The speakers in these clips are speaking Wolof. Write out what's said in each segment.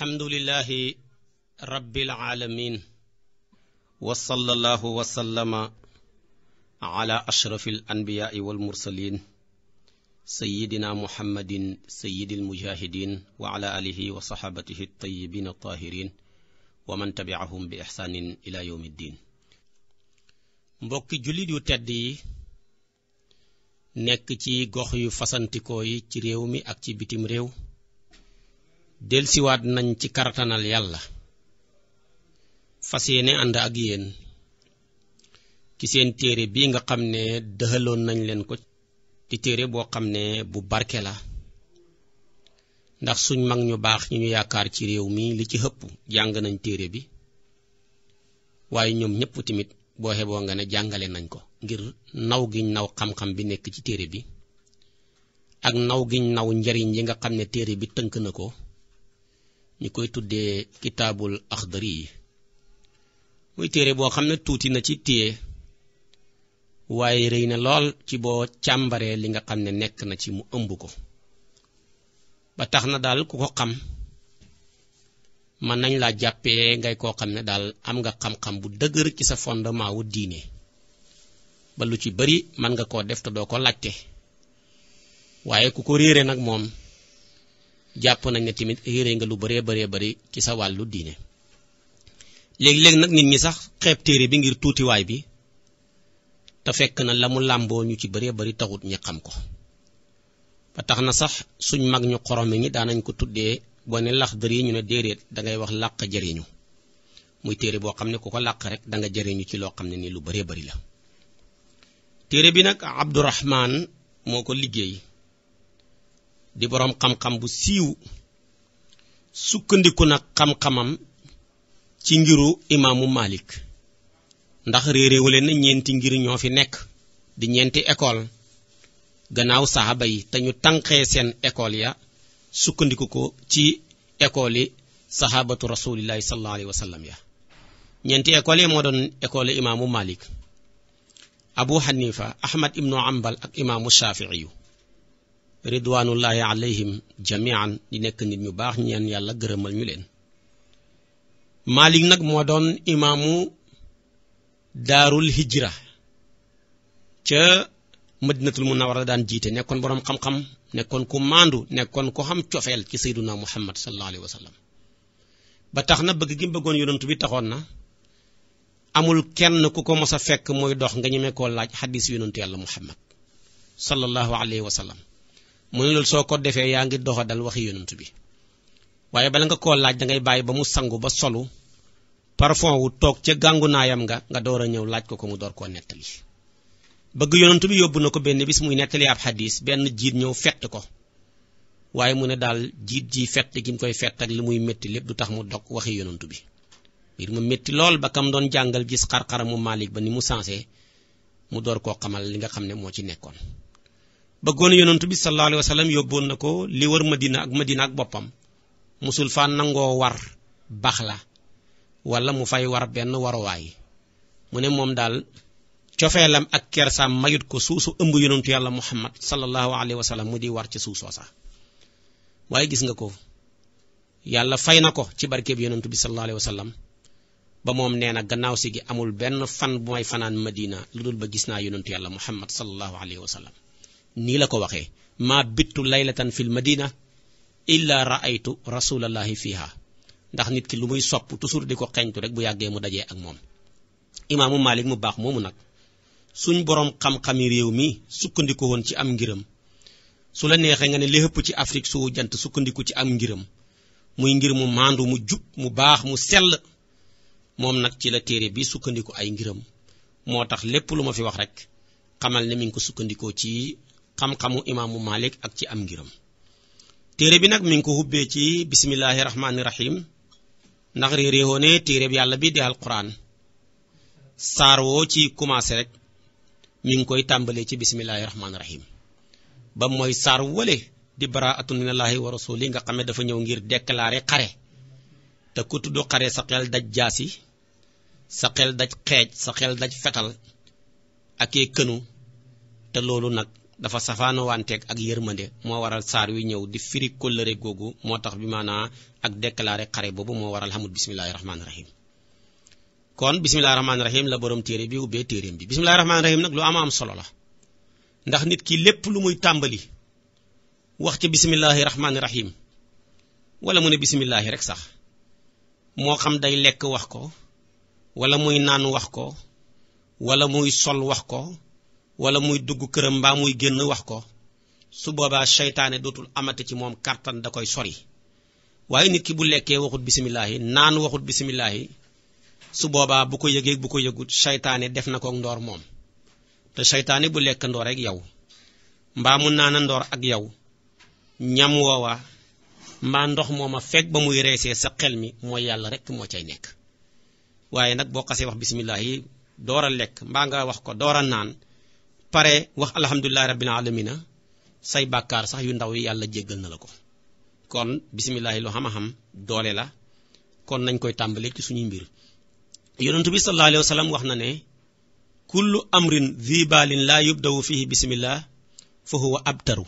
alhamdulilahi rabbil alamin wa sallallahu wa sallama ala ashrafil anbiyaai wal mursalin sayidina muhammadin sayidil mujahidin wa ala wa saxaabatihi tayyibin wa man tabiahum bi ixsaanin ila yowmi ddin mbokki jullit yu tedd ci gox yu fasantikoo ci réew mi ak ci bitim réew delsiwaat nañ ci karatanal yàlla fas yéene ànd ak yéen ci seen téere bi nga xam ne dëxaloon nañ leen ko di téere boo xam ne bu barke la ndax suñ mag ñu baax ñu ñu yaakaar ci réew mi li ci hëpp jàng nañ téere bi waaye ñoom ñëpp tamit boo xeboo nga ne jàngale nañ ko ngir naw gi naw xam-xam bi nekk ci téere bi ak naw giñ naw njariñ yi nga xam ne téere bi tënk na ko ñi koy tuddee kitaabul axdari yi muy téere boo xam ne tuuti na ci téye waaye rëy na lool ci boo càmbaree li nga xam ne nekk na ci mu ëmb ko ba tax na daal ku ko xam mën nañ laa jàppee ngay koo xam ne daal am nga xam-xam bu dëgër ci sa fondement wu diine ba lu ci bari mën nga koo def te doo ko laajte waaye ku ko réere nag moom jàpp nañ ne tamit réere nga lu bëree bëree bari ci sa wàllu diine léegi-léegi nag nit ñi sax xeeb téere bi ngir tuutiwaay bi te fekk na la mu làmboo ñu ci bëree bari taxut ñi xam ko ba tax na sax suñ mag ñu xorom xorome ñi daanañ ko tuddee wane ne lax dër yi ñu ne déedéet dangay wax làq jariñu muy téere boo xam ne ku ko làq rek danga jëriñu ci loo xam ne ni lu bëree bari la téere bi nag Abdourahman moo ko liggéey di boroom xam-xam bu siiw sukkandiku nag xam-xamam ci ngiru imaamu Malik ndax réeréewale na ñeenti ngir ñoo fi nekk di ñeenti école gannaaw saxaba yi te ñu tànqee seen école ya sukkandiku ko ci école yi saxaabatu rasulillahi sallallahu alayhi wa sallam ya ñeenti école yi moo doon école imaamu Malik Abu Hanifa Ahmad ibnu Ambal ak imaamu Shafi'i yu ridwanullahi alayhim jamian di nekk nit ñu baax ñeen yàlla gërëmal ñu leen Malik nag moo doon imaamu daarul hijra ca madinatul a daan jiite nekkoon boroom xam-xam nekkoon ku maandu nekkoon ku xam cofeel ci sayduna muhammad sallallahu alayhi wa sallam ba tax na bëgg gi bëggoon yonent taxoon na amul kenn ku ko mos a fekk muy dox nga ñemee koo laaj xadis yonentu yàlla muhammad sallallahu alayhi wa sallam mu ne loolu soo ko defee yaa ngi doxa dal waxi yonent bi waaye bala nga koo laaj da ngay bàyyi ba mu sangu ba solu parfum wu toog ca gàngu naayam nga nga door a ñëw laaj ko ko mu door koo nettali bëgg yonent bi yóbbu na ko benn bis muy nettali ab xadis benn jiit ñëw fett ko waaye mu ne daal jiit ji fett ki mu koy fett ak li muy métti lépp du tax mu dog waxi yonantu bi ngir mu métti lool ba kam doon jàngal gis xar-xaramu Malik ba ni mu sensé mu door koo xamal li nga xam ne moo ci nekkoon bëggoon yonentu bi sallallahu alayhi wasallam yóbboon na ko li war madina ak madina ak boppam musul fa nangoo war baax la wala mu fay war benn waruwaay mu ne moom daal cofeelam ak kersaam mayut ko suusu ëmb yonentu yàlla muhammad sallallahu alayhi wasallam mu di war ci suusoo sax waaye gis nga ko yàlla fay na ko ci barkeeb yonentu bi sallallahu alayhi wasallam ba moom nee na gannaaw si gi amul benn fan bu may fanaan madina lu dul ba gis naa yonentu yàlla muhammad sallallahu alayhi wa nii la ko waxee ma bittu laylatan fil madina illa ra'aytu rasulallahi fiha ndax nit ki lu muy sopp toujours di ko xeñtu rek bu yàggee mu dajee ak moom imaamu Malik mu baax moomu nag suñ boroom xam-xami réew mi sukkandiku woon ci am ngiram su la neexee nga ne li ëpp ci Afrique soo jant sukkandiku ci am ngiram muy ngir mu maandu mu jub mu baax mu sell moom nag ci la téere bi sukkandiku ay ngiram moo tax lépp lu ma fi wax rek xamal ne mi ko sukkandikoo ci xam-xamu imaamu Malik ak ci am ngiram téere bi nag mi ngi ko hubbee ci bismillahi rahmaani rahim ndax réeréewoo ne téere bi yàlla bi di alquran saar woo ci commencé rek mu ngi koy tàmbalee ci bismillahi rahmaani rahim ba mooy saar wale di baraatun minallahi wa nga xam ne dafa ñëw ngir déclarer xare te ku tudd xare sa xel daj jaasi sa xel daj xeej sa xel daj fetal ak kënu te loolu nag dafa safaano wanteeg ak yërmande moo waral saar wi ñëw di firi kóllëre googu moo tax bi maanaa ak déclaré xare boobu moo waral xamul bismillahi rahmaani rahim kon bismillahi rahmaani rahim la borom téere bi ubbee téereem bi bismillahi rahmaani rahim nag lu ama am solo la ndax nit ki lépp lu muy tàmbali wax ci bismillahi rahmaani rahim wala mu ne bismillahi rek sax moo xam day lekk wax ko walla muy naan wax ko wala muy sol wax ko wala muy dugg këram mbaa muy génn wax ko su boobaa seytaane dootul amati ci moom kàttan da koy sori waaye nit ki bu lekkee waxut bisimilahi naan waxut bisimilahi su boobaa bu ko yëgee bu ko yëgut saytaane def na ko ndoor moom te seytaane bu lekk ndoor ak yow mbaa mu naana ndoor ak yow ñam woowa mbaa ndox mooma fekk ba muy reesee sa xel mi moo yàlla rek moo cay nekk waaye nag boo xasee wax bisimilahi door a lekk mbaa nga wax ko door a naan pare wax alhamdulilahi rabbil alamina say bàkkaar sax yu ndaw yi yàlla jéggal na la ko kon bisimilahi loo xam-xam doole la kon nañ koy tàmbali ci suñuy mbir yonentu bi wax na ne kullu amrin dhi baalin laa yubdawu fihi bismillah fa huwa abtaru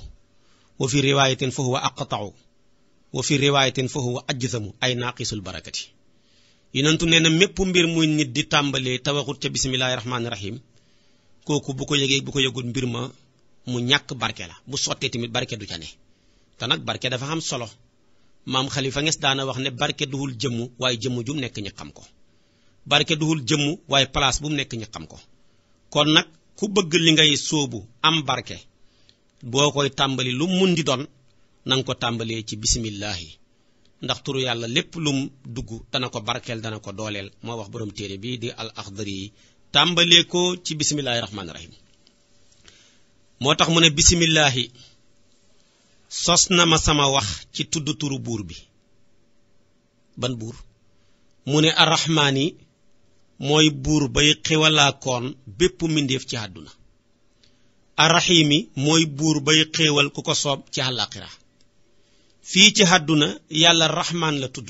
wa fi riwayatin fa huwa aqta'u wa fi riwayatin fa huwa ajzamu ay naaqisul barakati yonentu nee na mépp mbir muy nit di tàmbalee tawaxut ca bisimilahi rahmaani rahim kooku bu ko yëgee bu ko yëgul mbir ma mu ñàkk barke la bu sottee tamit barke du ca ne te barke dafa am solo maam Khalifa Niass daana wax ne barke duhul jëmm waaye jëmm ju nekk ñi xam ko barke duhul jëmm waaye place bu mu nekk ñi xam ko kon nag ku bëgg li ngay sóobu am barke boo koy tàmbali lu mun di doon na ko tàmbalee ci bisimillahi ndax turu yàlla lépp lum dugg dana ko barkeel dana ko dooleel moo wax borom téere bi di al axdari tàmbalee ko ci bisimillahi rahmaani rahim moo tax mu ne bisimillahi sos na ma sama wax ci tudd turu buur bi ban buur mu ne araxmaani mooy buur bay xéewalaakoon bépp mbindeef ci àdduna arrahimi mooy buur bay xéewal ku ko soob ci àllaaxira fii ci àdduna yàlla rahmaan la tudd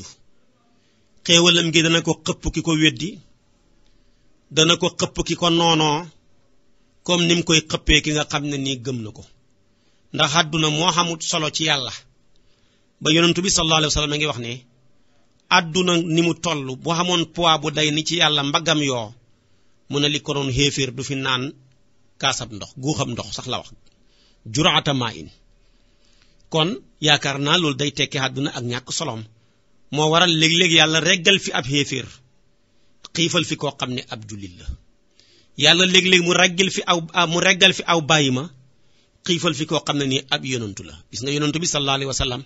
xéewalam gi dana ko xëpp ki ko weddi dana ko xëpp ki ko noonoo comme ni mu koy xëppee ki nga xam ne nii gëm na ko ndax àdduna moo xamul solo ci yàlla ba yonentu bi sallallahu alayhi wa sallam wax ne àdduna ni mu toll bu xamoon poids bu day ni ci yàlla mbaggam yoo mu ne li ko doon xéeféer du fi naan kaasab ndox guuxam ndox sax la wax juraata maa in kon yaakaar naa loolu day tekki àdduna ak ñàkk soloom moo waral léeg-léeg yàlla reggal fi ab xéeféer xiifal fi koo xam ne ab jullit la yàlla léeg-léeg mu reggal fi aw ah, mu reggal fi aw bàyyi ma xiifal fi koo xam ne nii ab yonantu la gis nga yonantu bi sallallahu alayhi wa sallam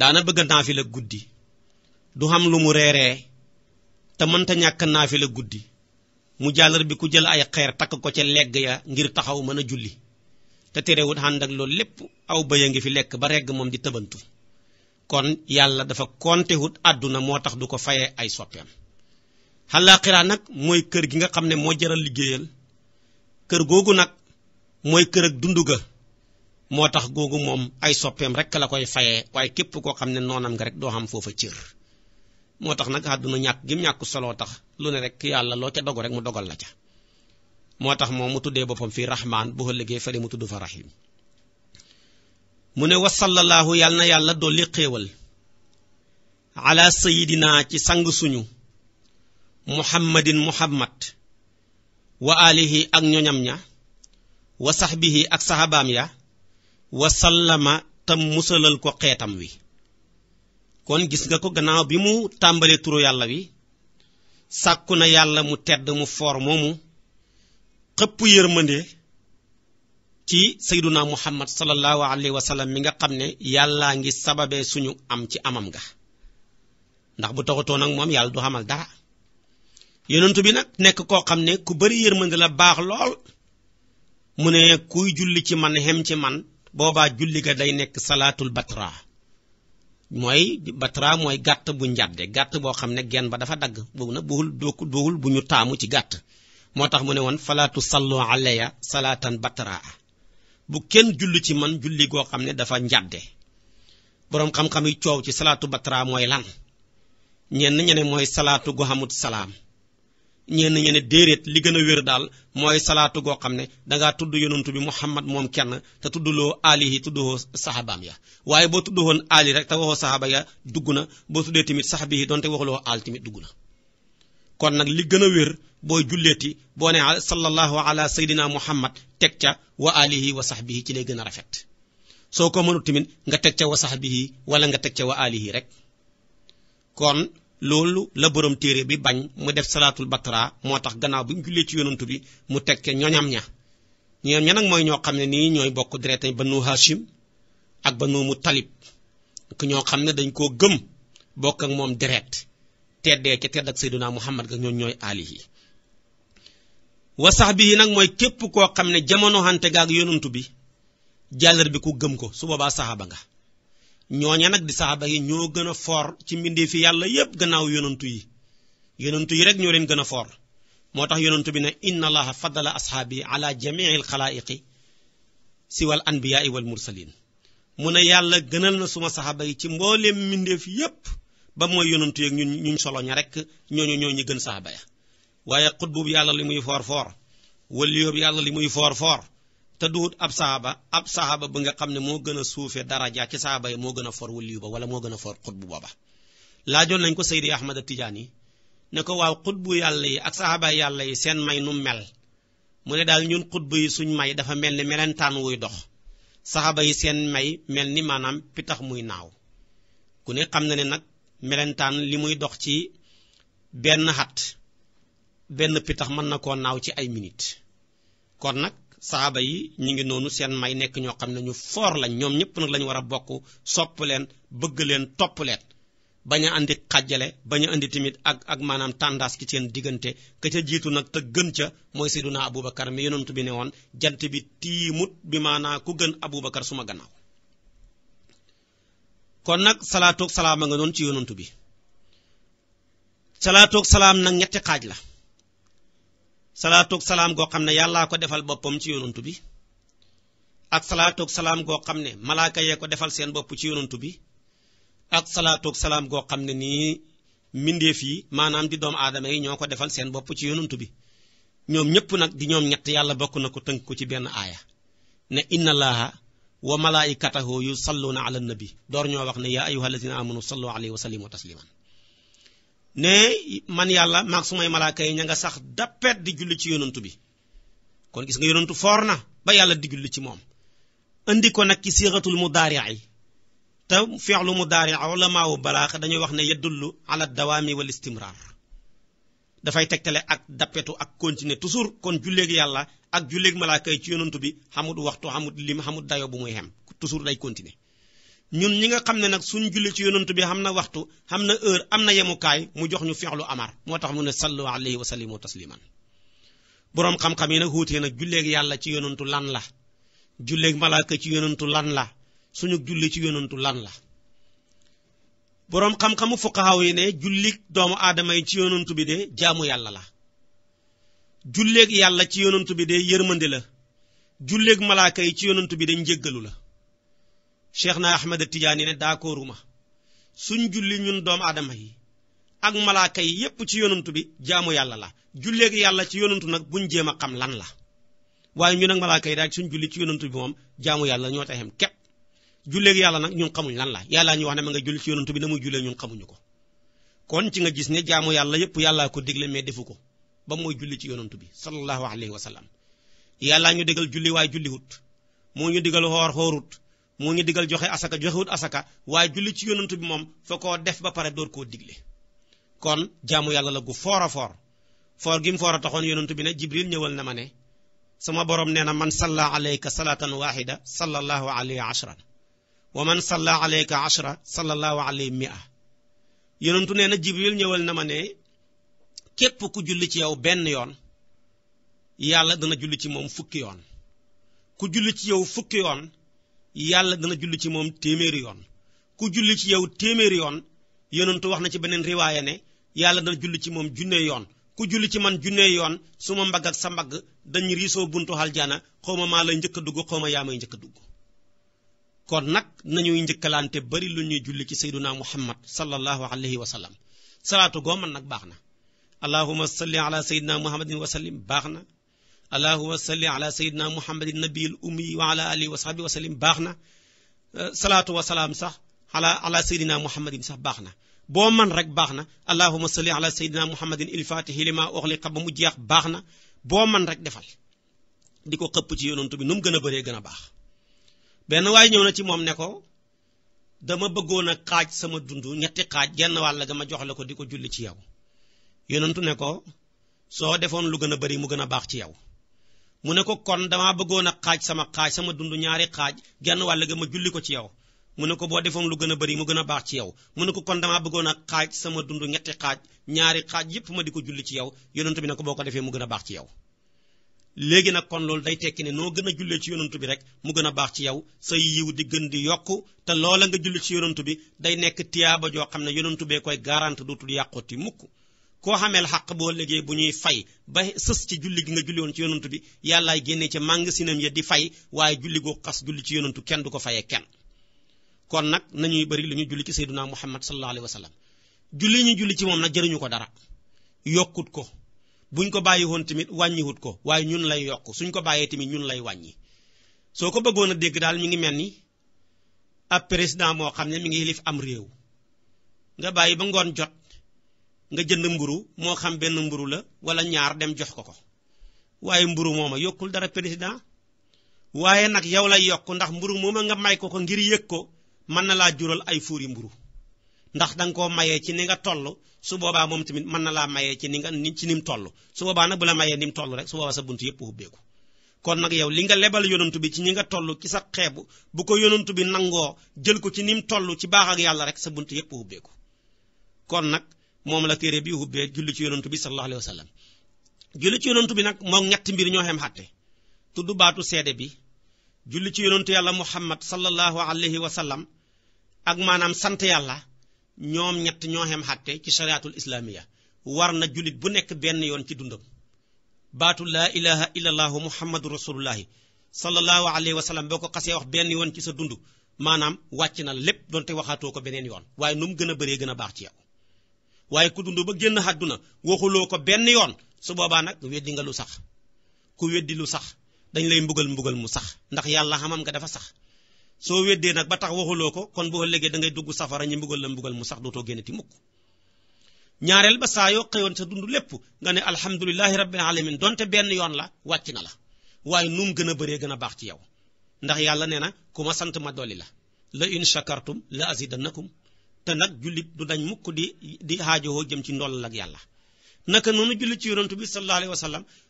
daana bëgg naafi la guddi du xam lu mu reeree te mënta ñàkk naafi la guddi mu jàllar bi ku jël ay xeer takk ko ca legg ya ngir taxaw mën a julli te terewut ànd loolu lépp aw bëy a ngi fi lekk ba regg moom di tëbantu kon yàlla dafa kontewut àdduna moo tax du ko fayee ay soppeem xalaaxira nag mooy kër gi nga xam ne moo jaral liggéeyal kër googu nag mooy kër ak dund ga moo tax googu moom ay soppeem rek la koy fayee waaye képp koo xam ne noonam nga rek doo xam foofa cër moo tax nag àdduna ñàkk gim ñàkk solo tax lu ne rekk yàlla loo ca dogu rek mu dogal la ca moo tax moom mu tuddee boppam fii rahmaan bu ëllëgee fële mu tudd fa rahim mu ne wasallallahu yàlla na yàlla dolli xéewal ala sayidina ci sang suñu muhammadin muhammad wa alihi ak ñoñam ña wa saxbihi ak saxabaam ya wa sallama tam musalal ko xeetam wi kon gis nga ko gannaaw bi mu tàmbalee turu yàlla wi sàkku na yàlla mu tedd mu foor moomu xëpp yërmande ci sayduna muhammad sallallahu alayhi wa sallam mi nga xam ne yàllaa ngi sababee suñu am ci amam nga ndax bu taxutoon ak moom yàlla du xamal dara yonent bi nag nekk koo xam ne ku bari yërmande la baax lool mu ne kuy julli ci man xem ci man boobaa julli ga day nekk salaatul batra mooy batra mooy gàtt bu njàdde gàtt boo xam ne genn ba dafa dagg boobu nag buul dooku doowul bu ñu taamu ci gàtt moo tax mu ne woon falaatu sallu alayya salaatan batra bu kenn julli ci man julli goo xam ne dafa njàdde boroom xam-xam yi coow ci salaatu batra mooy lan ñenn ñene mooy salaatu gu xamut salaam ñenn ñi ne déeréet li gën a wér daal mooy salaatu goo xam ne dangaa tudd yonantu bi muhammad moom kenn te tuddloo aalihi tuddoo saxabaam ya waaye boo tuddoon aali rek te waxoo saxaaba ya dugg na boo tuddee tamit saxabi yi donte waxuloo aal tamit dugg na kon nag li gën a wér boo julleeti boo ne sallallahu ala sayyidina muhammad teg ca wa aalihi wa saxbihi ci lay gën a rafet soo ko mënul tamit nga teg ca wa saxbihi wala nga teg ca wa aalihi rek loolu la borom téere bi bañ mu def salaatul batra moo tax gannaaw bi mu jullee ci yonantu bi mu teg tekke ñoñam ña ñoñam ña nag mooy ñoo xam ne nii ñooy bokk dereet banu hashim ak mu mutalib ku ñoo xam ne dañ koo gëm bokk ak moom deret teddee ca tedd ak sayyiduna muhammad ga ñooñ ñooy aali yi wa sax bi yi nag mooy képp koo xam ne jamono hante gaag yonantu bi jàllar bi ku gëm ko su boobaa saxaaba nga ñoo ña nag di saxaaba yi ñoo gën a foor ci mbindee fi yàlla yépp gannaaw yonantu yi yonantu yi rek ñoo leen gën a foor moo tax yonantu bi ne inna allaha faddala ashaabi ala jamiil xalaayiqi siwal anbiyaai wal mursalin mu ne yàlla gënal na suma saxaaba yi ci mbooleem mbindeef yépp ba mooy yonantu yeeg ñu ñu solo ña rek ñooñu ñoo ñu gën saxaaba ya waaye xutbu yàlla li muy foor foor wëliyoobu yàlla li muy foor foor te duut ab saaba ab saaba bi nga xam ne moo gën a suufee daraja ci saaba yi moo gën a for waliyu ba wala moo gën a for xutbu booba laajoon nañ ko Seydi Ahmad Tidiane yi ne ko waaw xutbu yàlla yi ak saaba yàlla yi seen may nu mel mu ne daal ñun xutbu yi suñ may dafa mel ni melentaan wuy dox saaba yi seen may mel ni maanaam pitax muy naaw ku ne xam na ne nag melentaan li muy dox ci benn xat benn pitax mën na koo naaw ci ay minutes kon nag saaba yi ñu ngi noonu seen may nekk ñoo xam ne ñu foor lañ ñoom ñëpp nag lañu war a bokk sopp leen bëgg leen topp bañ a andi xàjjale bañ a andi tamit ak ak maanaam tàndaas ki seen diggante ka ca jiitu nag te gën ca mooy Seydina Aboubacar mi yonent bi ne woon jant bi tiimut bi maanaa ku gën Aboubacar suma gannaaw kon nag salaatoog salaam a nga noonu ci yonent bi salaatoog salaam nag ñetti xaaj la. salaatoog salaam goo xam ne yàllaa ko defal boppam ci yonantu bi ak salaatoog salaam goo xam ne malaaka yee ko defal seen bopp ci yonantu bi ak salaatoog salaam goo xam ne nii mbindeef yi maanaam di doomu aadama yi ñoo ko defal seen bopp ci yonantu bi ñoom ñëpp nag di ñoom ñett yàlla bokk na ko tënk ko ci benn aaya ne inna allaha wa malaikatahu yusalluna ala nabi door ñoo wax ne ya ayyuhallazina amanu sallu alayhi wa sallimu tasliman ne man yàlla maag sumay malaaka yi ña nga sax dappet di julli ci yonantu bi kon gis nga yonantu foor na ba yàlla di julli ci moom indi ko nag ci siratul mudaari yi te fi'lu mudaari ulamaa wu balaax dañuy wax ne yadullu ala dawaami wal istimrar dafay tegtale ak dappetu ak continuer toujours kon julleeg yàlla ak julleeg malaaka yi ci yonantu bi xamut waxtu xamut lim xamut dayo bu muy xem toujours day continuer ñun ñi nga xam ne nag suñu julli ci yonantu bi xam na waxtu xam na heure am na yemukaay mu jox ñu fi'lu amar moo tax mu ne sallu alayhi wa sallimu tasliman boroom xam-xam yi nag wuutee nag julleeg yàlla ci yonantu lan la julleeg malaaka ci yonantu lan la suñu julli ci yonantu lan la boroom xam-xamu fuqahaw yi ne julli doomu aadama yi ci yonantu bi de jaamu yàlla la julleeg yàlla ci yonantu bi de yërmande la julleeg malaaka yi ci yonantu bi de njëggalu la cheikh na ahmed tijaani ne daakooruma suñ julli ñun doom aadama yi ak malaaka yi yépp ci yonantu bi jaamu yàlla la julleeg yàlla ci yonantu nag buñ jéem a xam lan la waaye ñun ak malaaka yi daal suñ julli ci yonantu bi moom jaamu yàlla ñoo taxem képp julleeg yàlla nag ñun xamuñ lan la yàlla ñu wax ne ma nga julli ci yonantu bi na muy jullee ñun xamuñu ko kon ci nga gis ne jaamu yàlla yépp yàllaa ko digle mais defu ko ba mooy julli ci yonantu bi sa alayhi wa sallam yàllaa ñu digal julli waaye julliwut moo ñu digal joxe asaka joxewut asaka waaye julli ci yonantu bi moom fa koo def ba pare door koo digle kon jaamu yàlla la gu foor a foor foor gi mu taxoon yonantu bi ne jibril ñëwal na ma ne sama borom nee na man salla alayka salatan wahida salla alayka ashra sallallahu alayhi mi'a yonantu nee na jibril ñëwal na ma ne képp ku julli ci yow benn yoon yàlla dana julli ci moom fukki yoon ku julli ci yow fukki yoon yàlla dana julli ci moom téeméeri yoon ku julli ci yow téeméeri yoon yonentu wax na ci beneen riwaaya ne yàlla dana julli ci moom junne yoon ku julli ci man junne yoon su ma mbagg ak sa mbagg dañ riisoo buntu aljana xawma maa lay njëkk dugg xawma yaa may njëkk a dugg kon nag nañuy njëkkalante bari lu ñuy julli ci sayduna muhammad sallallahu alayhi wa sallam salaatu goo man nag baax na allahuma salli ala sayyidina muhammadin wa sallim baax na allahuma salli ala sayidina muhammadin nabiyil ummi wa ala alihi wa sahbi wa sallim baax na euh, salaatu wa salaam sax ala ala sayidina muhammadin sax baax na boo man rek baax na allahuma salli ala seydina muhammadin il fatihi lima uxliqa ba mu jeex baax na boo man rek defal di ko xëpp ci yonantu bi nu mu gën a baree gën a baax benn waaye ñëw na ci moom ne ko dama bëggoon a xaaj sama dund ñetti xaaj genn wàll ga ma jox ko di ko julli ci yow yonantu ne ko soo defoon lu gën a bari mu gën a baax ci yow mu ne ko kon damaa bëggoon a xaaj sama xaaj sama dund ñaari xaaj genn wàll ga ma julli ko ci yow mu ne ko boo defoon lu gën a bari mu gën a baax ci yow mu ne ko kon damaa bëggoon a xaaj sama dund ñetti xaaj ñaari xaaj yépp ma di ko julli ci yow yonentu bi ne ko boo ko defee mu gën a baax ci yow léegi nag kon loolu day tekki ne noo gën a jullee ci yonentu bi rek mu gën a baax ci yow sa yiw di gën di yokku te loola nga julli ci yonentu bi day nekk tiyaaba joo xam ne yonentu bee koy garante dootul yàqooti mukk koo xameel xaq boo liggéey bu ñuy fay ba sës ci julli gi nga julli ci yonantu bi yàllaay génnee ca màngasinam ya di fay waaye julli goo xas julli ci yonantu kenn du ko fayee kenn kon nag nañuy bëri lu ñu julli ci sayyiduna muhammad sallallahu alayhi wa sallam julli ñu julli ci moom nag jëriñu ko dara yokkut ko buñ ko bàyyi woon tamit wàññiwut ko waaye ñun lay yokk suñ ko bàyyee tamit ñun lay wàññi soo ko bëggoon a dégg daal mu ngi mel ni ab président moo xam ne mi ngi lif am réew nga bàyyi ba ngoon jot nga jënd mburu moo xam benn mburu la wala ñaar dem jox ko ko waaye mburu mooma yokkul dara président waaye nag yow la yokk ndax mburu mooma nga may ko ko ngir yëg ko mën na laa jural ay fuuri mburu ndax danga koo mayee ci ni nga toll su boobaa moom tamit mën na laa mayee ci ni nga ni ci ni mu toll su boobaa bu la mayee ni mu toll rek su boobaa sa bunt yëpp ubbeeku kon nag yow li nga lebal yonantu bi ci ñi nga toll ci sa xeebu bu ko yonantu bi nangoo jël ko ci ni mu toll ci baax ak yàlla rek sa bunt yëpp ubbeeku moom la téere bi hubbee julli ci yonantu bi sallallahu alayhi wa sallam julli ci bi nag moom ñetti mbir ñoo xem xatte tudd baatu seede bi julli ci yonantu yàlla muhammad sallallahu alayhi wa sallam ak maanaam sant yàlla ñoom ñett ñoo xem xatte ci shariatul islamiya war na jullit bu nekk benn yoon ci dundam baatu laa ilaha illa allahu muhammadu rasulullahi sallallahu alayhi wa sallam boo ko xasee wax benn yoon ci sa dund maanaam wàcc na lépp doonte waxaatoo ko beneen yoon waaye nu mu gën a bëree gën baax ci yow waaye ku dund ba génn àdduna waxuloo ko benn yoon su boobaa nag weddi nga lu sax ku weddi lu sax dañ lay mbugal mbugal mu sax ndax yàlla xamam nga dafa sax soo weddee nag ba tax waxuloo ko kon boo léegi da ngay dugg safara ñu mbugal la mbugal mu sax dootoo ti mukk ñaareel ba saa yoo xëyoon sa dund lépp nga ne alhamdulilahi rabbil alamin donte benn yoon la wàcc na la waaye nu mu gën a bëree gën a baax ci yow ndax yàlla nee na ku ma sant ma dolli la te nag jullit du dañ mukk di di xaajowoo jëm ci ndollal ak yàlla naka noonu jullit ci yonantu bi sallallahu alayhi wa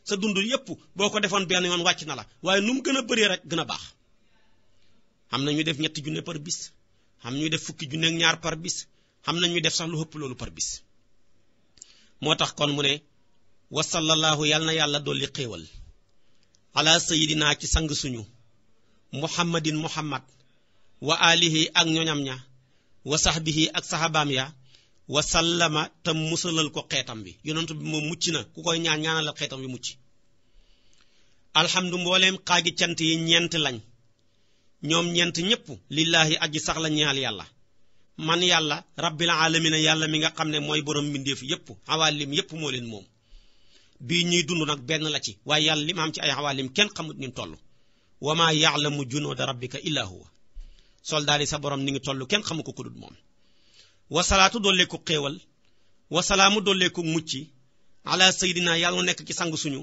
sa dund yépp boo ko defoon benn yoon wàcc na la waaye nu mu gën a bëree rek gën a baax am na ñuy def ñetti junne par bis am ñuy def fukki junne ñaar par bis na ñuy def sax lu ëpp loolu par bis moo tax kon mu ne wa sallallahu yal na yàlla dolli xéewal ala dinaa ci sang suñu muhammadin muhammad wa alihi ak ñoñam ña wa sahbihi ak sahabaam ya wa sallama te musalal ko xeetam bi yonent bi moom mucc na ku koy ñaan xeetam bi mucc alhamdu mboolem xaaji cant yi ñeent lañ ñoom ñeent ñépp lillaahi aji sax la ñaal yàlla man yàlla rabbil alamina yàlla mi nga xam ne mooy borom mbindeef yépp xawaalim yépp moo leen moom bii ñuy dund nag benn la ci waaye yàlla li ma am ci ay xawaalim kenn xamut ni toll wa maa ya'lamu junuuda rabbika illaa soldaari yi sa borom ni ngi tollu kenn xamu ko ku dul moom wasalaatu dooleeku xéewal wasalaamu dooleeku mucc ala sayidina yàlla na nekk ci sang suñu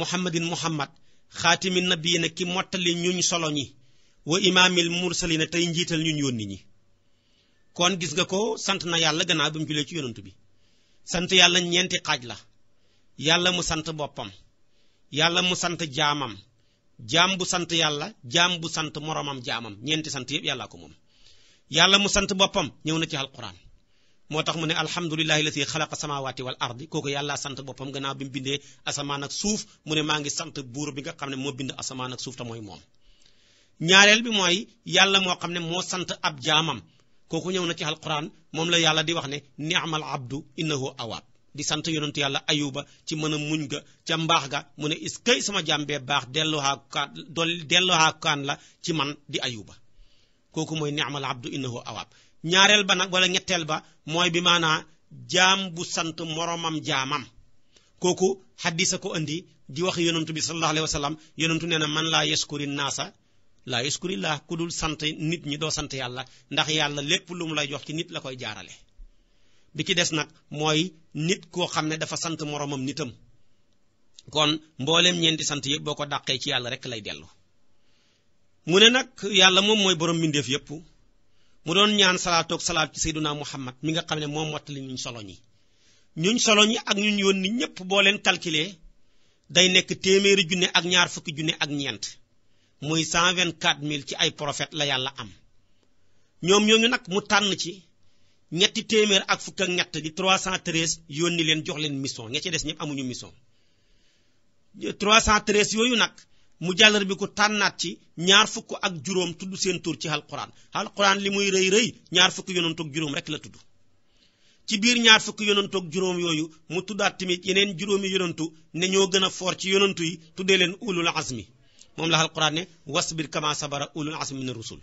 muhammadin muhammad xaatimi nabiyina ki mottali ñuñ solo ñi wa imaamil mursalina tey njiital ñuñ yónni ñi kon gis nga ko sant na yàlla gannaaw bi mu julee ci yonantu bi sant yàlla ñeenti xaaj la yàlla mu sant boppam yàlla mu sant jaamam jaam bu sant yàlla jaam bu sant moromam jaamam ñeenti sant yëpp yàllaa ko moom yàlla mu sant boppam ñëw na ci alquran moo tax mu ne alhamdulillahi lati xalaqa samawati wal ardi kooku yàlla sant boppam gannaaw bi mu bindee asamaan ak suuf mu ne maa ngi sant buur bi nga xam ne moo bind asamaan ak suuf te mooy moom ñaareel bi mooy yàlla moo xam ne moo sant ab jaamam kooku ñëw na ci alquran moom la yàlla di wax ne ni'mal abdu innahu awaab di sant yonentu yàlla ayuba ci mën a muñ ga ca mbaax ga mu ne is këy sama jàmbee baax delluwaa kaan dol delluwaa kaan la ci man di ayuba kooku mooy ni'mal abdu innahu awaab ñaareel ba nag wala ñetteel ba mooy bi maanaa jaam bu sant moroomam jaamam kooku xaddisa ko andi di wax yonentu bi sallallahu alayhi wa sallam yonentu nee na man laa yaskuri naasa laa yaskuri laa ku dul sant nit ñi doo sant yàlla ndax yàlla lépp lu mu lay jox ci nit la koy jaarale bi ci des nag mooy nit koo xam ne dafa sant moroomam nitam kon mbooleem ñeenti sant yëpp boo ko dàqee ci yàlla rek lay dellu mu ne nag yàlla moom mooy borom mbindeef yëpp mu doon ñaan salaatoog salaat ci sayyiduna muhammad mi nga xam ne moom mottali ñuñ solo ñi ñun solo ñi ak ñuñ yónni ñëpp boo leen calculer day nekk téeméeri junne ak ñaar fukki junne ak ñeent muy 124000 ci ay prophètes la yàlla am ñoom ñooñu nag mu tànn ci ñetti téeméer ak fukk ak ñett di 313 yónni leen jox leen mission ña ci des ñëpp amuñu mission 313 yooyu nag mu jàllar bi ko tànnaat ci ñaar fukk ak juróom tudd seen tur ci alxuraan alquran li muy rëy rëy ñaar fukk yonantoog juróom rek la tudd ci biir ñaar fukk yonantoog juróom yooyu mu tuddaat tamit yeneen juróomi yonantu ne ñoo gën a foor ci yonantu yi tuddee leen ulul azmi moom la alquran ne wasbir kama sabara ulul azmi min rusul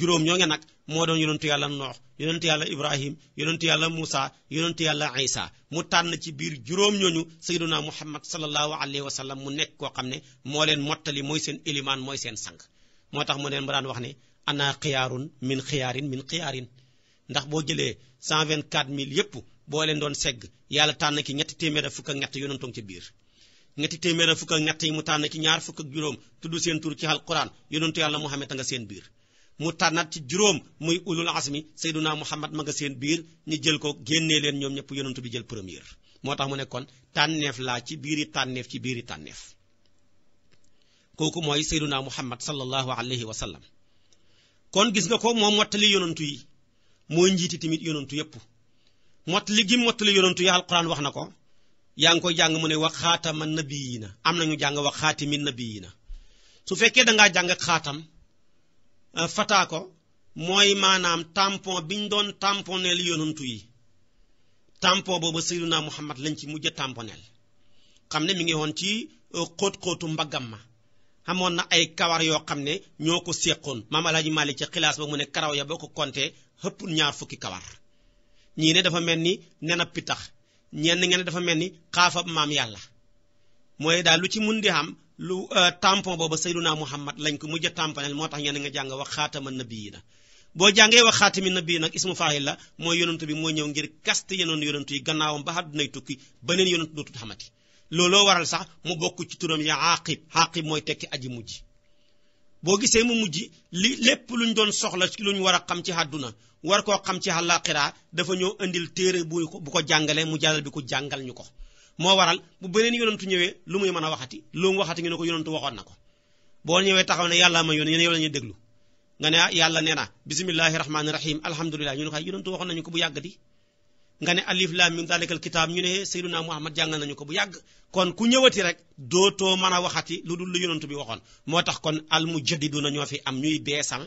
juróom ñoo nge nag moo doon yonentu yàlla noox yonentu yàlla ibrahim yonentu yàlla musa yonentu yàlla isa mu tànn ci biir juróom ñooñu sayyiduna muhammad sallallahu alayhi wa sallam mu nekk koo xam ne moo leen mottali mooy seen ilimaan mooy seen sang moo tax mu leen ba daan wax ne ana xiyaarun min xiyaarin min xiyaarin ndax boo jëlee 124000 yépp boo leen doon segg yàlla tànn ki ñetti téeméer fukk ak ñett yonentoon ci biir ñetti téeméer ak fukk ak ñett yi mu tànn ki ñaar fukk ak juróom tudd seen tur yàlla muhammad a nga seen biir mu tànnaat ci juróom muy ulul asmi sayyiduna muhammad ma seen biir ñu jël ko génnee leen ñoom ñëpp yonentu bi jël premier moo tax mu ne kon tànneef laa ci biiri tànneef ci biir biiri tànneef kooku mooy sayyiduna muhammad sallallahu alayhi wa sallam kon gis nga ko moo mottali yonentu yi moo njiiti tamit yonentu yépp mottali gi mottali yonentu yi alquran wax na ko yaa ngi koy jàng mu ne wax wa xaatama na am nañu jàng wa xaatimi nabiyiina su fekkee dangaa jàng xaatam Euh, fataa ko mooy maanaam tampon biñ doon tamponel yonantu yi tampon boobu sayyiduna Muhammad lañ ci mujj a xam ne mu ngi woon ci euh, xóot-xóotu mbaggam ma amoon na ay kawar yoo xam ne ñoo ko seqoon maam Alaaji Maalik ca xilaas ba mu ne karaw ya boo ko compter xëpp ñaar fukki kawar ñii ne dafa mel ni nen ab pitax ñenn ngeen dafa mel ni xaafab maam yàlla mooy daal ci mun di xam lu euh, tampon booba sayyiduna muhammad lañ ko mujj a moo tax ñenn nga jàng wax xaatama nabiyina boo jàngee wax xaatami nabi nag ismu faa'il la mooy yonantu bi moo ñëw ngir kaste yenoon yonantu yi gannaawam ba àddunay tukki beneen yonantu dootul xamati looloo waral sax mu bokk ci turam ya aaqib aaqib mooy tekki aji mujj boo gisee mu mujj li lépp lu ñu doon soxla ci luñ war a xam ci àdduna war koo xam ci àllaaxira dafa ñëw indil tée bu ko bu ko jàngalee mu jàllal bi ko jàngal ñu ko moo waral bu beneen yonantu ñëwee lu muy mën a waxati lu mu waxati ngi ne ko yonantu waxoon na ko boo ñëwee taxaw ne yàlla ma yónni ñu ne yow la ñuy déglu nga ne ah yàlla nee na bismillahi rahmaani rahim alhamdulilah ñu ne ko ah, yonantu waxoon nañu ko bu yàgg di nga ne alif lam mim dalikal kitaab ñu ne sayyiduna muhammad jàngal nañu ko bu yàgg kon ku ñëwati rek dootoo mën a waxati lu dul lu yonantu bi waxoon moo tax kon al mujadiduna ñoo fi am ñuy beesal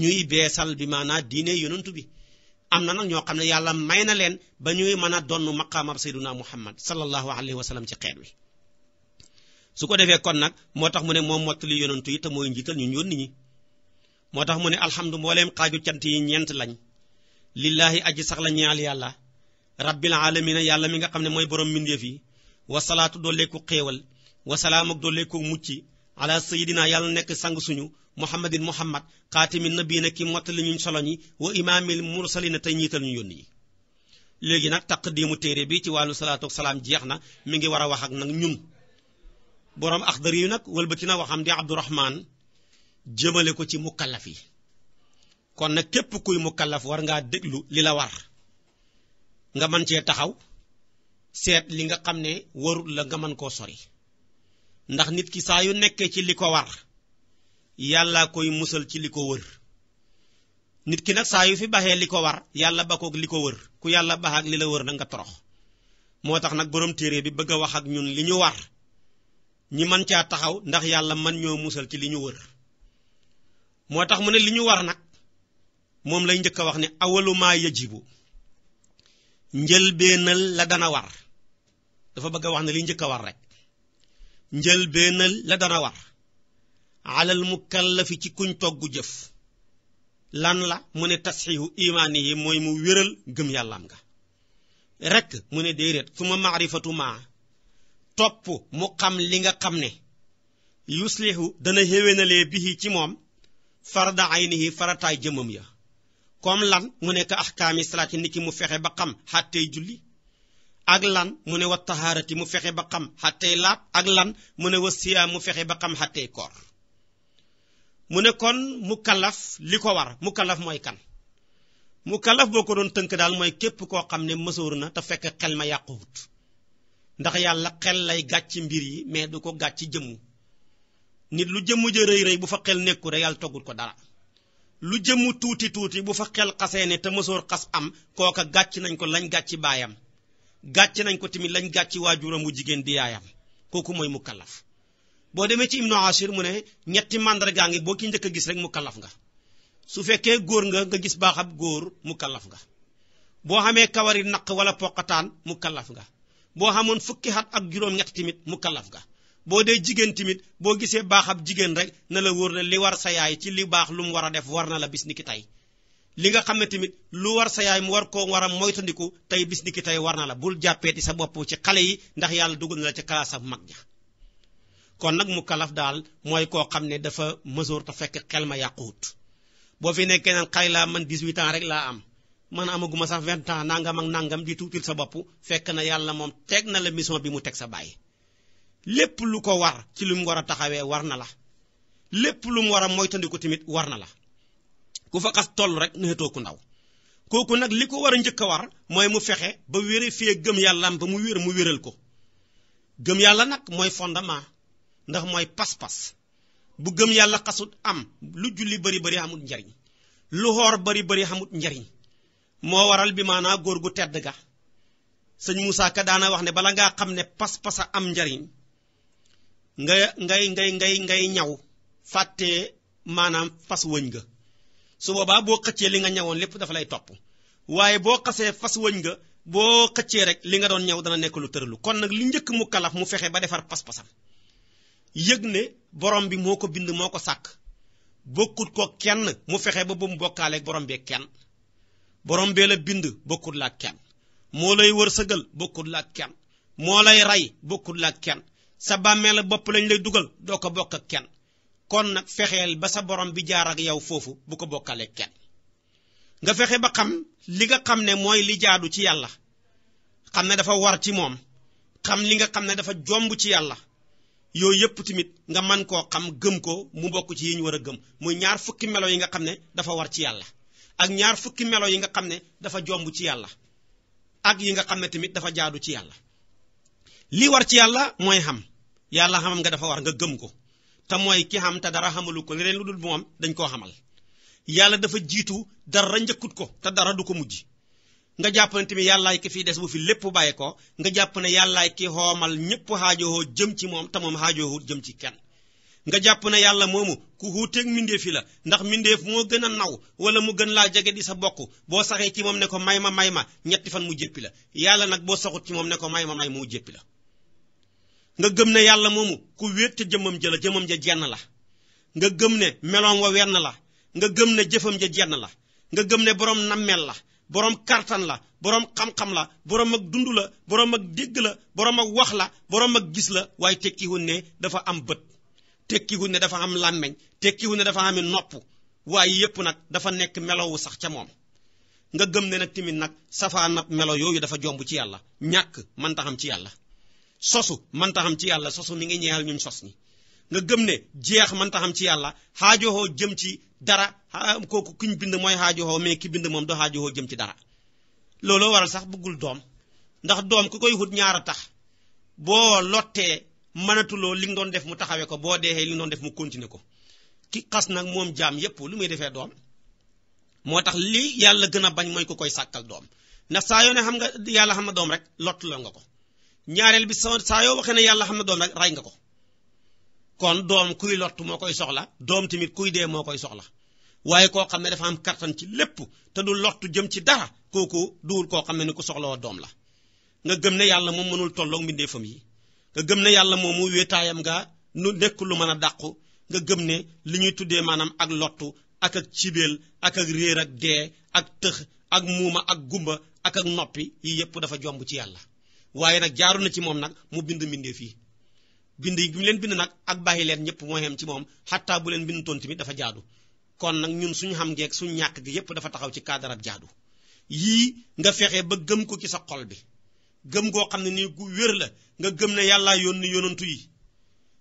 ñuy beesal bi maanaa diine yonantu bi am na nag ñoo xam ne yàlla may na leen ba ñuy mën a donn maqaamab sayduna muhammad sallallahu alayhi wa sallam ci xeet wi su ko defee kon nag moo tax mu ne moom mottali yonantu yi te mooy njiital moo tax mu ne alhamdu mbooleem xaaju cant yi ñeent lañ lillaahi aji sax la ñaal yàlla rabbil alamina yàlla mi nga xam ne mooy borom mbindeef yi wasalaatu dooleeku xéewal wasalaam ak dooleeku mucc ala sayidina yàlla nekk sang suñu muhammadin muhammad xaatimi nabiina ki mottali ñu solo ñi wa imaamil mursalina tey ñiital ñu yónni yi léegi nag taq taqdiimu téere bi ci wàllu salaatu salaam jeex na mu ngi war a wax ak nag ñun boroom Axdari yu nag wëlbati na waxam di Abdurahman jëmale ko ci mukallaf yi kon nag képp kuy mukallaf war ngaa déglu li la war nga mën cee taxaw seet li nga xam ne warul la nga mën koo sori ndax nit ki saa yu nekkee ci li ko war yàlla koy musal ci li ko wër nit ki nag saa yu fi baxee li ko war yàlla bakoog li ko wër ku yàlla bax ak li la wër na nga torox moo tax nag borom téere bi bëgg a wax ak ñun li ñu war ñi mën caa taxaw ndax yàlla man ñoo musal ci li ñu wër moo tax mu ne li ñu war nag moom lay njëkk a wax ne awalumaa yajibu njëlbeenal la dana war dafa bëgg wax ne li njëkk a war rek njëlbeenal la dana war alal mukallafi ci kuñ togg jëf lan la mu ne tasxiihu imaani yi mooy mu wéral gëm yàllaam nga rekk mu ne déedéet su ma maarifatu maa topp mu xam li nga xam ne yuslihu dana xéwénalee bihi ci moom far farda aynihi farataay jëmam ya comme lan mu ne ka axkaami salaati ki mu fexe ba xam xàttey julli ak lan mu ne wa tahaarati mu fexe ba xam xàttey laab ak lan mu ne wa mu fexe ba xam xàttey koor mu ne kon mu kallaf li ko war mu kallaf mooy kan mu kalaf boo ko doon tënk daal mooy képp koo xam ne mësoor na te fekk xel ma yàquwut ndax yàlla xel lay gàcc mbir yi mais du ko gàcc jëmmu nit lu jëmmu ja rëy rëy bu fa xel nekku rek yàlla toggul ko dara lu jëmmu tuuti tuuti bu fa xel xasee ne te mësoor xas am kooka gàcc nañ ko lañ gàcc baayam gàcc nañ ko tamit lañ gàcc waajuram wu jigéen di yaayam kooku mooy mu kallaf boo demee ci ibnu ashir mu ne ñetti mandargaa ngi boo ki njëkk a gis rek mu kallaf nga su fekkee góor nga nga gis baax ab góor mu kallaf nga boo xamee kawari naq wala poqataan mu kallaf nga boo xamoon fukki xat ak juróom ñett tamit mu kallaf nga boo dee jigéen tamit boo gisee baax ab jigéen rek na la wóor ne li war sa yaay ci li baax lu mu war a def war na la bis ni tey li nga xam ne tamit lu war sa yaay mu war koo war a moytandiku tey bis ni ki tey war na la bul jàppeeti sa bopp ci xale yi ndax yàlla dugal na la ci kalaasam mag ña kon nag mu kalaf daal mooy koo xam ne dafa mësoor te fekk xel ma yàquwut boo fi nekkee naan xay laa man 18 ans rek laa am man amaguma sax 20 ans nangam ak nangam di tuutil sa bopp fekk na yàlla moom teg na la mission bi mu teg sa bàyyi lépp lu ko war ci lu mu war a taxawee war na la lépp lu mu war a moytandiku tamit war na la ku fa xas toll rek neetoo ku ndaw kooku nag li ko war a njëkk a war mooy mu fexe ba wéree fi gëm yàlla am ba mu wér mu wéral ko gëm yàlla nag mooy fondement ndax mooy pas-pas bu gëm yàlla xasut am lu julli bari bari amut njariñ lu xoor bari bari amut njariñ moo waral bi maanaa góor gu tedd ga sëñ musaa Ka daana wax ne bala ngaa xam ne pas-pas a am njariñ nga ngay ngay ngay ngay ñaw fàtte maanaam fas wëñ ga su boobaa boo xëccee li nga ñawoon lépp dafa lay topp waaye boo xasee fas wëñ nga boo xëccee rek li nga doon ñaw dana nekk lu tëralu kon nag li njëkk mu kalaf mu fexe ba defar pas-pasam yëg ne borom bi moo ko bind moo ko sàkk bokkut ko kenn mu fexe ba bu mu bokkaaleeg borom bee kenn borom bee la bind bokkut laa kenn moo lay wër sëgal bokkut laa kenn moo lay rey bokkut laa kenn sa bàmmeela bopp lañ lay dugal doo ko bokk ak kenn kon nag ba sa borom bi jaar ak yow foofu bu ko bokkalee kenn nga fexe ba xam li nga xam ne mooy li jaadu ci yàlla xam ne dafa war ci moom xam li nga xam ne dafa jomb ci yàlla yooyu yëpp tamit nga man koo xam gëm ko mu bokk ci yi ñu war a gëm muy ñaar fukki melo yi nga xam ne dafa war ci yàlla ak ñaar fukki melo yi nga xam ne dafa jomb ci yàlla ak yi nga xam ne tamit dafa jaadu ci yàlla li war ci yàlla mooy xam yàlla xamam nga dafa war nga gëm ko te mooy ki xam te dara xamalu ko leneen lu dul moom dañ ko xamal yàlla dafa jiitu dara njëkkut ko te dara du ko mujj nga jàpp ne tamit yàllaay ki fii des bu fi lépp bàyyi ko nga jàpp ne yàllaay ki xoomal ñépp xaajowoo jëm ci moom te moom xaajoowut jëm ci kenn nga jàpp ne yàlla moomu ku xuuteeg mindeef yi la ndax mindeef moo gën a naw wala mu gën laa jege di sa bokk boo saxee ci moom ne ko may ma may ma ñetti fan mu jéppi la yàlla nag boo saxut ci moom ne ko may ma may mu jéppi la nga gëm na yàlla moomu ku wéet ca jëmmam ja la jëmmam ja jenn la nga gëm ne meloom wa wenn la nga gëm ne jëfam ja jenn la nga gëm ne borom nammeel la boroom kartan la boroom xam-xam la boroom ak dund la boroom ak dégg la boroom ak wax la boroom ak gis la waaye tekkiwul ne dafa am bët tekkiwul ne dafa am làmmeñ tekkiwul ne dafa am nopp waaye yépp nag dafa nekk melowu sax ca moom nga gëm ne nag tamit nag safaanab melo yooyu dafa jomb ci yàlla ñàkk mën taxam ci yàlla sosu mënta xam ci yàlla sosu mi ngi ñeexal ñun sos ñi nga gëm ne jeex mënta xam ci yàlla xaajoxoo jëm ci dara kooku kuñ bind mooy xaajoxoo mais ki bind moom doo xaajoxoo jëm ci dara looloo waral sax bëggul doom ndax doom ku koy xut ñaar a tax boo lottee mënatuloo li nga doon def mu taxawee ko boo deexee li nga doon def mu continuer ko ki xas nag moom jaam yépp lu muy defee doom moo tax li yàlla gën a bañ mooy ku koy sàkkal doom ndax saa yoo ne xam nga yàlla xam na doom rek lottuloo nga ko ñaareel bi saa yoo waxee ne yàlla xam na doom rek ray nga kon doom kuy lott moo koy soxla doom tamit kuy dee moo koy soxla waaye koo xam ne dafa am kattan ci lépp te du lottu jëm ci dara kooku duwul koo xam ne ni ku soxlawoo doom la nga gëm ne yàlla moom mënul tolloog mbindeefam yi nga gëm ne yàlla moomu wéetaayam nga nu nekk lu mën a dàqu nga gëm ne li ñuy tuddee maanaam ak lottu ak ak cibeel ak ak réer ak dee ak tëx ak muuma ak gumba ak ak noppi yii yépp dafa jomb ci yàlla waaye nag jaaru na ci moom nag mu bind mbindeef yi bind yi leen bind nag ak bàyyi leen ñëpp moo yem ci moom xataa bu leen bind toon tamit dafa jaadu kon nag ñun suñu xam geeg suñ ñàkk gi yépp dafa taxaw ci kaadarab jaadu yii nga fexe ba gëm ko ci sa xol bi gëm goo xam ne nii gu wér la nga gëm ne yàllaa yónni yonantu yi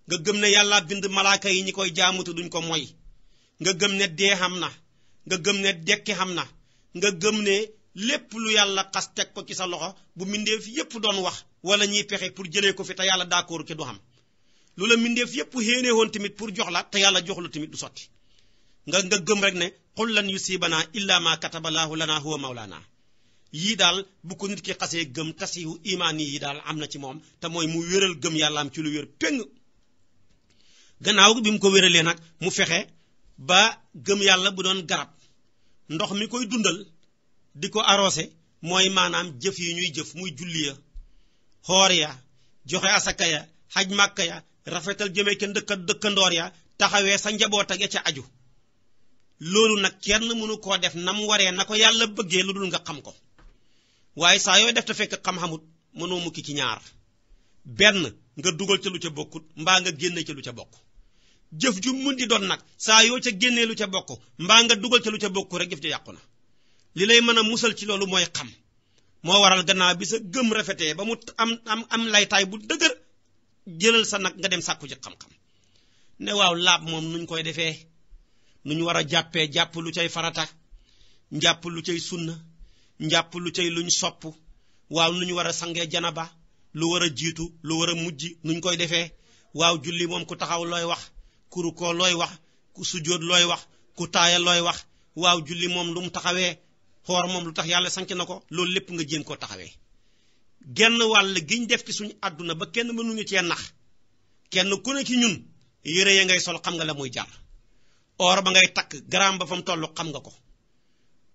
nga gëm ne yàllaa bind malaaka yi ñi koy jaamutu duñu ko moy nga gëm ne dee xam na nga gëm ne dekki xam na nga gëm ne lépp lu yàlla xas teg ko ci sa loxo bu mbindeef yépp doon wax wala ñiy pexe pour jëlee ko fi te yàlla d'accord ci du xam lu la mindeef yépp xéenee woon tamit pour jox la te yàlla jox la tamit du sotti nga nga gëm rek ne qul lan yusibanaa illa ma katabalaahu lanaa huwa mawlaanaa yii daal bu ko nit ki xasee gëm tasihu imaan yi daal am na ci moom te mooy mu wéral gëm yàllaam ci lu wér péng gannaaw bi mu ko wéralee nag mu fexe ba gëm yàlla bu doon garab ndox mi koy dundal di ko arrosé mooy maanaam jëf yi ñuy jëf muy julli ya xoor ya joxe asaka ya xaj màkka ya rafetal jëmee ca ndëkka dëkkandoor ya taxawee sa njaboot ak ya ca aju loolu nag kenn mënu koo def nam waree na ko yàlla bëggee lu dul nga xam ko waaye saa yooy def te fekk xam-xamut mënoo mukki ci ñaar benn nga dugal ca lu ca bokkut mbaa nga génne ca lu ca bokk jëf ju mun di doon nag saa yoo ca génnee lu ca bokk mbaa nga dugal ca lu ca bokk rek jëf ja yàqu na li lay mën a musal ci loolu mooy xam moo waral gannaaw bi sa gëm rafetee ba mu am am laytaay bu dëgër jëlal sa nag nga dem sàkku ji xam-xam ne waaw laab moom nuñ koy defee nuñ war a jàppee jàpp lu cay farata njàpp lu cay sunna njàpp lu cay luñ sopp waaw nuñ war a sangee janaba lu war a jiitu lu war a mujj nuñ koy defee waaw julli moom ku taxaw looy wax ku rukkoo looy wax ku sujjóot looy wax ku taaya looy wax waaw julli moom lu mu taxawee xoor moom lu tax yàlla sanc na ko loolu lépp nga jéem koo taxawee genn wàll giñ def ci suñu àdduna ba kenn mënuñu cee nax kenn ku ne ci ñun yére ya ngay sol xam nga la muy jar or ba ngay takk gramme ba fa mu toll xam nga ko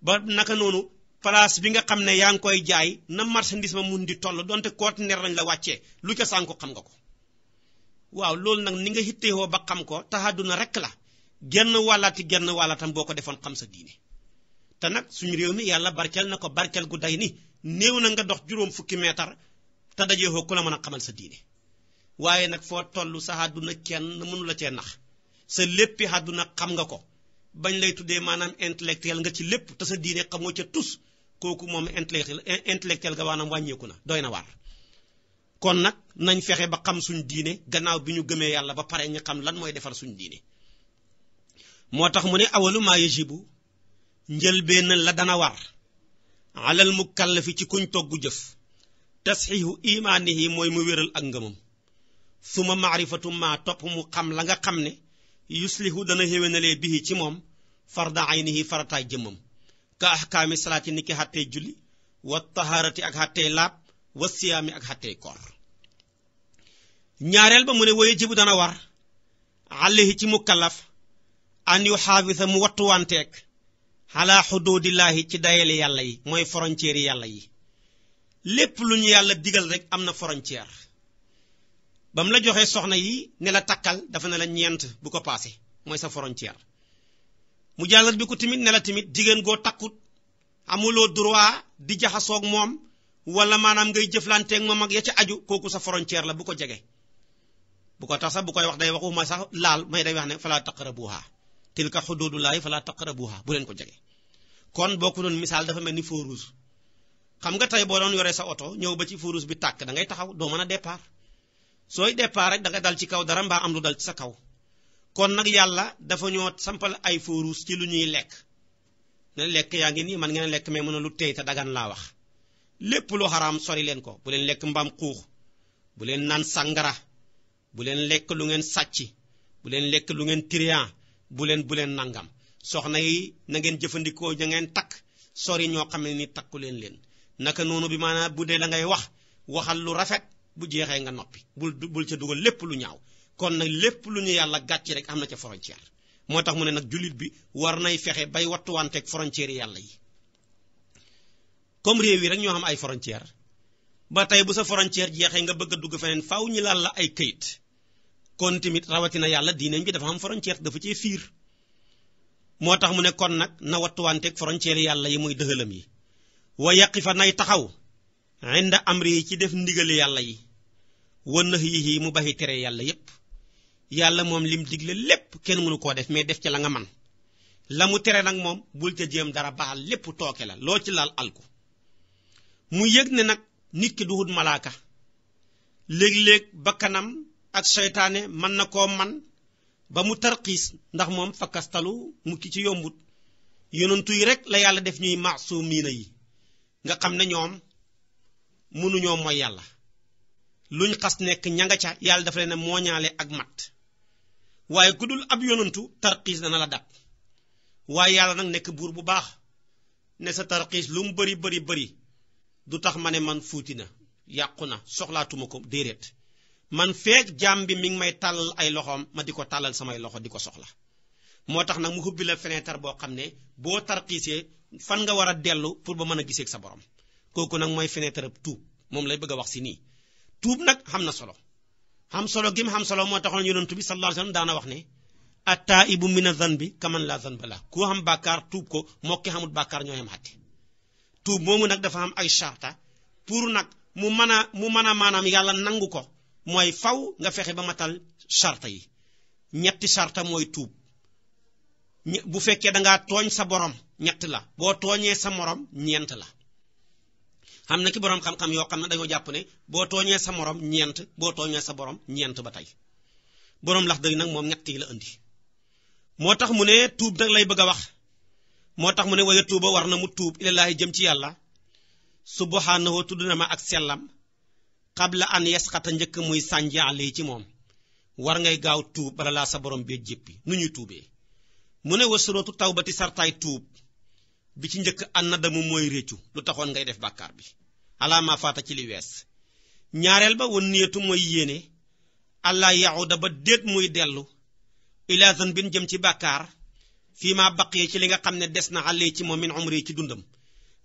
ba naka noonu place bi nga xam ne yaa ngi koy jaay na marchandise ma mun di toll donte conteneur lañ la wàccee lu ca sànku xam nga ko waaw loolu nag ni nga xitteewoo ba xam ko taxaduna rek la genn wàllaati genn wàllaatam boo ko defoon xam sa diine te nag suñu réew mi yàlla barkeel na ko barkeel gu day ni néew na nga dox juróom fukki meetar te dajeexoo ku la mën a xamal sa diine waaye nag foo toll sa àdduna kenn mënu la cee nax sa léppi àdduna xam nga ko bañ lay tuddee maanaam intellectuel nga ci lépp te sa diine xamoo ca tus kooku moom intellectuel intellectuel nga maanaam wàññeeku na doy na waar. kon nag nañ fexe ba xam suñu diine gannaaw bi ñu gëmee yàlla ba pare ñu xam lan mooy defar suñu diine moo tax mu ne awalu maa yajibu njëlbeen la dana war alal mukallafi ci kuñ togg jëf tasxiixu imaanihi mooy mu wéral ak suma maarifatu ma topp mu xam la nga xam ne yuslihu dana xéwénalee bihi ci moom farda aynihi farataay jëmmam ka ahkaami salaati ni ki xàttee julli wa taharati ak xàttee laab wa siyaami ak xàttee koor ñaareel ba mu ne waye jibu dana war alayhi ci mukallaf an yu xaafisa mu wattuwanteeg ala xuduudillaahi ci dayale yàlla yi mooy frontière yàlla yi lépp lu ñu yàlla digal rek am na frontière ba mu la joxee soxna yi ne la takkal dafa ne la ñeent bu ko paase mooy sa frontière mu jàllal bi ko tamit ne la tamit jigéen goo takkut amuloo droit di jaxasoog moom walla maanaam ngay jëflanteek moom mag ya ca aju kooku sa frontière la bu ko jege bu ko tax sax bu koy wax day ma sax laal may day wax ne falaa fala taqrabuha tilka xuduudullaahi falaa taqrabuha bu leen ko jege kon boo ko doon misaal dafa mel ni feu xam nga tey boo doon yoree sa oto ñëw ba ci feu bi tàkk da ngay taxaw doo mën a départ sooy départ rek da dal ci kaw dara mbaa am lu dal ci sa kaw kon nag yàlla dafa ñoo sampal ay feu rouge ci lu ñuy lekk ne lekk yaa ngi nii man ngeen lekk mais mën a lu tey te dagan laa wax lépp lu xaraam sori leen ko bu leen lekk mbaam xuux bu leen naan sàngara bu leen lekk ngeen sàcc bu leen lekk ngeen tiriyan bu leen bu leen nangam soxna yi na ngeen jëfandikoo ja ngeen takk sori ñoo xam ne ni takku leen leen naka noonu bi maanaam bu dee la ngay wax waxal lu rafet bu jeexee nga noppi bul bul ca dugal lépp lu ñaaw kon nag lépp lu ñu yàlla gàcc rek am na ca frontière moo tax mu ne nag jullit bi war nay fexe bay wattuwanteeg frontière yàlla yi comme réew yi rek ñoo xam ay frontière ba tey bu sa frontière jeexee nga bëgg a dugg feneen faw ñi laal la ay kayit kon tamit rawatina yàlla diineem bi dafa am frontière dafa cee fiir moo tax mu ne kon nag na wattuwanteeg frontière yàlla yi muy dëxalam yi wa yàqi fa nay taxaw inda amri yi ci def ndigali yàlla yi wa nax yi mu baxi tere yàlla yépp yàlla moom lim digle lépp kenn mënu koo def mais def ci la nga man la mu tere nag moom bul ca jéem dara baaxal lépp tooke la loo ci laal alku mu yég ne nag nit ki du wut malaaka léeg bakkanam ak seytaane mën na koo man ba mu tarxiis ndax moom fakkastalu mukki ci yombut yonantu yi rek la yàlla def ñuy maasumiina yi nga xam ne ñoom mënuñoo mooy yàlla luñ xas nekk ña nga ca yàlla dafa leen mooñaale ak mat waaye ku dul ab yonantu tarxiis dana la dab waaye yàlla nag nekk buur bu baax ne sa tarxiis lu mu bari bari bari du tax ma ne man fuuti na yàqu na soxlaatuma ko déedéet man feek jaam bi mi ngi may tàllal ay loxoom ma di ko tàllal samay loxo di ko soxla moo tax nag mu hubbi la fenêtre boo xam ne boo tarxiisee fan nga war a dellu pour ba mën a gisee sa borom kooku nag mooy fenêtre ab tuub moom lay bëgg wax si nii tuub nag xam na solo xam solo gim xam solo moo taxoon yonent bi sallallahu alayhi daana wax ne attaibu mina zanbi kaman la zanba la ku xam bàkkaar ko moo xamul bàkkaar ñoo yem xatti tuub moomu nag dafa am ay charta pour nag mu mën a mu mën a maanaam yàlla nangu ko mooy faw nga fexe ba matal sarta yi ñetti sarta mooy tuub bu fekkee da ngaa tooñ sa borom ñett la boo tooñee sa moroom ñeent la xam na borom xam-xam dañoo jàpp boo tooñee sa morom boo tooñee sa borom ba tey boroom lax dëgg nag moom ñett la indi moo tax mu ne tuub nag lay bëgg a wax moo tax mu ne waya tuuba war na mu tuub ilallaahi jëm ci yàlla subhanahu tudd na ma ak sellam xabla an yasxata njëkk muy sànji alay ci moom war ngay gaaw tuub bala laa sa borom bee jéppi nu ñuy tuubee mu ne taw ba tawbati sartaay tuub bi ci njëkk an na damu mooy réccu lu taxoon ngay def bàkkaar bi alaama faata ci li wees ñaareel ba wan niyetu mooy yéene allah yaxuda ba déet muy dellu ilaa zanbin jëm ci bàkkaar fii ma baqiya ci li nga xam ne des na alay ci moom min umri ci dundam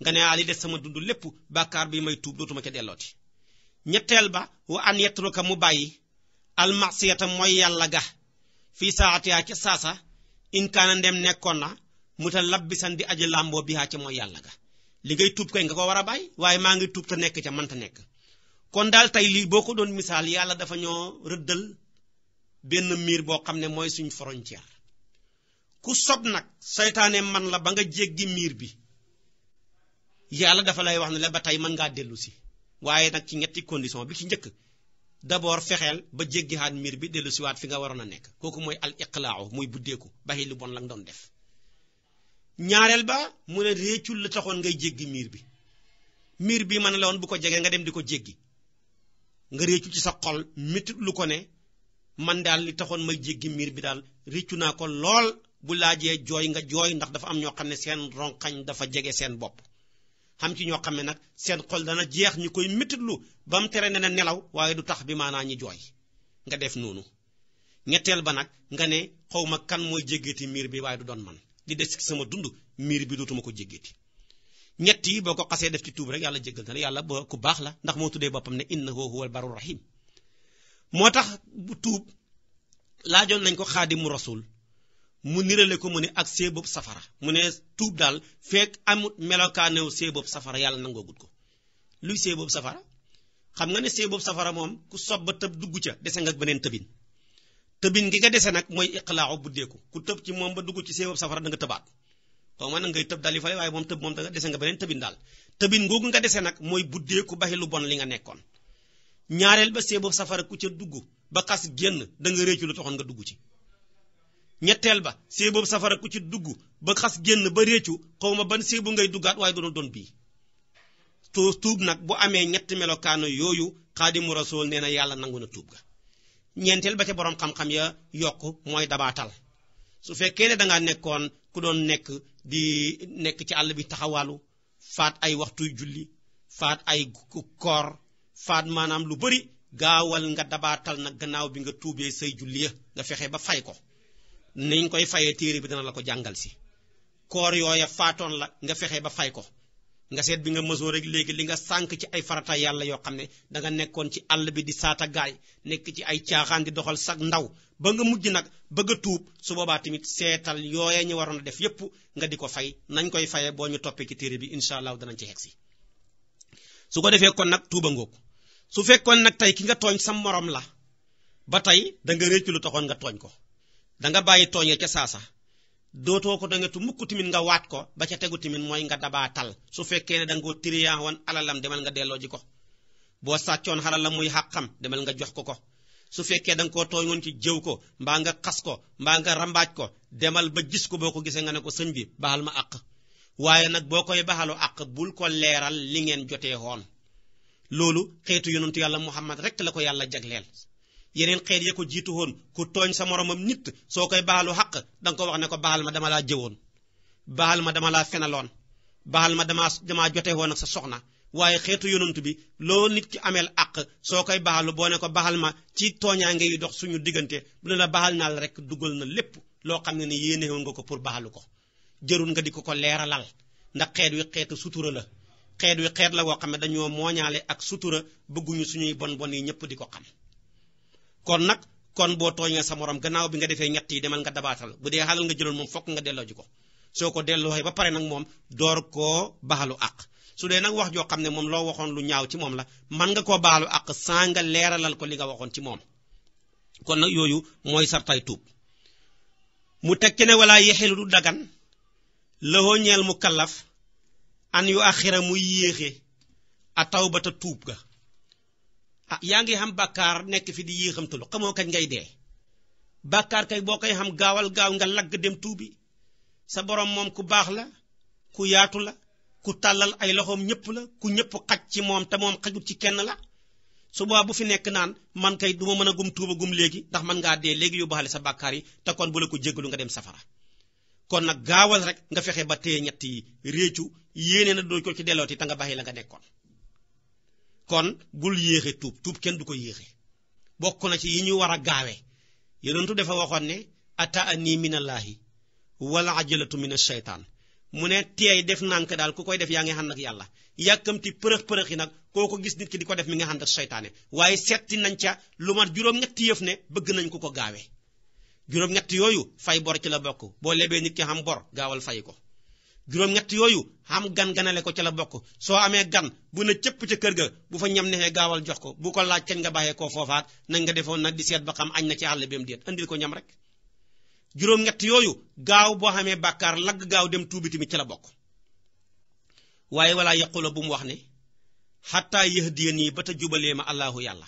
nga ne ali des sama dund lépp bàkkaar bi may tuub dootuma ca dellooti ñetteel ba wa an yetruka mu bàyyi almasiyata mooy yàlla ga fii saatiyaa ca saasa inkaana ndem nekkoon na mu ta labbisan di aji làmboo bi ca mooy yàlla ga li ngay tuub kay nga ko war a bàyyi waaye maa ngi tuub te nekk ca mënta nekk kon daal tey lii boo ko doon misaal yàlla dafa ñoo rëddal benn miir boo xam ne mooy suñ frontière ku sob nag seytaane man la ba nga jéggi miir bi yàlla dafa lay wax ne la ba tey mën ngaa dellu si waaye nag ci ñetti condition bi ci njëkk d'abord fexeel ba jéggihaat miir bi dellu siwaat fi nga waroon a nekk kooku mooy al iqlaaw muy buddeeku bàyyi lu bon la nga doon def ñaareel ba mu ne réccul la taxoon ngay jéggi miir bi miir bi mën la woon bu ko jegee nga dem di ko jéggi nga réccu ci sa xol miti lu ko ne man daal li taxoon may jéggi miir bi daal réccu naa ko lool bu laajee jooy nga jooy ndax dafa am ñoo xam ne seen ronkañ dafa jege seen bopp xam ci ñoo xam ne nag seen xol dana jeex ñi koy métitlu ba mu tere ne na nelaw waaye du tax bi maanaa ñi jooy nga def noonu ñetteel ba nag nga ne xaw ma kan mooy jéggeeti miir bi waaye du doon man di des ci sama dund miir bi dootuma ko jéggeeti ñett yi boo ko xasee def ci tuub rek yàlla jéggal na la yàlla ba ku baax la ndax moo tuddee boppam ne innahu huwal barur rahim moo tax bu tuub laajoon nañ ko xaadimu rasul mu nirale ko mu ne ak see safara mu ne tuub daal fekk amut melokaanew see bopp safara yàlla nangoogut ko luy see bopp safara xam nga ne see bopp safara moom ku sob ba tëb dugg ca dese nga beneen tëbin tëbin gi nga dese nag mooy iqlaaxu buddeeku ku tëb ci moom ba dugg ci see safara da nga tëbaat xaw ngay tëb daal yi fale waaye moom tëb moom da nga dese nga beneen tëbin daal tëbin googu nga dese nag mooy buddeeku baxi lu bon li nga nekkoon ñaareel ba see bopp safara ku ca dugg ba xas génn da nga ci lu toxoon nga dugg ci ñetteel ba séeboobu safara ku ci dugg ba xas génn ba réccu xaw ma ban séebu ngay duggaat waaye doona doon bii tuub tuub nag bu amee ñetti melokaano yooyu xaadimu rasul nee na yàlla nangu na tuub ga ñeenteel ba ca boroom xam-xam ya yokk mooy dabaatal su fekkee ne dangaa nekkoon ku doon nekk di nekk ci àll bi taxawaalu faat ay waxtuy julli faat ay koor faat maanaam lu bari gaawal nga dabaatal na gannaaw bi nga tuubee say julli ya nga fexe ba fay ko niñ koy fayee téere bi dana la ko jàngal si koor yooya faatoon la nga fexe ba fay ko nga seet bi nga mësoo rek léegi li nga sànq ci ay farata yàlla yoo xam ne danga nekkoon ci àll bi di saata gaay nekk ci ay caaxaan di doxal sag ndaw ba nga mujj nag bëgg a tuub su boobaa tamit seetal yooya ñu waroon a def yépp nga di ko fay nañ koy fayee boo ñu toppee ci téere bi incha allah danañ ci si su ko defee kon nag tuuba ngooku su fekkoon nag tey ki nga tooñ sa morom la ba tey da nga réccu lu nga tooñ ko danga bàyyi tooñ nga ca saasa dootoo ko danga tu mukk tamit nga waat ko ba ca tegu tamit mooy nga dabaatal su fekkee ne danga ko tiriyaa woon alalam demal nga delloo ji ko boo sàccoon alalam muy xàqam demal nga jox ko ko su fekkee danga ko tooñ woon ci jëw ko mbaa nga xas ko mbaa nga rambaaj ko demal ba gis ko boo ko gisee nga ne ko sëñ bi baal ma àq waaye nag boo koy baalu àq bul ko leeral li ngeen jotee woon loolu xeetu yonentu yàlla Muhammad rekk la ko yàlla jagleel yeneen xeet ya ko jiitu woon ku tooñ sa moromam nit soo koy baalu xaq danga ko wax ne ko baal ma dama laa jëwoon baal ma dama laa fenaloon baal ma damaa damaa jote woon ak sa soxna waaye xeetu yonantu bi loo nit ki ameel àq soo koy baalu boo ne ko baal ma ci tooñaange yi dox suñu diggante bu ne la baal naa la rek dugal na lépp loo xam ne ni yéene woon nga ko pour baalu ko jërul nga di ko ko leeralal ndax xeet wi xeetu sutura la xeet wi xeet la woo xam ne dañoo mooñaale ak sutura bëgguñu suñuy bon bon yi ñëpp di ko xam kon nag kon boo tooñee sa moroom gannaaw bi nga defee ñett yi demal nga dabaatal bu dee xalal nga jëloon moom fokk nga delloo ko soo ko delloo ba pare nag moom door koo baalu àq su dee nag wax joo xam ne moom loo waxoon lu ñaaw ci moom la man nga koo baalu àq saa nga leeralal ko li nga waxoon ci moom kon nag yooyu mooy sartay tuub mu teg ci ne wala yexilu du dagan lëxoo ñeel mu kallaf an yu axira muy yéexe a tawbata tuub ga ah yaa ngi xam bàkkaar nekk fi di yéexamtalu xamoo kañ ngay dee bàkkaar kay boo koy xam gaawal gaaw nga lagg dem tuubi sa borom moom ku baax la ku yaatu la ku tàllal ay loxoom ñëpp la ku ñëpp xaj ci moom te moom xajut ci kenn la su boobaa bu fi nekk naan man kay duma mën a gum tuuba gum léegi ndax man ngaa dee léegi yóbbaale sa bàkkaar yi te kon bu la ko jéggalu nga dem safara kon nag gaawal rek nga fexe ba tee ñett yi réccu yéene na doo ko ci dellooti te nga bàyyi la nga nekkoon kon bul yéexe tuub tuub kenn du ko yéexe bokk na ci yi ñu war a gaawe yonentu dafa waxoon ne ata ani minallaahi wala ajalatu min ashaytaan mu ne teey def nànk daal ku koy def yaa ngi ànd ak yàlla yàkkamti përëx-përëx yi nag koo ko gis nit ki di ko def mi nga ànd ak seytaane waaye setti nañ ca lu mat juróom-ñetti yëf ne bëgg nañ ku ko gaawee juróom-ñetti yooyu fay bor ci la bokk boo lebee nit ki xam bor gaawal fay ko juróom-ñett yooyu xam gan ganale ko ca la bokk soo amee gan bu ne cëpp ca kër ga bu fa ñam nexee gaawal jox ko bu ko laaj kañ nga bàyyee koo foofaat nañ nga defoon nag di seet ba xam añ na ci àll bem déet andil ko ñam rek juróom-ñett yooyu gaaw boo xamee bàkkaar lagg gaaw dem tuubi tamit ca la bokk waaye walaa yaqula bu mu wax ne xattaa yahdiyanii ba ta jubalee ma allahu yàlla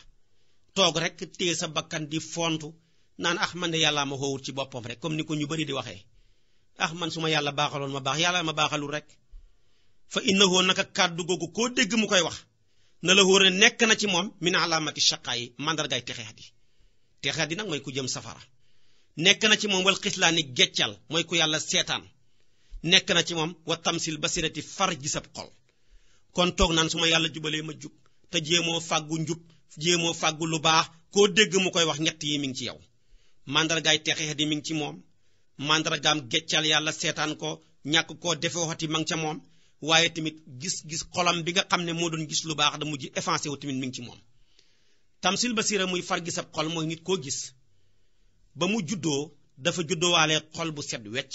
toog rek téye sa bakkan di font naan ax ah, man de yàllaa ma xoowut ci boppam rek comme ni ko ñu bari di waxee ah man su ma yàlla baaxaloon ma baax yàlla ma baaxalul rek fa innahu naka kàddu googu koo dégg mu koy wax na la wóor nekk na ci moom min alaamati shaqaa yi mandargaay texeet di texeet di nag mooy ku jëm safara nekk na ci moom wal xislaani geccal mooy ku yàlla seetaan nekk na ci moom wa tamsil basirati far gisab xol kon toog naan suma yàlla jubalee ma jub te jéemoo fàggu njub jéemoo fàggu lu baax koo dégg mu koy wax ñett yi mi ngi ci yow mandargaay texeet yi mi ngi ci moom màndargaam geccal yàlla seetaan ko ñàkk koo defe waxati ma ngi ca moom waaye tamit gis-gis xolam bi nga xam ne moo doon gis lu baax da mujj effacé wu tamit mi ngi ci moom tamsil basira muy far gisab xol mooy nit koo gis ba mu juddoo dafa juddoowaale xol bu set wecc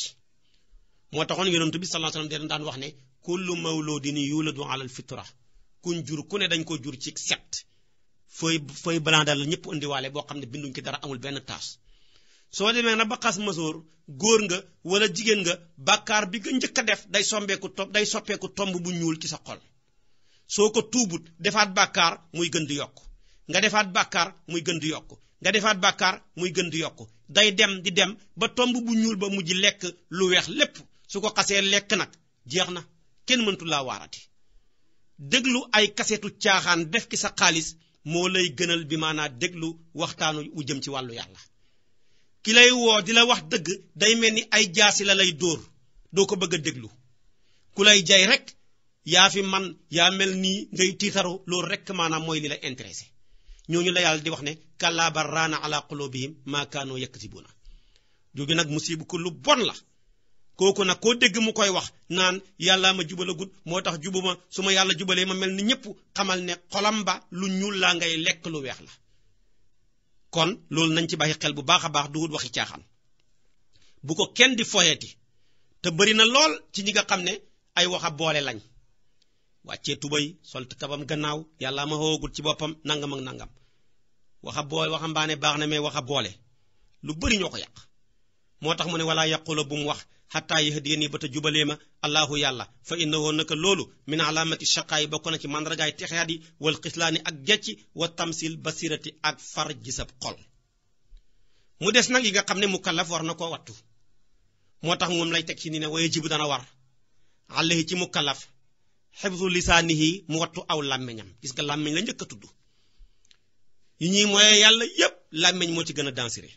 moo taxoon yonent bi sallallahu alayhi wasallam daan wax ne kullu mawludin yuladu ala alfitra kuñ jur ku ne dañ ko jur ci set fooy fooy balandal la ñëpp indiwaale boo xam ne binduñ ci dara amul benn tache soo demee na ba xas masóor góor nga wala jigéen nga bàkkaar bi nga njëkk a def day sombeeku to day soppeeku tomb bu ñuul ci sa xol soo ko tuubut defaat bàkkaar muy gën di yokk nga defaat bàkkaar muy gën di yokk nga defaat bàkkaar muy gën di yokk day dem di dem ba tomb bu ñuul ba mujj lekk lu weex lépp su ko xasee lekk nag jeex na kenn mëntu laa waarati déglu ay kasetu caaxaan def ki sa xaalis moo lay gënal bi maanaa déglu waxtaanu wu jëm ci wàllu yàlla ki lay woo di la wax dëgg day mel ni ay jaasi la lay dóor doo ko bëgg a déglu ku lay jay rek yaa fi man yaa mel nii ngay tiitaru loolu rek maanaam mooy li la intéressé ñooñu la yàlla di wax ne kallaa bal raana ala qulubihim maa kaanoo yaktibuna jógi nag musiba ko lu bon la kooku nag koo dégg mu koy wax naan yàllaa ma jubalagut moo tax jubuma su ma yàlla jubalee ma mel ni ñëpp xamal ne xolam ba lu ñuul laa ngay lekk lu weex la kon loolu nañ ci bàyyi xel bu baax a baax duhut waxi caaxaan bu ko kenn di foyeti te bëri na lool ci ñi nga xam ne ay waxa boole lañ wàccee tubéy solt kabam gannaaw yàlla ma xoogut ci boppam nangam ak nangam waxa boole waxambaane baax na mais waxa boole lu bëri ñoo ko yàq moo tax mu ne walaa yaqula bu mu wax xataa yahdiyani ba ta jubalee ma allahu yàlla fa innahu naka loolu min alaamati shaqaay bokk na ci màndargaay texeat yi wal xislaani ak jecci wa tamsil basirati ak far gisab xol mu des nag yi nga xam ne mukallaf war na koo wattu moo tax moom lay teg ci ni ne waye jibu dana war alayhi ci mukallaf xibsu lisaanihi mu wattu aw làmmiñam gis nga làmmiñ la njëkk a tudd yi ñuy mooyee yàlla yépp moo ci gën a dansire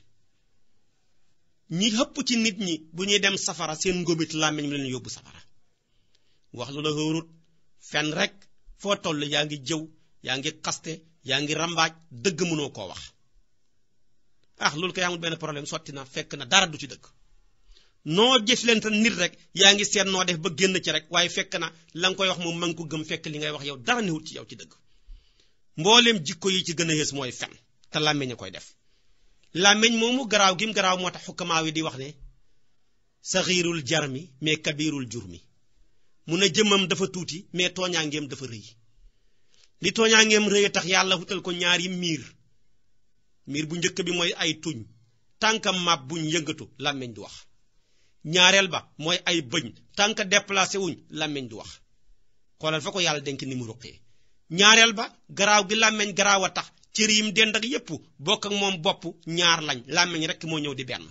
ñi xëpp ci nit ñi bu ñuy dem safara seen ngóobit làmmiñ mi leen yóbbu safara wax lu la xóorut fen rek foo toll yaa ngi jëw yaa ngi xaste yaa ngi rambaaj dëgg mënoo koo wax ah loolu koy amul benn problème sotti na fekk na dara du ci dëgg noo jëflante nit rek yaa ngi seet noo def ba génn ci rek waaye fekk na la nga koy wax moom ma ngi ko gëm fekk li ngay wax yow dara newut ci yow ci dëgg mbooleem jikko yi ci gën a yées mooy fen te làmmiñ koy def làmmiñ moomu garaaw gim garaaw moo tax xukkamaaw yi di wax ne saxiirul jarmi mais kabirul mi mun a jëmmam dafa tuuti mais tooñaangeem dafa rëy li tooñaangeem rëy tax yàlla wutal ko ñaari miir miir bu njëkk bi mooy ay tuñ tànka mab buñ yëngatu làmmiñ du wax ñaareel ba mooy ay bëñ tànka déplacé wuñ làmmiñ du wax xoolal fa ko yàlla denk ni mu ruqee ñaareel ba garaaw gi làmmiñ garaaw a tax cër mu dend ak yépp bokk ak moom bopp ñaar lañ làmmeñ rekk moo ñëw di benn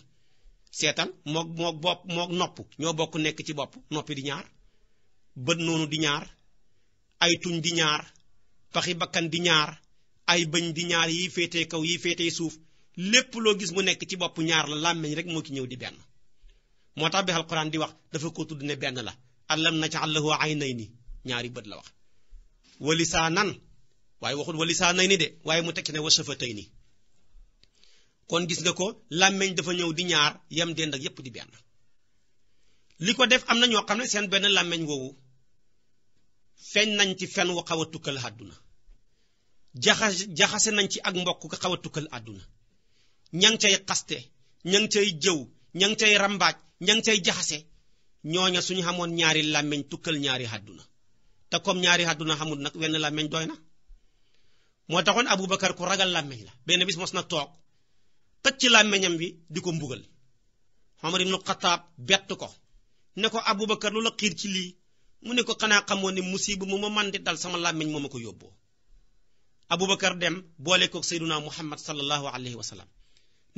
seetal mook mook bopp mook nopp ñoo bokk nekk ci bopp noppi di ñaar bët noonu di ñaar ay tuñ di ñaar paxi bakkan di ñaar ay bëñ di ñaar yiy féetee kaw yiy féetee suuf lépp loo gis mu nekk ci bopp ñaar la làmmiñ rek moo ki ñëw di benn moo tax bi alquran di wax dafa ko tudd ne benn la na ci allam naj'al lahu aynayni ñaari bët la wax wa lisaanan waaye waxul wa lisaanayni de waaye mu tekki ne wa nii kon gis nga ko làmmeñ dafa ñëw di ñaar yam dend ak yépp di benn li ko def am na ñoo xam ne seen benn làmmeñ woowu feeñ nañ ci fenn wu xaw tukkal àdduna jaxase jaxase nañ ci ak mbokk ko xaw a tukkal àdduna ña ngi cay xaste ña cay jëw ña ngi cay rambaaj ña ngi cay jaxase ñoo ñooña suñu xamoon ñaari làmmeñ tukkal ñaari àdduna te koom ñaari àdduna xamul nag wenn làmmeñ doy na moo taxoon Aboubacar ku ragal làmmiñ la benn bis mos na toog tëj ci làmmiñam bi di ko mbugal Omar ibnu Xataab bett ko ne ko Aboubacar lu la xiir ci lii mu ne ko xanaa xamoon ne musiba mu ma man dal sama làmmiñ moo ma ko yóbboo Aboubacar dem boole koog Seydunaa Muhammad sallallahu alayhi wa sallam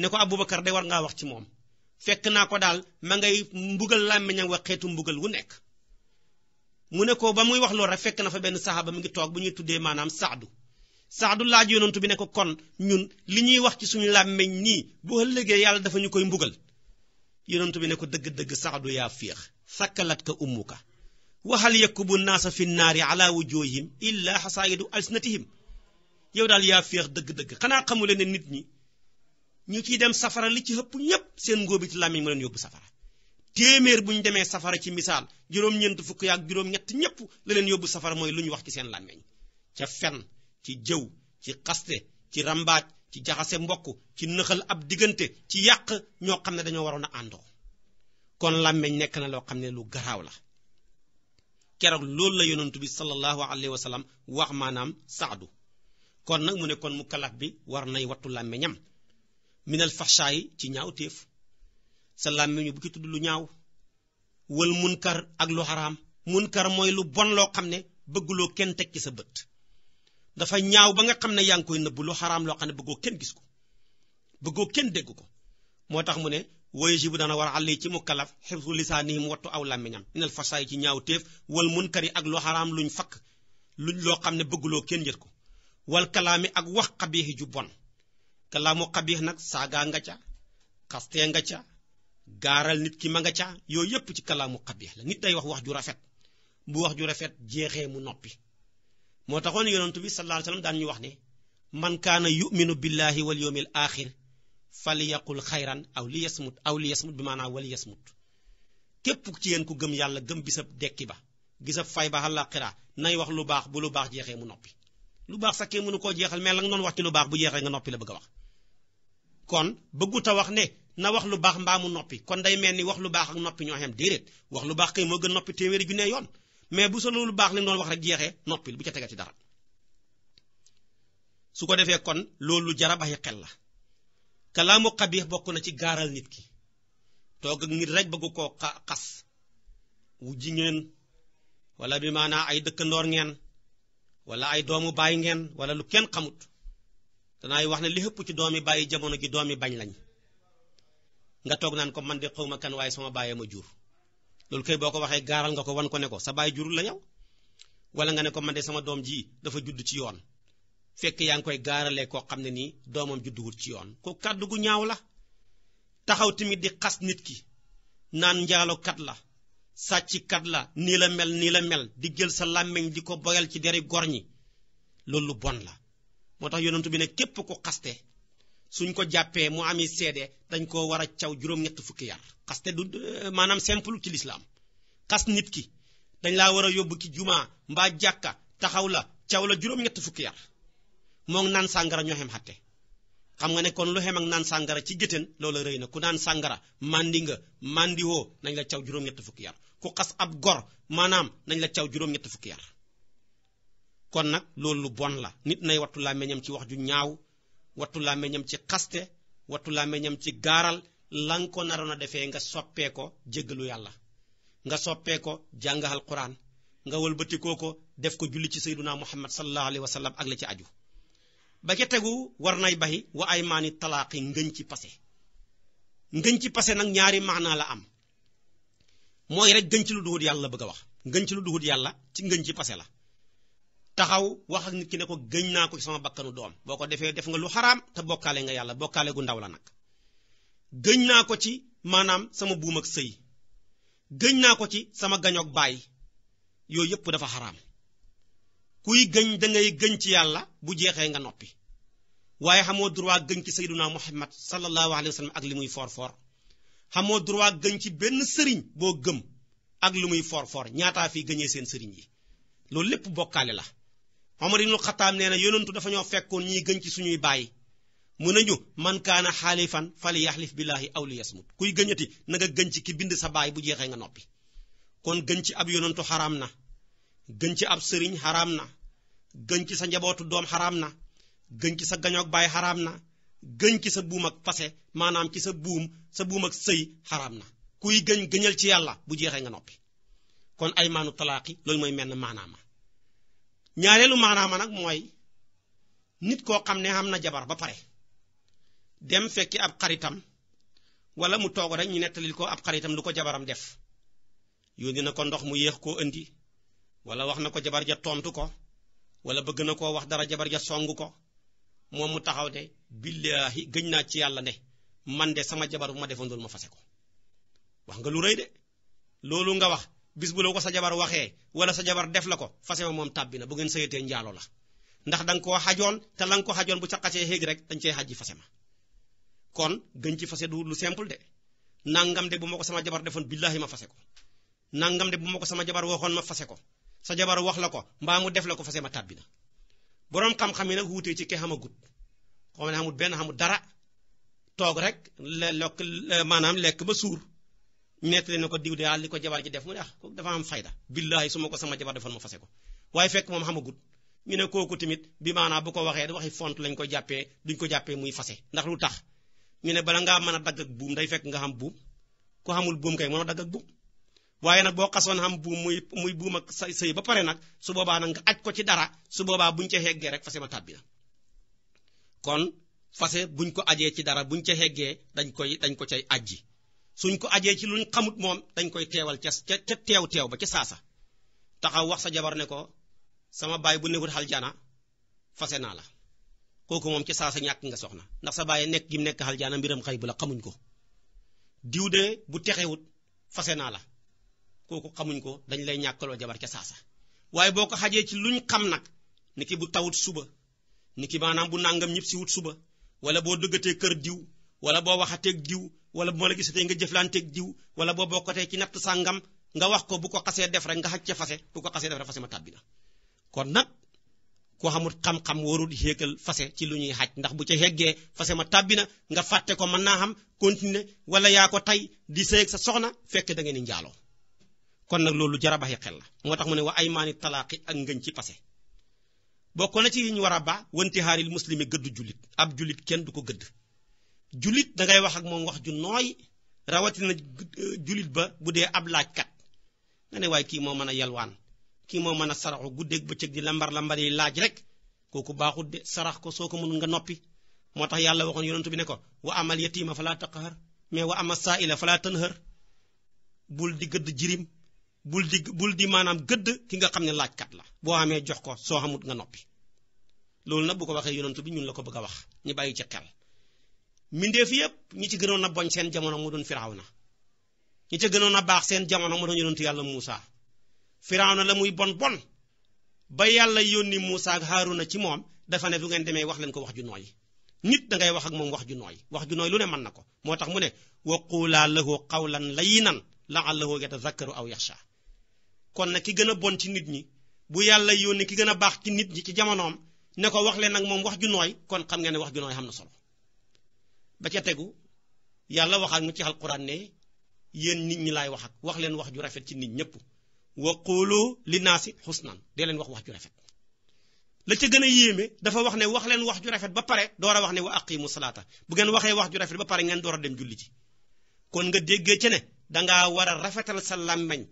ne ko Aboubacar day war ngaa wax ci moom fekk naa ko daal ma ngay mbugal làmmiñam wa xeetu mbugal wu nekk mu ne ko ba muy wax loolu rek fekk na fa benn saxaaba mu ngi toog bu ñuy tuddee maanaam saadu sax du laaj yonantu bi ne ko kon ñun li ñuy wax ci suñu làmmeñ nii bu ëllëgee yàlla dafa ñu koy mbugal yonantu bi ne ko dëgg-dëgg sax du yaa féex sakkalat ka ummuka waxal yakubu naasa fi naari ala wujuhihim illa xasaayidu alsinatihim yow daal yaa féex dëgg-dëgg xanaa xamule ne nit ñi ñu ciy dem safara li ci ëpp ñépp seen ngóobi ci làmmiñ ma leen yóbbu safara téeméer bu ñu demee safara ci misaal juróom-ñeent fukk yaak juróom-ñett ñépp la leen yóbbu safara mooy lu ñu wax ci seen làmmiñ ca fen ci jëw ci xaste ci rambaaj ci jaxase mbokk ci nëxal ab diggante ci yàq ñoo xam ne dañoo waroon a àndoo kon làmmeñ nekk na loo xam ne lu garaaw la keroog loolu la yonantu bi sallallahu alayhi wa sallam wax maanaam saadu kon nag mu ne mu kalaf bi war nay wattu làmmeñam minal faxshaa ci ñaaw téef sa làmmeñu bu ci tudd lu ñaaw wal munkar ak lu xaraam munkar mooy lu bon loo xam ne bëgguloo kenn teg ci sa bët dafa ñaaw ba nga xam ne yaa ngi koy nëbb lu xaraam loo xam ne bëggoo kenn gis ko bëggoo kenn dégg ko moo tax mu ne woyegi bu daana war a àll ci mukallaf xibsu lisaanihim wattu aw làmmiñam inal fasaay ci ñaaw téef wal munkari ak lu xaraam luñ fakk luñ loo xam ne bëgguloo kenn yët ko wal kalaami ak wax xabiix ju bon kalaamu xabiix nag saagaa nga ca xastee nga ca gaaral nit ki ma nga ca yooyu yépp ci kalaamu xabiix la nit day wax wax ju rafet bu wax ju rafet jeexee mu noppi moo taxoon yonentu bi sallallahu alayhi wasallam daan ñu wax ne man kaana yuminu billahi wal yawmil axir falyaqul xayran aw li yasmut aw li yasmut bi maanaam wal yasmut képp ci yéen ku gëm yàlla gëm bisab dekki ba gisab fay ba àllaaxira nay wax lu baax bu lu baax jeexee mu noppi lu baax sax kee mënu koo jeexal mais la nga doon wax ci lu baax bu jeexee nga noppi la bëgg a wax kon bëggut a wax ne na wax lu baax mbaa mu noppi kon day mel ni wax lu baax ak noppi ñoo xam déedéet wax lu baax kay gën noppi téeméeri junne yoon mais bu sa loolu baax li mu doon wax rek jeexee noppil bu ca tegati dara su ko defee kon loolu lu jara bàyyi xel la kalaamu xabiix bokk na ci gaaral nit ki toog ak nit rek bëgg koo xas wu ji ngeen walla bi maanaa ay dëkkandoor ngeen walla ay doomu baay ngeen wala lu kenn xamut danaay wax ne li ëpp ci doomi bàyyi jamono gi doomi bañ lañ nga toog naan ko man de xawma kan waaye sama bàyyee ma jur loolu kay boo ko waxee gaaral nga ko wan ko ne ko sa baay jurul la yow wala nga ne ko man de sama doom ji dafa juddu ci yoon fekk yaa ngi koy gaaralee koo xam ne nii doomam judduwul ci yoon ko kàddu gu ñaaw la taxaw tamit di xas nit ki naan njaaloo kat la sàcckat la nii la mel nii la mel di jël sa làmmiñ di ko boyal ci deri gor ñi loolu lu bon la moo tax yonentu bi ne képp ku xaste suñ ko jàppee mu ami seede dañ koo war a caw juróom-ñett fukki yar xaste du euh, maanaam simple ci lislaam xas nit ki dañ laa war a yóbbu ki jumaa mbaa jàkka taxaw la caw la juróom-ñett fukki yar moo ngi naan sàngara ñoo xem xatte xam nga ne kon lu xem ak naan sàngara ci géttéen loola rëy na ku naan sàngara màndi nga màndi mandiwoo nañ la caw juróom-ñett fukki yar ku xas ab gor maanaam nañ la caw juróom-ñett fukki yar kon nag loolu bon la nit nay wattu làmmiñam ci wax ju ñaaw wattu làmmiñam ci xaste wattu làmmiñam ci gaaral lan ko naroon defee nga soppee ko jéggalu yàlla nga soppee ko jàngaxal quran nga walbatikoo ko def ko julli ci sayyiduna muhammad sallallahu alayhi wa sallam ak la ci aju ba ca tegu war nay bayi wa ay maani talaaqi ngën ci passé ngën ci passé nag ñaari maanaa la am mooy rek ngëñ ci lu duhut yàlla la bëgg a wax ngëñ ci lu duhut yàlla ci ngën ci passé la taxaw wax ak nit ki ne ko gëñ naa ko ci sama bakkanu doom boo ko defee def nga lu xaraam te bokkaale nga yàlla bokkaale gu ndaw la nag gëñ naa ko ci maanaam sama buum ak sëy gëñ naa ko ci sama gañoog baay yooyu yëpp dafa xaraam kuy gëñ da gëñ ci yàlla bu jeexee nga noppi waaye xamoo droit gëñ ci sayyiduna muhammad sallallahu alayhi wa sallam ak li muy foor foor xamoo droit gëñ ci benn sëriñ boo gëm ak lu muy foor foor ñaataa fi gëñee seen sëriñ yi loolu lépp bokkaale la Omar ibnu Xattaab nee na yonentu dafa ñoo fekkoon ñiy gën ci suñuy bàyyi mu nañu man kaana xaalifan fali yaxlif billaahi aw li yasmut kuy gëñati na nga gën ci ki bind sa baay bu jeexee nga noppi kon gën ci ab yonentu xaraam na gën ci ab sëriñ xaraam na gën ci sa njabootu doom xaraam na gën ci sa gañoog baay xaraam na gën ci sa buum ak fase maanaam ci sa buum sa buum sëy xaraam na kuy gëñ gëñal ci yàlla bu jeexee nga noppi kon ay maanu talaaqi loolu mooy menn maanaama ñaareelu maanaama nag mooy nit koo xam ne am na jabar ba pare dem fekki ab xaritam wala mu toog rek ñu nettalil ko ab xaritam lu ko jabaram def yónni na ko ndox mu yéex koo indi wala wax na ko jabar ja tontu ko wala bëgg na koo wax dara jabar ja song ko moom mu taxaw de billaahi gëñ naa ci yàlla ne man de sama jabar bu ma defoon ma fase ko wax nga lu de loolu nga wax bis bu la ko sa jabar waxee wala sa jabar def la ko fase ma moom tàbbi na bu ngeen sëyatee njaalo la ndax danga koo xajoon te la ko xajoon bu caqasee xéeg rek dañ cee xajji fase ma kon gën ci fase du lu simple de nangam de bu ma ko sama jabar defoon billahi ma fase ko nangam de bu ma ko sama jabar waxoon ma fase ko sa jabar wax la ko mbaa mu def la ko fase ma tàbbi na boroom xam-xam yi nag wuutee ci ke xamagut xaw ma ne xamut benn xamut dara toog rek lekk maanaam lekk ba suur nettali na ko diw de ah, li ko jabar ji def mu ne ah kooku dafa am fayda billahi su ma ko sama jabar defoon ma fase ko waaye fekk moom xamagut ñu ne kooku tamit bi maanaam bu ko waxee waxi font lañ ko jàppee duñ ko jàppee muy fase ndax lu tax ñu ne bala ngaa mën a dagga ak buum day fekk nga xam buum ku xamul buum kay mën a dagg buum waaye nag boo xasoon xam buum muy muy buum ak say sëy ba pare nag su boobaa nag nga aj ko ci dara su boobaa buñ ca xeggee rek fase ma tàbbi na kon buñ ko ajee ci dara buñ ca xeggee dañ koy dañ ko cay ajji suñ ko ajee ci luñ xamut moom dañ koy teewal ca ca teew teew ba ca saasa taxaw wax sa jabar ne ko sama baay bu newut aljana fase naa la kooku moom ca saasa ñàkk nga soxna ndax sa baay nekk gi mu nekk aljana mbiram xay bu la xamuñ ko diw de bu texewut fase naa la kooku xamuñ ko dañ lay ñàkkaloo jabar ca saasa waaye boo ko xajee ci luñ xam nag ni ki bu tawut suba ni ki maanaam bu nàngam ñëpp si suba wala boo dëggatee kër diw wala boo waxateeg diw wala bu ma la gisatee nga jëflanteeg jiw wala boo bokkatee ci natt sàngam nga wax ko bu ko xasee def rek nga xaj ca fase bu ko xasee def rek fase ma tàbbi na kon nag koo xamul xam-xam warul yéegal fase ci lu ñuy xaj ndax bu ca yeggee fase ma tàbbi na nga fàtte ko mën naa xam continuer wala yaa ko tey di seeg sa soxna fekk dangeen ngeen di kon nag loolu jar a bàyyi xel la moo tax mu ne wa ay maani talaaqi ak ngëñ ci fase bokk na ci yi ñu war a ba wanti xaaril muslimi gëdd jullit ab jullit kenn du ko gëdd jullit da ngay wax ak moom wax ju nooy rawatina eh, jullit ba bu dee ab laajkat nga ne waaye kii moo mën a yalwaan kii moo mën a saraxu ba bëccëg di lambar lambari yi laaj rek kooku baaxut de sarax ko soo ko mënul nga noppi moo tax yàlla waxoon yonentu bi ne ko wa amal yatima falaa taqhar mais wa saa saaila falaata tanhar bul di gëdd jirim bul di bul di maanaam gëdd ki nga xam ne laajkat la boo amee jox ko soo xamut nga noppi loolu na bu ko waxee yonentu bi ñun la ko bëgg a wax ñu bàyyi ci xel mbindeef yépp ñi ci gënoon a boñ seen jamono mu doon Firawna ñi ci gënoon a baax seen jamono mu doon yonentu yàlla Muusa Firawna la muy bon bon ba yàlla yónni Muusa ak Haaruna ci moom dafa ne bu ngeen demee wax leen ko wax ju nooy nit da ngay wax ak moom wax ju nooy wax ju nooy lu ne mën na ko moo tax mu ne wa quulaa lahu qawlan layyinan la'allahu yatazakkaru aw yaxsha kon nag ki gën a bon ci nit ñi bu yàlla yónni ki gën a baax ci nit ñi ci jamonoom ne ko wax leen ak moom wax ju nooy kon xam nga ne wax ju nooy xam na solo ba ca tegu yàlla waxaat nu ci alquran ne yéen nit ñi laay wax ak wax leen wax ju rafet ci nit ñëpp wa qulu li naasi xusnan dee leen wax wax ju rafet la ca gën a yéeme dafa wax ne wax leen wax ju rafet ba pare door a wax ne wa aqimu salaata bu ngeen waxee wax ju rafet ba pare ngeen door a dem julli ji kon nga déggee ca ne dangaa war a rafetal sa làmmeñ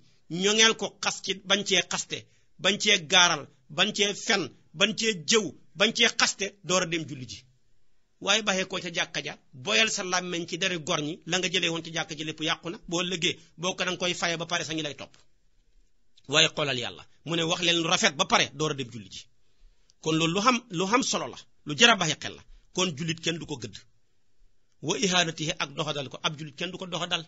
ñoŋeel ko xas ci bañ cee xaste bañ cee gaaral bañ cee fen bañ cee jëw bañ cee xaste door a dem julli ji waaye baxee koo ca jàkka ja boyal sa làmmeñ ci dere gor ñi la nga jëlee woon ci jàkka ji lépp yàqu na boo lëggee boo ko danga koy faye ba pare sa ngi lay topp waaye xoolal yàlla mu ne wax leen rafet ba pare door a dem julli ji kon loolu lu xam lu xam solo la lu jar a baxee xel la kon jullit kenn du ko gëdd wa ihanatihi ak doxadal ko ab jullit kenn du ko doxadal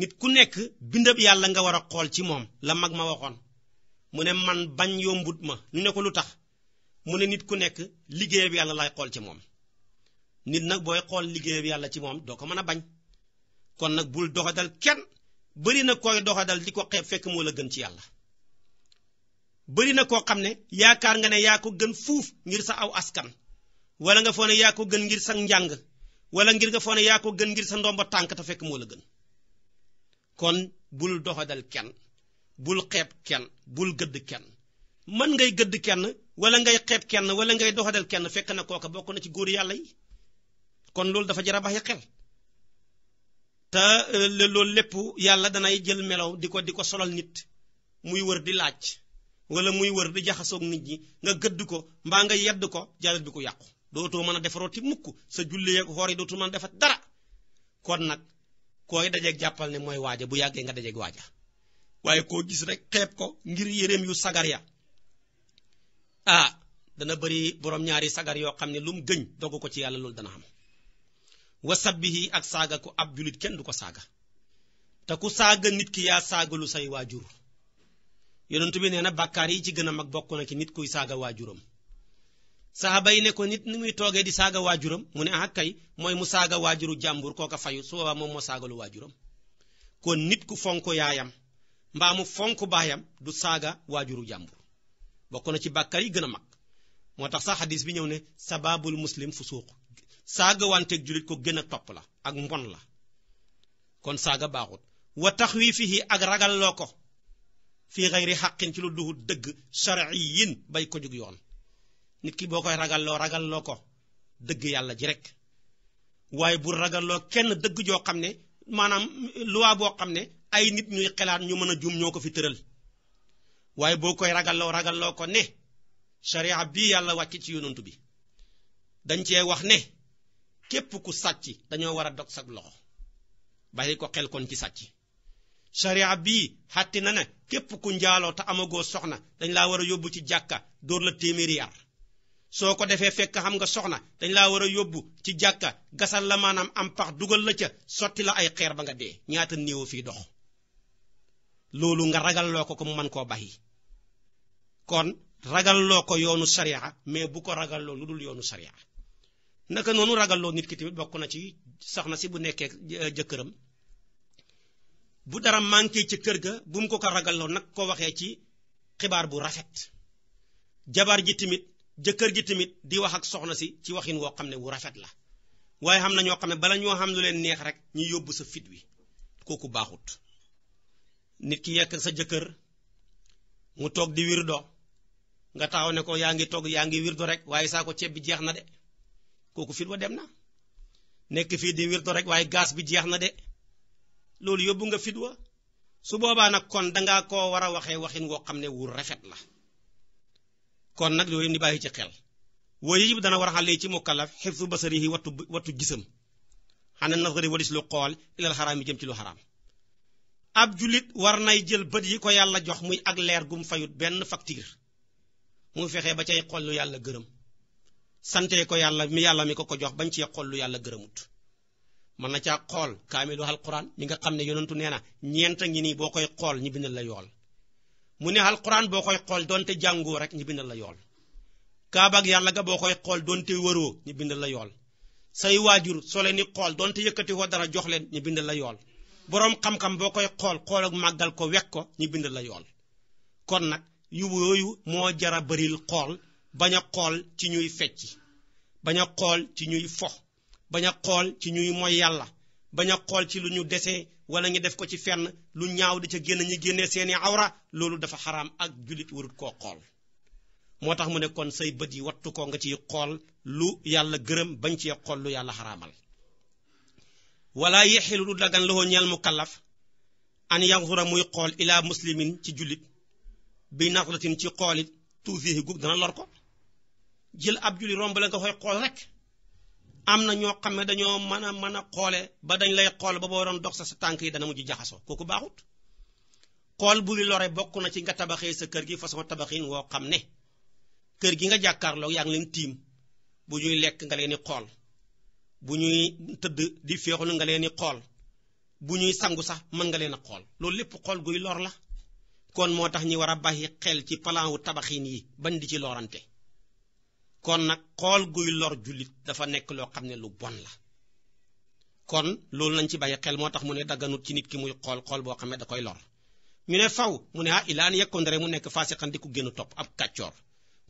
nit ku nekk bindab yàlla nga war a xool ci moom la mag ma waxoon mu ne man bañ yombut ma ñu ne ko lu tax mu ne nit ku nekk liggéeyab yàlla lay xool ci moom nit nag booy xool liggéeyam yàlla ci moom doo ko mën a bañ kon nag bul doxadal kenn bëri na koy doxadal di ko xeeb fekk moo la gën ci yàlla bëri na koo xam ne yaakaar nga ne yaa ko gën fuuf ngir sa aw askan wala nga foog ne yaa ko gën ngir sa njàng wala ngir nga foog yaa ko gën sa ndomba tànk te fekk moo la gën kon bul doxadal kenn bul xeeb kenn bul gëdd kenn mën ngay gëdd kenn wala ngay xeeb kenn wala ngay doxadal kenn fekk na kooka bokk na ci góor yàlla yi kon loolu dafa jar a bàyyi xel te euh, loolu lépp yàlla danay jël melaw di ko di ko solal nit muy wër di laaj wala muy wër di jaxasoog nit ñi nga gëdd ko mbaa nga yedd ko jaadat bi ko yàqu dootoo mën a defarooti mukk sa julli ak xoor yi dootu mën a defat dara kon nag kooy dajeeg jàppal ne mooy waaja bu yàggee nga dajeeg waaja waaye koo gis rek xeeb ko ngir yéreem yu sagar ya ah dana bëri borom ñaari sagar yoo xam ne lu mu gëñ dogg ko ci yàlla loolu dana am wa sabbihi ak saaga ko ab julit kenn du ko saaga te ku saaga nit ki yaa saagalu say waajur yonentu bi nee na bàkkaar yi ci gën a mag bokk ci nit kuy saaga waajuram saxaaba yi ne nit ni muy toogee di saaga waajuram mu ne ah kay mooy mu saaga waajuru jàmbur ka fayu su boobaa moom moo saagalu waajuram kon nit ku fonk yaayam mbaa mu fonk baayam du saaga waajuru jàmbur bokk na ci bàkkaar yi gën a mag moo tax sax xadis bi ñëw ne sababul muslim fusuuq saagawanteeg jullit ko gën a topp la ak mbon la kon saaga baaxut wa taxwiifihi ak ragalloo ko fii xayri xaqin ci lu duhut dëgg shar'iyyin bay ko jug yoon nit ki boo koy ragaloo ragaloo ko dëgg yàlla ji rek waaye bu ragalloo kenn dëgg joo xam ne maanaam luwaa boo xam ne ay nit ñuy xelaat ñu mën a juum ñoo ko fi tëral waaye boo koy ragaloo ragaloo ko ne sharia bii yàlla wàcc ci yonantu bi dañ ci wax ne képp ku sacc dañoo war a dog loxo bàyyi ko xel kon ci sàcc sharia bii xàtti na képp ku njaaloo te amagoo soxna dañ laa war a yóbbu ci jàkka dóor la téeméeri yar soo ko defee fekk xam nga soxna dañ laa war a yóbbu ci jàkka gasal la maanaam am pax dugal la ca sotti la ay xeer ba nga dee ñaata néew fii dox loolu nga ragal loo ko ko mu mën koo bàyyi kon ragal loo ko yoonu sharia mais bu ko ragal loo lu dul yoonu sharia naka noonu ragaloo nit ki tamit bokk na ci soxna si bu nekkee euh, jëkkëram bu dara manqué ci kër ga bu mu ko ko ragalloo nag ko waxee ci xibaar bu rafet jabar ji tamit jëkkër ji tamit di wax ak soxna si ci waxin woo xam ne wu rafet la waaye xam na ñoo xam ne bala ñoo xam lu leen neex rek ñu yóbbu sa fit wi kooku baaxut nit ki yekk sa jëkkër mu toog di wirdo nga taxaw ne ko yaa ngi toog yaa ngi wirdo rek waaye saa ko ceeb bi jeex na de kooku fit wa dem na nekk fii di wirdo rek waaye gaas bi jeex na de loolu yóbbu nga fit wa su boobaa nag kon danga ko war a waxee waxin woo xam ne wu rafet la kon nag yooyu ni bàyyi ci xel wooyu yëpp dana war a xale ci mukallaf xifsu basarihi wattu wattu gisam xanaa nasari walis lu xool ilal xaraam jëm ci lu xaraam ab julit war nay jël bët yi ko yàlla jox muy ak leer gum fayut benn facture mu fexe ba cay xool lu yàlla gërëm sante ko yàlla mi yàlla mi ko ko jox bañ cee xool lu yàlla gërëmut mën na caa xool kaamilu alquran mi nga xam ne yonentu nee na ñeent ngi nii boo koy xool ñu bindal la yool mu ne alxuraan boo koy xool donte jàngoo rek ñu bindal la yool kaabak yàlla ga boo koy xool donte wëroo ñu bindal la yool say waajur soo leen xool donte yëkkati ko dara jox leen ñu bindal la yool boroom xam-xam boo koy xool xool màggal ko wekk ko ñu bindal la yool kon nag yu yooyu baril xool bañ a xool ci ñuy fecc bañ a xool ci ñuy fo bañ a xool ci ñuy moy yàlla bañ a xool ci lu ñu desee wala ñu def ko ci fenn lu ñaaw di ca génn ñu génnee seeni awra loolu dafa xaraam ak jullit warut koo xool moo tax mu nekkoon kon say bët yi wattu ko nga ciy xool lu yàlla gërëm bañ ci xool lu yàlla xaramal wala yexilu du dagan la woo ñeel mu kallaf an yanzura muy xool ilaa muslimin ci jullit bi naxlatin ci xoolit tuufihi gug dana lor ko jël ab julli romb la nga koy xool rek am na ñoo xam ne dañoo mën a mën a xoole ba dañ lay xool ba boo doon dox sa sa tànk yi dana mujj jaxasoo kooku baaxut xool buri lore bokk na ci nga tabaxee sa kër gi façon tabaxin woo xam ne kër gi nga jàkkaarloo yaa ngi leen tiim bu ñuy lekk nga leen di xool bu ñuy tëdd di féexlu nga leen di xool bu ñuy sangu sax mën nga leen a xool loolu lépp xool guy lor la kon moo tax ñi war a bàyyi xel ci plan wu tabaxin yi ban di ci lorante kon nag xool guy lor jullit dafa nekk loo xam ne lu bon la kon loolu nañ ci bàyyi xel moo tax mu ne dagganut ci nit ki muy xool xool boo xam ne da koy lor ñu ne faw mu ne ah ilaan yekkoon rek mu nekk faasixan di ko génn topp ab kàccoor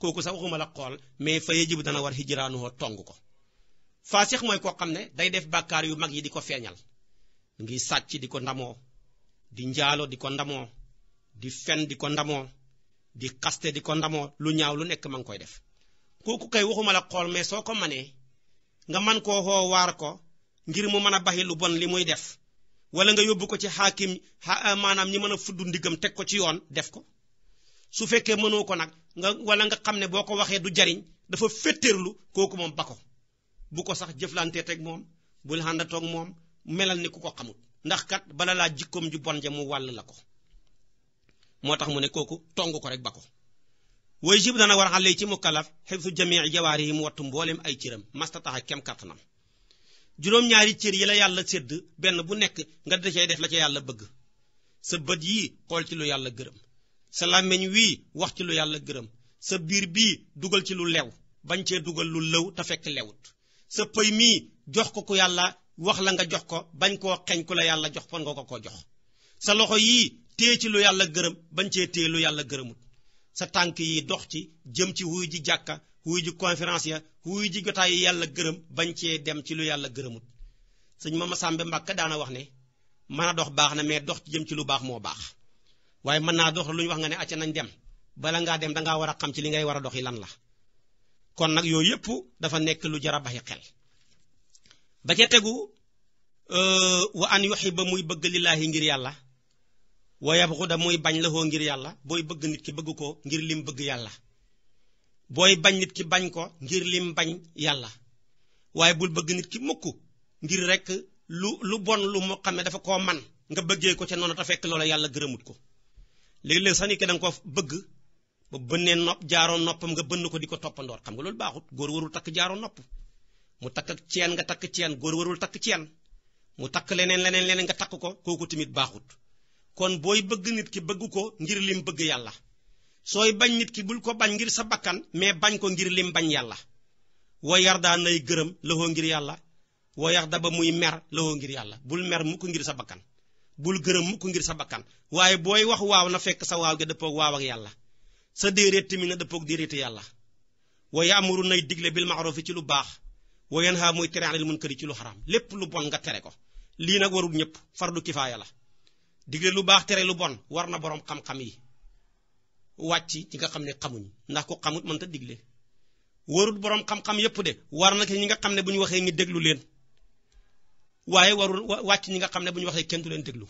kooku sax waxuma la xool mais fa yejib dana war hijraanoo tong ko faasix mooy koo xam ne day def bàkkaar yu mag yi di ko feeñal ngi sàcc di ko ndamoo di njaalo di ko ndamoo di fen di ko ndamoo di xaste di ko ndamoo lu ñaaw lu nekk ma ngi koy def kooku kay waxuma la xool mais soo ko manee nga man koo xoo waar ko ngir mu mën a baxi lu bon li muy def wala nga yóbbu ko ci xaakim eh, maanaam ñi mën a fudd ndigam teg ko ci yoon def ko su fekkee mënoo ko nag nga wala nga xam ne boo ko waxee du jariñ dafa féttéerlu kooku moom bako bu ko sax jëflantee teg moom bul àndatoog moom melal ni ku ko xamul ndax kat bala laa jikkoom ju bon ja mu wàll la ko moo tax mu ne kooku tong ko rek bako way jib dana war xale ci mukkalaf xibsu jamii jawaari yi mu wattu mbooleem ay cëram mastataxa kem kattanam juróom-ñaari cër yi la yàlla sédd benn bu nekk nga da cay def la ca yàlla bëgg sa bët yi xool ci lu yàlla gërëm sa làmmiñ wii wax ci lu yàlla gërëm sa biir bii dugal ci lu lew bañ cee dugal lu lëw te fekk lewut sa pëy mii jox ko ku yàlla wax la nga jox ko bañ koo xeñ ku la yàlla jox fan nga ko ko jox sa loxo yii téye ci lu yàlla gërëm bañ cee téye yàlla gërëmut sa tànk yi dox ci jëm ci wuy ji jàkka wuy ji conférence ya wuy ji jotaay yi yàlla gërëm bañ cee dem ci lu yàlla gërëmut sëñ Mama Sàmbe Mbàkke daana wax ne mën a dox baax na mais dox ci jëm ci lu baax moo baax waaye mën naa dox lu ñu wax nga ne acca nañ dem bala ngaa dem dangaa war a xam ci li ngay war a dox yi lan la kon nag yooyu yëpp dafa nekk lu jar a baxi xel ba ca tegu euh, wa an ba muy bëgg lillaahi ngir yàlla wayab xuda muy bañ la xoo ngir yàlla booy bëgg nit ki bëgg ko ngir lim bëgg yàlla booy bañ nit ki bañ ko ngir lim bañ yàlla waaye bul bëgg nit ki mukk ngir rek lu lu bon lu mu xam ne dafa ko man nga bëggee ko ca noonu te fekk loola yàlla gërëmut ko léeg-léeg sax ni ki ko bëgg ba bënnee nopp jaaroo noppam nga bënn ko di ko toppandoor xam nga loolu baaxut góor warul takk jaaroo nopp mu takk ak ceen nga takk ceen góor warul takk ceen mu takk leneen leneen leneen nga takk ko kooku tamit baaxut kon booy bëgg nit ki bëggu ko ngir lim bëgg yàlla sooy bañ nit ki bul ko bañ ngir sa bakkan mais bañ ko ngir lim bañ yàlla wa yardaa nay gërëm lawoo ngir yàlla wa yarda ba muy mer lawoo ngir yàlla bul mer mukk ngir sa bakkan bul gërëm mukk ngir sa bakkan waaye booy wax waaw na fekk sa waaw gi dëppoog waaw yàlla sa déeréet tamit na dëppoog déeréeti yàlla wa yaamuru nay digle bil ma'rufi ci lu baax wa yanha muy tere anil munkari ci lu xaraam lépp lu bon nga tere ko lii nag warul ñëpp fardu kifaaya la digle lu baax tere lu bon war na boroom xam-xam yi wàcc ci nga xam ne xamuñ ndax ku xamut mënta digle warut boroom xam-xam yépp de war na ñi nga xam ne bu ñu waxee ngi déglu leen waaye warul wàcc ñi nga xam ne bu ñu waxee kenn du leen déglu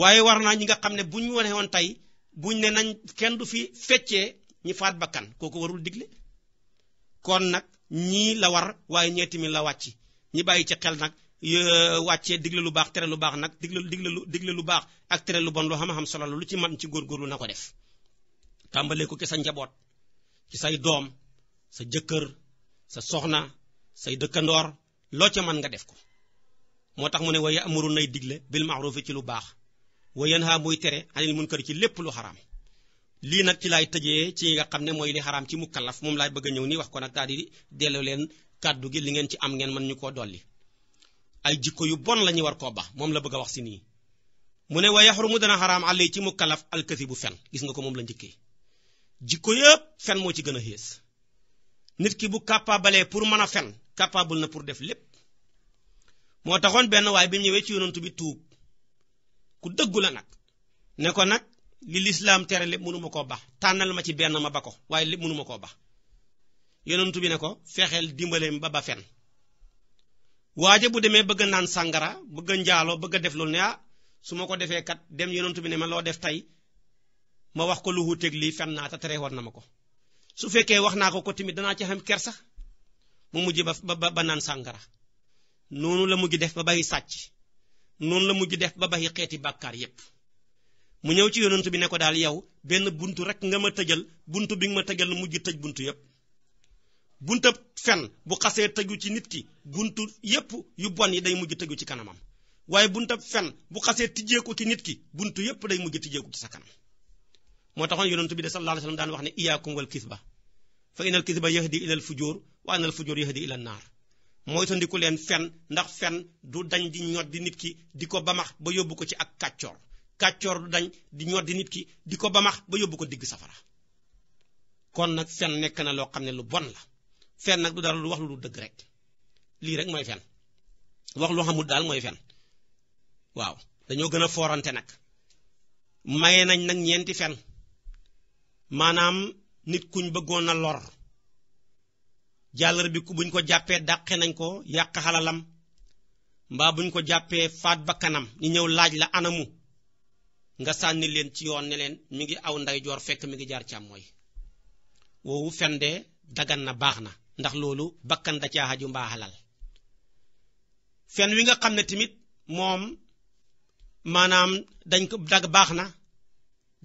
waaye war naa ñi nga xam ne bu ñu wane woon tey buñ ne nañ kenn du fi feccee ñi faat bakkan kooku warul digle kon nag ñii la war waaye ñeeti mi la wàcc ñi bàyyi ci xel nag Euh, wàccee digle lu baax tere lu baax nag digle digle lu digle lu baax ak tere lu bon lu xam-xam solo lu ci man ci góorgóorlu na ko def tàmbalee ko ci sa njaboot ci say doom sa jëkkër sa soxna say dëkkandoor loo ca mën nga def ko moo tax mu ne wa ya'muru nay digle bil ma'rufi ci lu baax wa yanha muy tere mun kër ci lépp lu xaraam lii nag ci laay tëjee ci nga xam ne mooy li xaraam ci mu kallaf moom laay bëgg a ñëw nii wax ko nag daal di delloo leen kàddu gi li ngeen ci am ngeen mën ñu koo dolli ay jikko yu bon la ñu war koo ba moom la bëgg wax si nii mu ne wa yaxrumu dana xaraam alay ci mukallaf alkasi bu fen gis nga ko moom la njëkkee jikko yëpp fen moo ci gën a xées nit ki bu capable pour mën a fen capable na pour def lépp moo taxoon benn waaye bi ñëwee ci yonantu bi tuub ku dëggu la nag ne nag li lislaam tere lépp mënuma koo bax tànnal ma ci benn ma ba ko waaye lépp mënuma koo bax yonantu bi ne ko fexeel dimbale ba ba fen waaja bu demee bëgg naan sàngara bëgg a njaaloo bëgg a def loolu ne ah su ma ko defee kat dem yonentu bi ne ma loo def tey ma wax ko lu wuuteeg lii fen naa te tere war na ma ko su fekkee wax naa ko ko tamit danaa ci xam kersa mu mujj ba ba ba naan sàngara noonu la mujj def ba bàyyi sàcc noonu la mujj def ba bàyyi xeeti bàkkaar yépp mu ñëw ci yonentu bi ne ko daal yow benn buntu rek nga ma tëjal bunt bi nga ma tëjal mujj tëj buntu yépp bunta fenn bu xasee tëju ci nit ki buntu yépp yu bon yi day mujj tëju ci kanamam waaye bunta fen bu xasee tijjeeku ci nit ki bunt yépp day mujj tijjeeku ci sa kanam moo taxoon yonentu bi de sallallahu alayhi wasallam daan wax ne iyaakum wal kisba fa inal kisba di ilal fujóor wa inal fujur yahdi ilal naar mooy tandiku leen fen ndax fen du dañ di ñot di nit ki di ko bamax ba yóbbu ko ci ak kàccoor kàccoor du dañ di ñot di nit ki di ko bamax ba yóbbu ko digg safara kon nag fen nekk na loo xam ne lu bon la fen nag du dara lu wax lu dëgg rek lii rek mooy fen wax lu xamul daal mooy fen waaw dañoo gën a foorante nag maye nañ nag ñeenti fen maanaam nit kuñ bëggoon a lor jàllar bi buñ ko jàppee dàqe nañ ko yàq xalalam mbaa buñ ko jàppee faat ba kanam ñu ñëw laaj la anamu nga sànni leen ci yoon ne leen mi ngi aw ndeyjoor fekk mi ngi jaar mooy woowu fen de dagan na baax na ndax loolu bakkan da caa xaju mbaa xalal fen wi nga xam ne tamit moom maanaam dañ ko dag baax na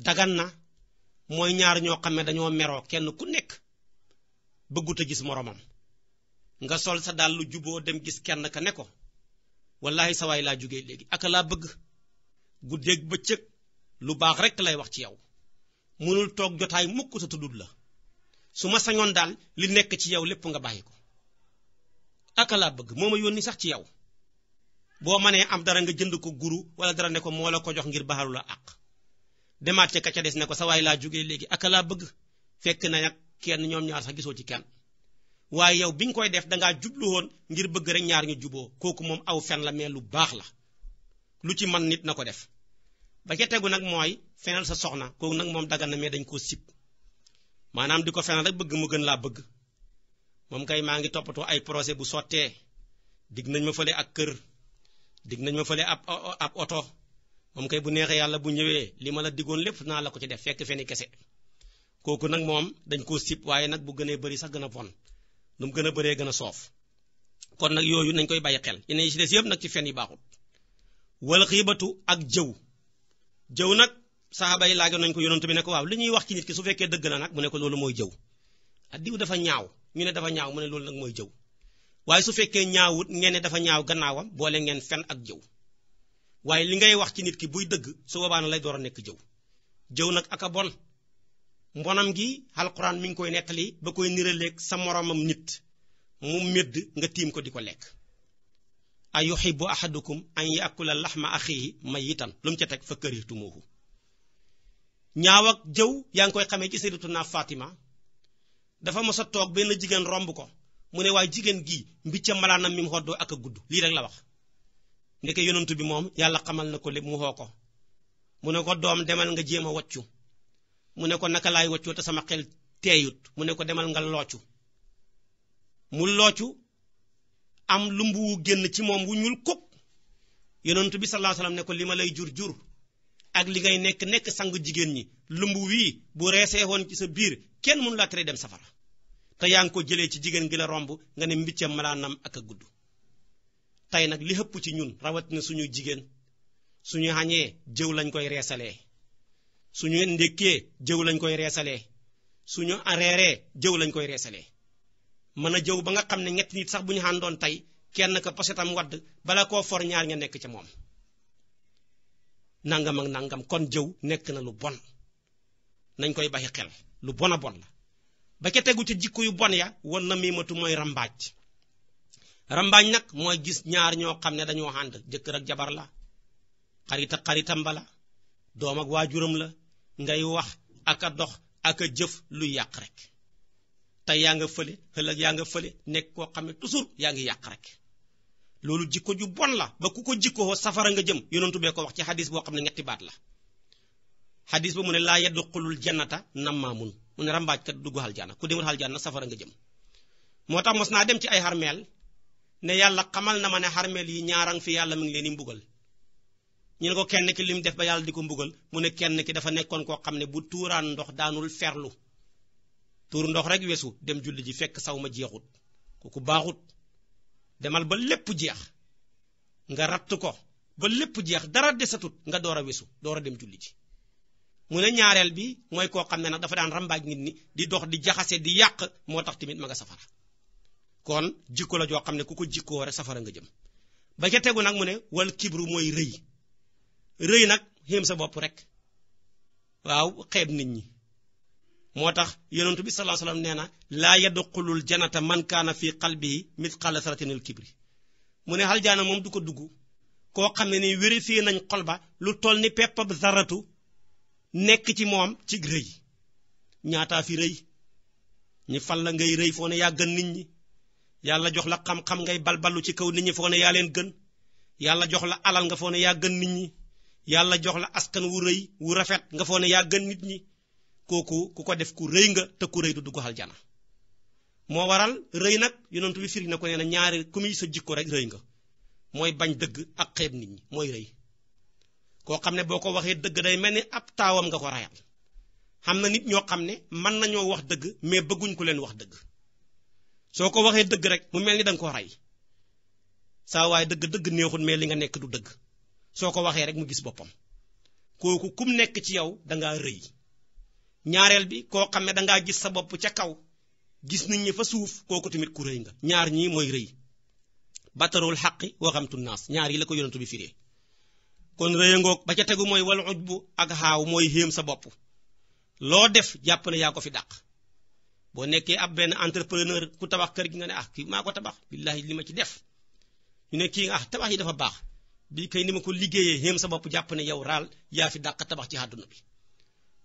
dagan na mooy ñaar ñoo xam ne dañoo meroo kenn ku nekk bëggut a gis moromam nga sol sa dàll juboo dem gis kenn ka ne ko wallahi sa waay laa jógee léegi aka laa bëgg ba bëccëg lu baax rekk lay wax ci yow mënul toog jotaay mukk sa tuddut la su ma sañoon daal li nekk ci yow lépp nga bàyyi ko aka laa bëgg moo ma yónni sax ci yow boo mënee am dara nga jënd ko guru wala dara ne ko moo la ko jox ngir baaxalu la àq demaat ca ka ca des ne ko sa waay laa jógee léegi aka laa bëgg fekk na nag kenn ñoom ñaar sax gisoo ci kenn waaye yow bi nga koy def dangaa jublu woon ngir bëgg rek ñaar ñu juboo kooku moom aw fen la mais lu baax la lu ci man nit na ko def ba ca tegu nag mooy fenal sa soxna kooku nag moom dagan na dañ koo sib maanaam di ko fenal rek bëgg mu gën laa bëgg moom kay maa ngi toppatoo ay projet bu sottee digg nañ ma fële ak kër digg nañ ma fële ab ab oto moom kay bu neexee yàlla bu ñëwee li ma la digoon lépp naa la ko ci def fekk feni kese kooku nag moom dañ koo sib waaye nag bu gënee bari sax gën a bon nu mu gën a baree gën a soof kon nag yooyu nañ koy bàyyi xel yeneen yi ci des yëpp nag ci fen yi baaxut wal ak jëw jëw nag saxaaba yi laajoon nañ ko yonantu bi ne ko waaw li ñuy wax ci nit ki su fekkee dëgg na nag mu ne loolu mooy jëw ah, diw dafa ñaaw ñu ne dafa ñaaw mu ne loolu nag mooy jëw waaye su fekkee ñaawut ngeen ne dafa ñaaw gannaawam boole ngeen fen ak jëw waaye li ngay wax ci nit ki buy dëgg su boobaa lay door a nekk jëw jëw nag ak a bon mbonam gi alquran mi ngi koy nettali ba koy niraleeg sa moromam nit mu médd nga tiim ko di ko lekk a yuhibbu ahadukum an yakula laxma axihi mayitan lu mu teg fa karihtumuhu ñaaw ak jëw yaa ngi koy xamee ci naa Fatima dafa mos a toog benn jigéen romb ko mu ne waay jigéen gii mbicca malaanam mi mu xoddoo ak a gudd lii rek la wax ndeke yonantu bi moom yàlla xamal na ko lépp mu xoo ko mu ne ko doom demal nga jéem a waccu mu ne ko naka laay waccoo te sama xel teeyut mu ne ko demal nga loocu mu loocu am lumbu wu génn ci moom wu ñuul kuk yonantu bi sallallahu alayhi wasallam ne ko li ma lay jur jur ak li ngay nekk nekk sang jigéen ñi lumb wii bu reesee woon ci sa biir kenn mënu laa tere dem safara te yaa ngi ko jëlee ci jigéen gi la romb nga ne mbiccam malaanam ak a gudd tey nag li hëpp ci ñun rawatina suñu jigéen suñu añee jëw lañ koy reesalee suñu ndékkee jëw lañ koy reesalee suñu reeree jëw lañ koy reesalee mën a jëw ba nga xam ne ñett nit sax bu ñu àndoon tey kenn ka posetam wadd bala koo for ñaar nga nekk ca moom nangam ak nangam kon jëw nekk na lu bon nañ koy baxi xel lu bon a bon la ba ca tegu ca jikko yu bon ya wan na miimatu mooy rambaaj rambaaj nag mooy gis ñaar ñoo xam ne dañoo ànd jëkkër ak jabar la xarit ak xaritam ba la doom ak waajuram la ngay wax ak a dox ak a jëf lu yàq rek tey yaa nga fële ëllëg yaa nga fële nekk koo xam ne toujours yaa ngi yàq rek loolu jikko ju bon la ba ku ko jikkoo safara nga jëm yonentu bee ko wax ci xadis boo xam ne ñetti baat la xadis ba mu ne laa yadxulul jannata nammaamun mu ne rambaajkat dugg aljanna ku demul aljanna safara nga jëm moo tax mos naa dem ci ay xarmeel ne yàlla xamal na ma ne xarmeel yi ñaarang fi yàlla mu ngi leen di mbugal ñu ne ko kenn ki lim def ba yàlla di ko mbugal mu ne kenn ki dafa nekkoon koo xam ne bu tuuraan ndox daanul ferlu tuur ndox rek wesu dem julli ji fekk saw ma jeexut demal ba lépp jeex nga ratt ko ba lépp jeex dara desatut nga door a wesu door a dem julli ji mu ne ñaareel bi mooy koo xam ne nag dafa daan rambaaj ngi ni di dox di jaxase di yàq moo tax tamit ma safara kon jikko la joo xam ne ku ko jikkoo rek safara nga jëm ba ca tegu nag mu ne wal kibru mooy rëy rëy nag xéem sa bopp rek waaw xeeb nit ñi moo tax yonentu bi sallallahu nee na laa yadxulul janata man kaana fi qalbihi mithqala saratinil kibri mu ne aljaana moom du ko dugg koo xam ne ni vérifié nañ xol ba lu toll ni peppab zaratu nekk ci moom ci rëy ñaataa fi rëy ñi fal la ngay rëy foo ne yaa gën nit ñi yàlla jox la xam-xam ngay balbalu ci kaw nit ñi foo ne yaa leen gën yàlla jox la alal nga foo ne yaa gën nit ñi yàlla jox la askan wu rëy wu rafet nga foo ne yaa gën nit ñi kooku ku ko def ku rëy nga te ku rëy du dugg aljana moo waral rëy nag yonent bi firi na ko nee na ñaari ku muy sa jikko rek rëy nga mooy bañ dëgg ak xeeb nit ñi mooy rëy koo xam ne boo ko waxee dëgg day mel ni ab taawam nga ko rayal xam na nit ñoo xam ne mën nañoo wax dëgg mais bëgguñ ku leen wax dëgg soo ko waxee dëgg rek mu mel ni danga ko rey saa waaye dëgg dëgg neexul mais li nga nekk du dëgg soo ko waxee rek mu gis boppam kooku kum nekk ci yow dangaa ñaareel bi koo xam ne dangaa gis sa bopp ca kaw gis nit ñi fa suuf kooku tamit ku rëy nga ñaar ñii mooy rëy batarul xaqi waxamtu naas ñaar yi la ko yonentu bi firee kon rëyangoog ba ca tegu mooy wal ujbu ak xaaw mooy héem sa bopp loo def jàpp ne yaa ko fi dàq boo nekkee ab benn entrepreneur ku tabax kër gi nga ne ah kii maa ko tabax billahi li ma ci def ñu ne kii ah tabax yi dafa baax bi kay ni ma ko liggéeyee héem sa bopp jàpp ne yow raal yaa fi dàq tabax ci àdduna bi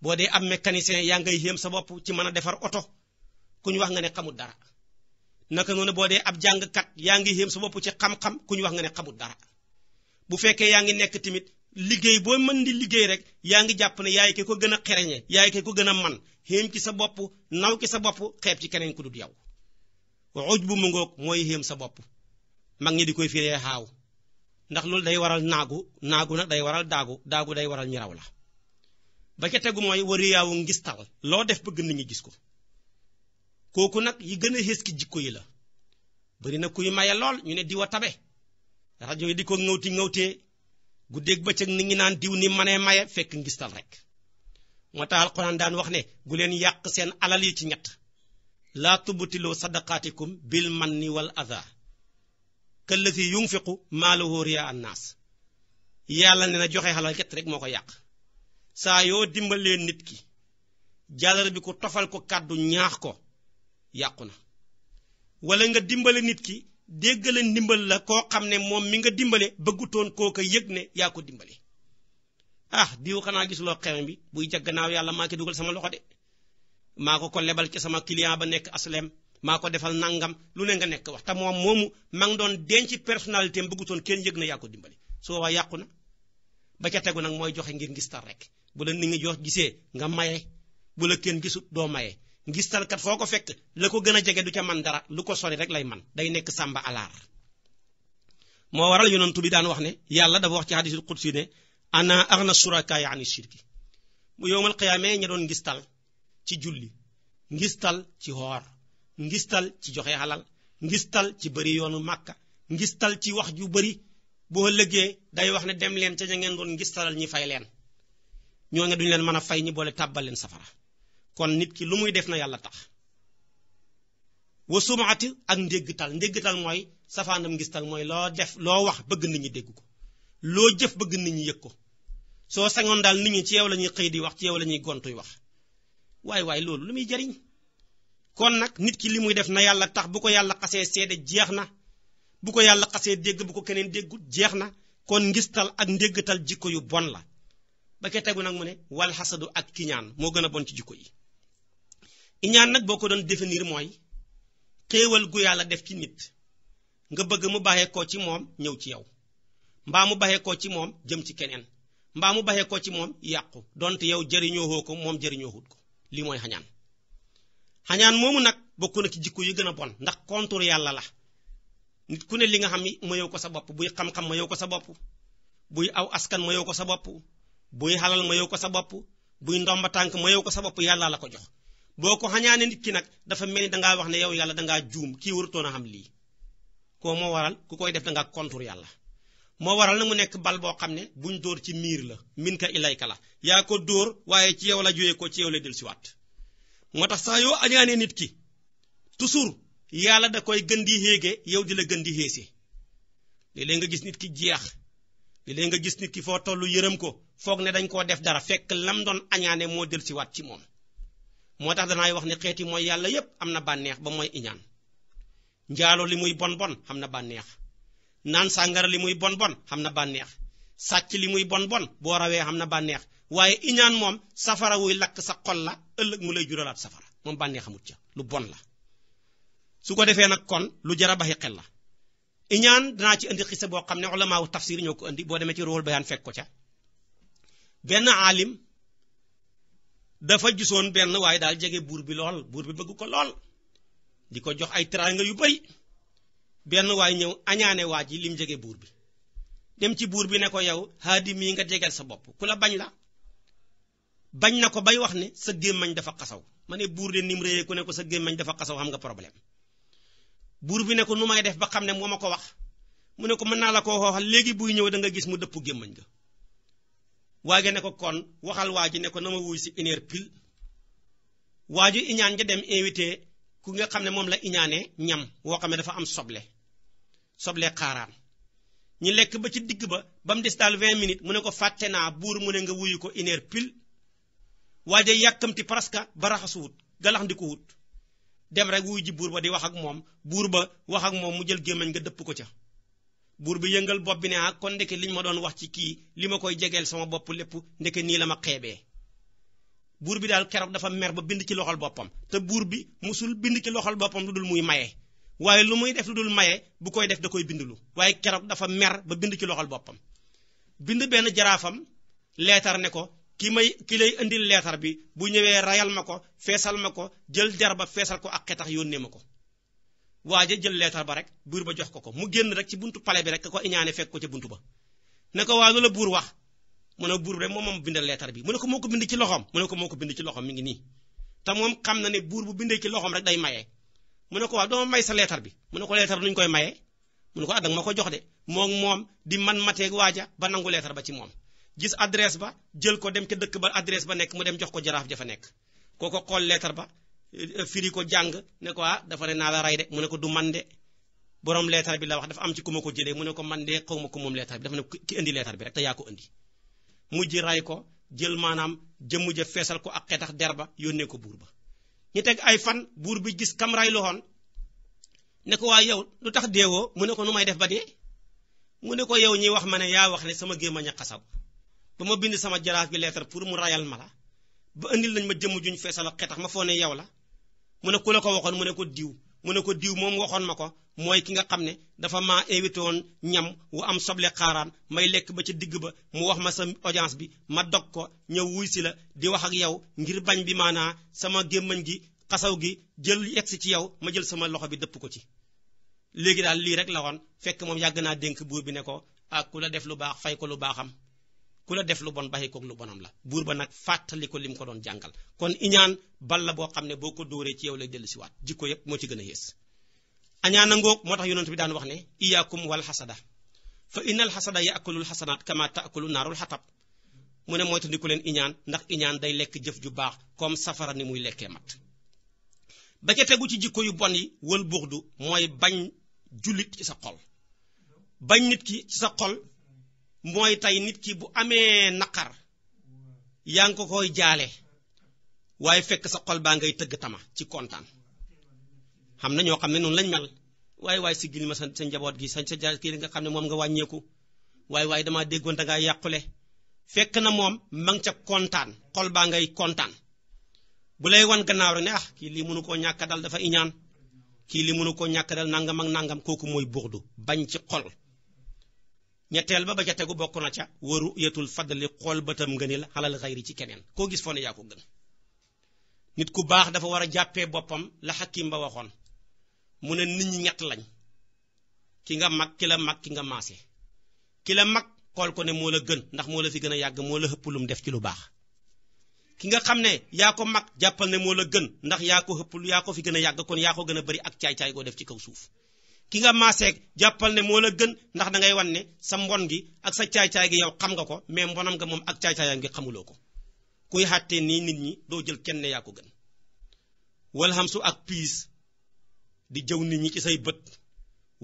boo dee am mécanicien yaa ngay yéem sa bopp ci mën a defar oto ku ñu wax nga ne xamul dara naka noonu boo dee ab jàngkat yaa ngi yéem sa bopp ci xam-xam ku ñu wax nga ne xamul dara bu fekkee yaa ngi nekk tamit liggéey boo mën di liggéey rek yaa ngi jàpp ne yaay ke ko gën a xereñe yaay ke ko gën a man xéem ci sa bopp naw ci sa bopp xeeb ci keneen ku dul yow uj bu mu mooy xéem sa bopp mag ñi di koy firee xaaw ndax loolu day waral naagu naagu nag day waral daagu daagu day waral ñi raw la ba ca tegu mooy wari yaawu ngistal loo def bëgg nit ñi gis ko kooku nag yi gën a xées ki jikko yi la bari na kuy maye lool ñu ne diwa tabe rajo yi di ko ŋawti ŋawtee guddeeg bëccëg ni ngi naan diw ni manee maye fekk ngistal rek moo tax alxuraan daan wax ne bu leen yàq seen alal yi ci ñett laa tubtiloo sadaqaatikum bil manni wal adha kallati yunfiqu maalahu riyaa annaas yàlla ne na joxe xalal ñett rek moo ko yàq saa yoo dimbalee nit ki jàllar bi ko tofal ko kàddu ñaax ko yàqu na wala nga dimbale nit ki déggale ndimbal la koo xam ne moom mi nga dimbale bëggutoon kooka yëg ne yaa ko dimbale ah diw xanaa gisuloo xew bi buy jag gannaaw yàlla maa ko dugal sama loxo de maa ko ko lebal ci sama client ba nekk aslem maa ko defal nangam lu ne nga nekk wax te moom moomu ma ngi doon denc personnalité am bëggutoon kenn yëg na yaa ko dimbale soo waa yàqu na ba ca tegu nag mooy joxe ngir ngistal rek bu la nit ñi jox gisee nga maye bu la kenn gisut doo maye ngistalkat foo ko fekk la ko gën a jege du ca man dara lu ko sori rek lay man day nekk sàmba alaar moo waral yonentu bi daan wax ne yàlla dafa wax ci hadisul qudsi ne ana aghna shurakaaya ani ki mu yowmal qiyaamee ña doon ngistal ci julli ngistal ci woor ngistal ci joxe halal ngistal ci bëri yoonu màkka ngistal ci wax ju bëri boo lëggee day wax ne dem leen ca ña ngeen doon ngis talal ñi fay leen ñoo ngi duñu leen mën a fay ñi boole tàbbal leen safara kon nit ki lu muy def na yàlla tax wa sumaati ak ndéggtal ndéggtal mooy safaanam ngistal mooy loo def loo wax bëgg nit ñi dégg ko loo jëf bëgg nit ñi yëg ko soo sangoon daal nit ñi ci yow la ñuy xëy di wax ci yow la ñuy gontuy wax waaye waaye loolu lu muy jariñ kon nag nit ki li muy def na yàlla tax bu ko yàlla xasee seede jeex na bu ko yàlla xasee dégg bu ko keneen déggut jeex na kon ngistal ak ndéggatal jikko yu bon la ba ke tegu nag mu ne wal xasadu ak kiñaan moo gën a bon ci jikko yi iñaan nag boo ko doon définir mooy xéewal gu yàlla def ci nit nga bëgg mu baxee koo ci moom ñëw ci yow mbaa mu baxee koo ci moom jëm ci keneen mbaa mu baxee koo ci moom yàqu donte yow jëriñoo ko moom jëriñoo xut ko lii mooy xañaan xañaan moomu nag bokk na ci jikko yi gën a bon ndax contre yàlla la nit ku ne li nga xam ni mayoo ko sa bopp buy xam-xam mayoo ko sa bopp buy aw askan mayoo ko sa bopp buy xalal mayoo ko sa bopp buy ndomba tànk mayoo ko sa bopp yàlla la ko jox boo ko xañaane nit ki nag dafa mel ni dangaa wax ne yow yàlla dangaa juum kii warutoon a xam lii koo moo waral ku koy def dangaa kontur yàlla moo waral na mu nekk bal boo xam ne buñ dóor ci miir la min ka ilayka la yaa ko dóor waaye ci yow la jóyee ko ci yow la dellusiwaat moo tax saa yoo añaanee nit ki toujours yàlla da koy gën di héege yow di la gën di héesi léeg-léeg nga gis nit ki jeex léeg-léeg nga gis nit ki foo tollu yërëm ko foog ne dañ koo def dara fekk lam doon añaane moo del si waat ci moom moo tax danaay wax ne xeeti mooy yàlla yépp am na bànneex ba mooy iñaan njaalo li muy bon bon xam na bànneex naan sàngara li muy bon bon xam na bànneex sàcc li muy bon bon boo rawee xam na bànneex waaye iñaan moom safara wuy lakk sa xol la ëllëg mu lay juralaat safara moom bànneex ca lu bon la su ko defee nag kon lu jar a baxi xel la iñaan danaa ci indi xisa boo xam ne ulama wu tafsir ñoo ko indi boo demee ci ruhul bayaan fekk ko ca benn aalim dafa gisoon benn waaye daal jege buur bi lool buur bi bëgg ko lool di ko jox ay teraanga yu bay benn waay ñëw añaane waa ji lim jege buur bi dem ci buur bi ne ko yow haadi mii nga jegeel sa bopp ku la bañ la bañ na ko bay wax ne sa gémmañ dafa xasaw ma ne buur de nim réyee ku ne ko sa gémmañ dafa xasaw xam nga problème buur bi ne ko nu may def ba xam ne moo ma ko wax mu ne ko mën naa la ko xooxal léegi buy ñëw danga gis mu dëpp gémmañ ga waage ne ko kon waxal waa ji ne ko na ma wuy si une heure pile waa ji iñaan ja dem invité ku nga xam ne moom la iñaanee ñam woo xam ne dafa am soble soble xaaraan ñu lekk ba ci digg ba ba mu des daal vingt minutes mu ne ko fàtte naa buur mu ne nga wuyu ko une heure pile waaja yàkkamti presque ba raxasuwut galax ndikuwut dem rek wu ji buur ba di wax ak moom buur ba wax ak moom mu jël gémmiñ nga dëpp ko ca buur bi yëngal bopp bi ne ah kon ndeke liñ ma doon wax ci kii li ma koy jegeel sama bopp lépp ndeke nii la ma xeebee buur bi daal keroog dafa mer ba bind ci loxol boppam te buur bi musul bind ci loxol boppam lu dul muy maye waaye lu muy def lu dul maye bu koy def da koy bindlu waaye keroog dafa mer ba bind ci loxol boppam bind benn jaraafam leetar ne ko kii may ki lay indil leetar bi bu ñëwee rayal ma ko feesal ma ko jël der ba feesal ko ak xetax yónnee ma ko waaja jël leetar ba rek buur ba jox ko ko mu génn rek ci buntu pale bi rek ka ko iñaane fekk ko ca buntu ba ne ko waa loola buur wax mu ne buur bi rek moom moom bindal leetar bi mu ne ko moo ko bind ci loxoom mu ne ko moo ko bind ci loxoom nii te moom xam na ne buur bu bindee ci loxoom rek day maye mu ne ko waa may sa leetar bi mu ne ko leetar nuñ koy maye mu ne ko ah ma ko jox de moom moom di man mateeg waaja ba nangu leetar ba ci moom gis adresse ba jël ko dem ca dëkk ba adresse ba nekk mu dem jox ko jaraaf ja fa nekk kooko xool lettre ba eh, eh, firi ko jàng ne ko ah dafa ne naa la rey de mu ne ko du man de borom lettre bi la wax dafa am ci ku ma ko jëlee mu ne ko man de xaw ma ko moom lettre bi dafa ne ki indi lettre bi rek te yaa ko indi ray ko jël maanaam jëmm ja feesal ko ak xetax der ba yónnee ko buur ba ñu teg ay fan buur bi gis kam ray loxoon ko waa yow lu tax deewoo mu ne ko nu may def ba dee mu ne ko yow ñi wax ma ne yaa wax ne sama gémmañ a xasaw ba ma bind sama jaraaf bi lettre pour mu rayal ma la ba indil nañ ma jëmm juñ feesal ak xetax ma foo ne yow la mu ne ku la ko waxoon mu ne ko diw mu ne ko diw moom waxoon ma ko mooy ki nga xam ne dafa ma invité woon ñam wu am soble xaaraan may lekk ba ca digg ba mu wax ma sa audience bi ma dog ko ñëw wuy si la di wax ak yow ngir bañ bi maanaa sama gémmañ gi xasaw gi jël yegsi ci yow ma jël sama loxo bi dëpp ko ci léegi daal lii rek la woon fekk moom yàgg naa dénk buur bi ne ko ak ah, la def lu baax fay ko lu baaxam ku la def lu bon bàyyi koog lu bonam la buur ba nag fàttali ko lim ko doon jàngal kon iñaan bal la boo xam ne boo ko dóoree ci yow lay dellu siwaat jikko yëpp moo ci gën a yées añaan a ngoog moo tax yonent bi daan wax ne iyaakum wal xasada fa innal xasada yaakulul xasanaat kama taakulu naarul xatab mu ne mooy tandiku leen iñaan ndax iñaan day lekk jëf ju baax comme safara ni muy lekkee mat ba ca tegu ci jikko yu bon yi wal buux du mooy bañ jullit sa xol bañ nit ki sa xol mooy tey nit kii bu amee naqar yaa ngi ko koy jaale waaye fekk sa xol baa ngay tëgg tama ci kontaan xam na ñoo xam ne noonu lañ mel waaye waaye si gil ma sa sa njaboot gi sa sa ja kii nga xam ne moom nga wàññeeku waaye waaye damaa déggoon dangaa yàqule fekk na moom ma nga kontaan xol baa ngay kontaan bu lay wan ne ah, kii lii mënu koo ñàkk dal dafa iñaan kii lii mënu koo ñàkk dal nangam ak nangam kooku mooy buuxdu bañ ci xol ñetteel ba ba ca tegu bokk na ca waru yetul fadli xool bëtam ngënil xalal xayri ci keneen koo gis foo ne yaa ko gën nit ku baax dafa war a jàppee boppam la xakim ba waxoon mu ne nit ñi ñett lañ ki nga mag ki la mag ki nga maase ki la mag xool ko ne moo la gën ndax moo la fi gën a yàgg moo la ëpp lu mu def ci lu baax ki nga xam ne yaa ko mag jàppal ne moo la gën ndax yaa ko ëpp yaa ko fi gën a yàgg kon yaa ko gën a bari ak caay-caay koo def ci kaw suuf ki nga maaseeg jàppal ne moo la gën ndax dangay ngay wan ne sa mbon gi ak sa caay-caay gi yow xam nga ko mais mbonam nga moom ak caay-caayam ngi xamuloo ko kuy xàttee nii nit ñi doo jël kenn ne yaa ko gën su ak piis di jëw nit ñi ci say bët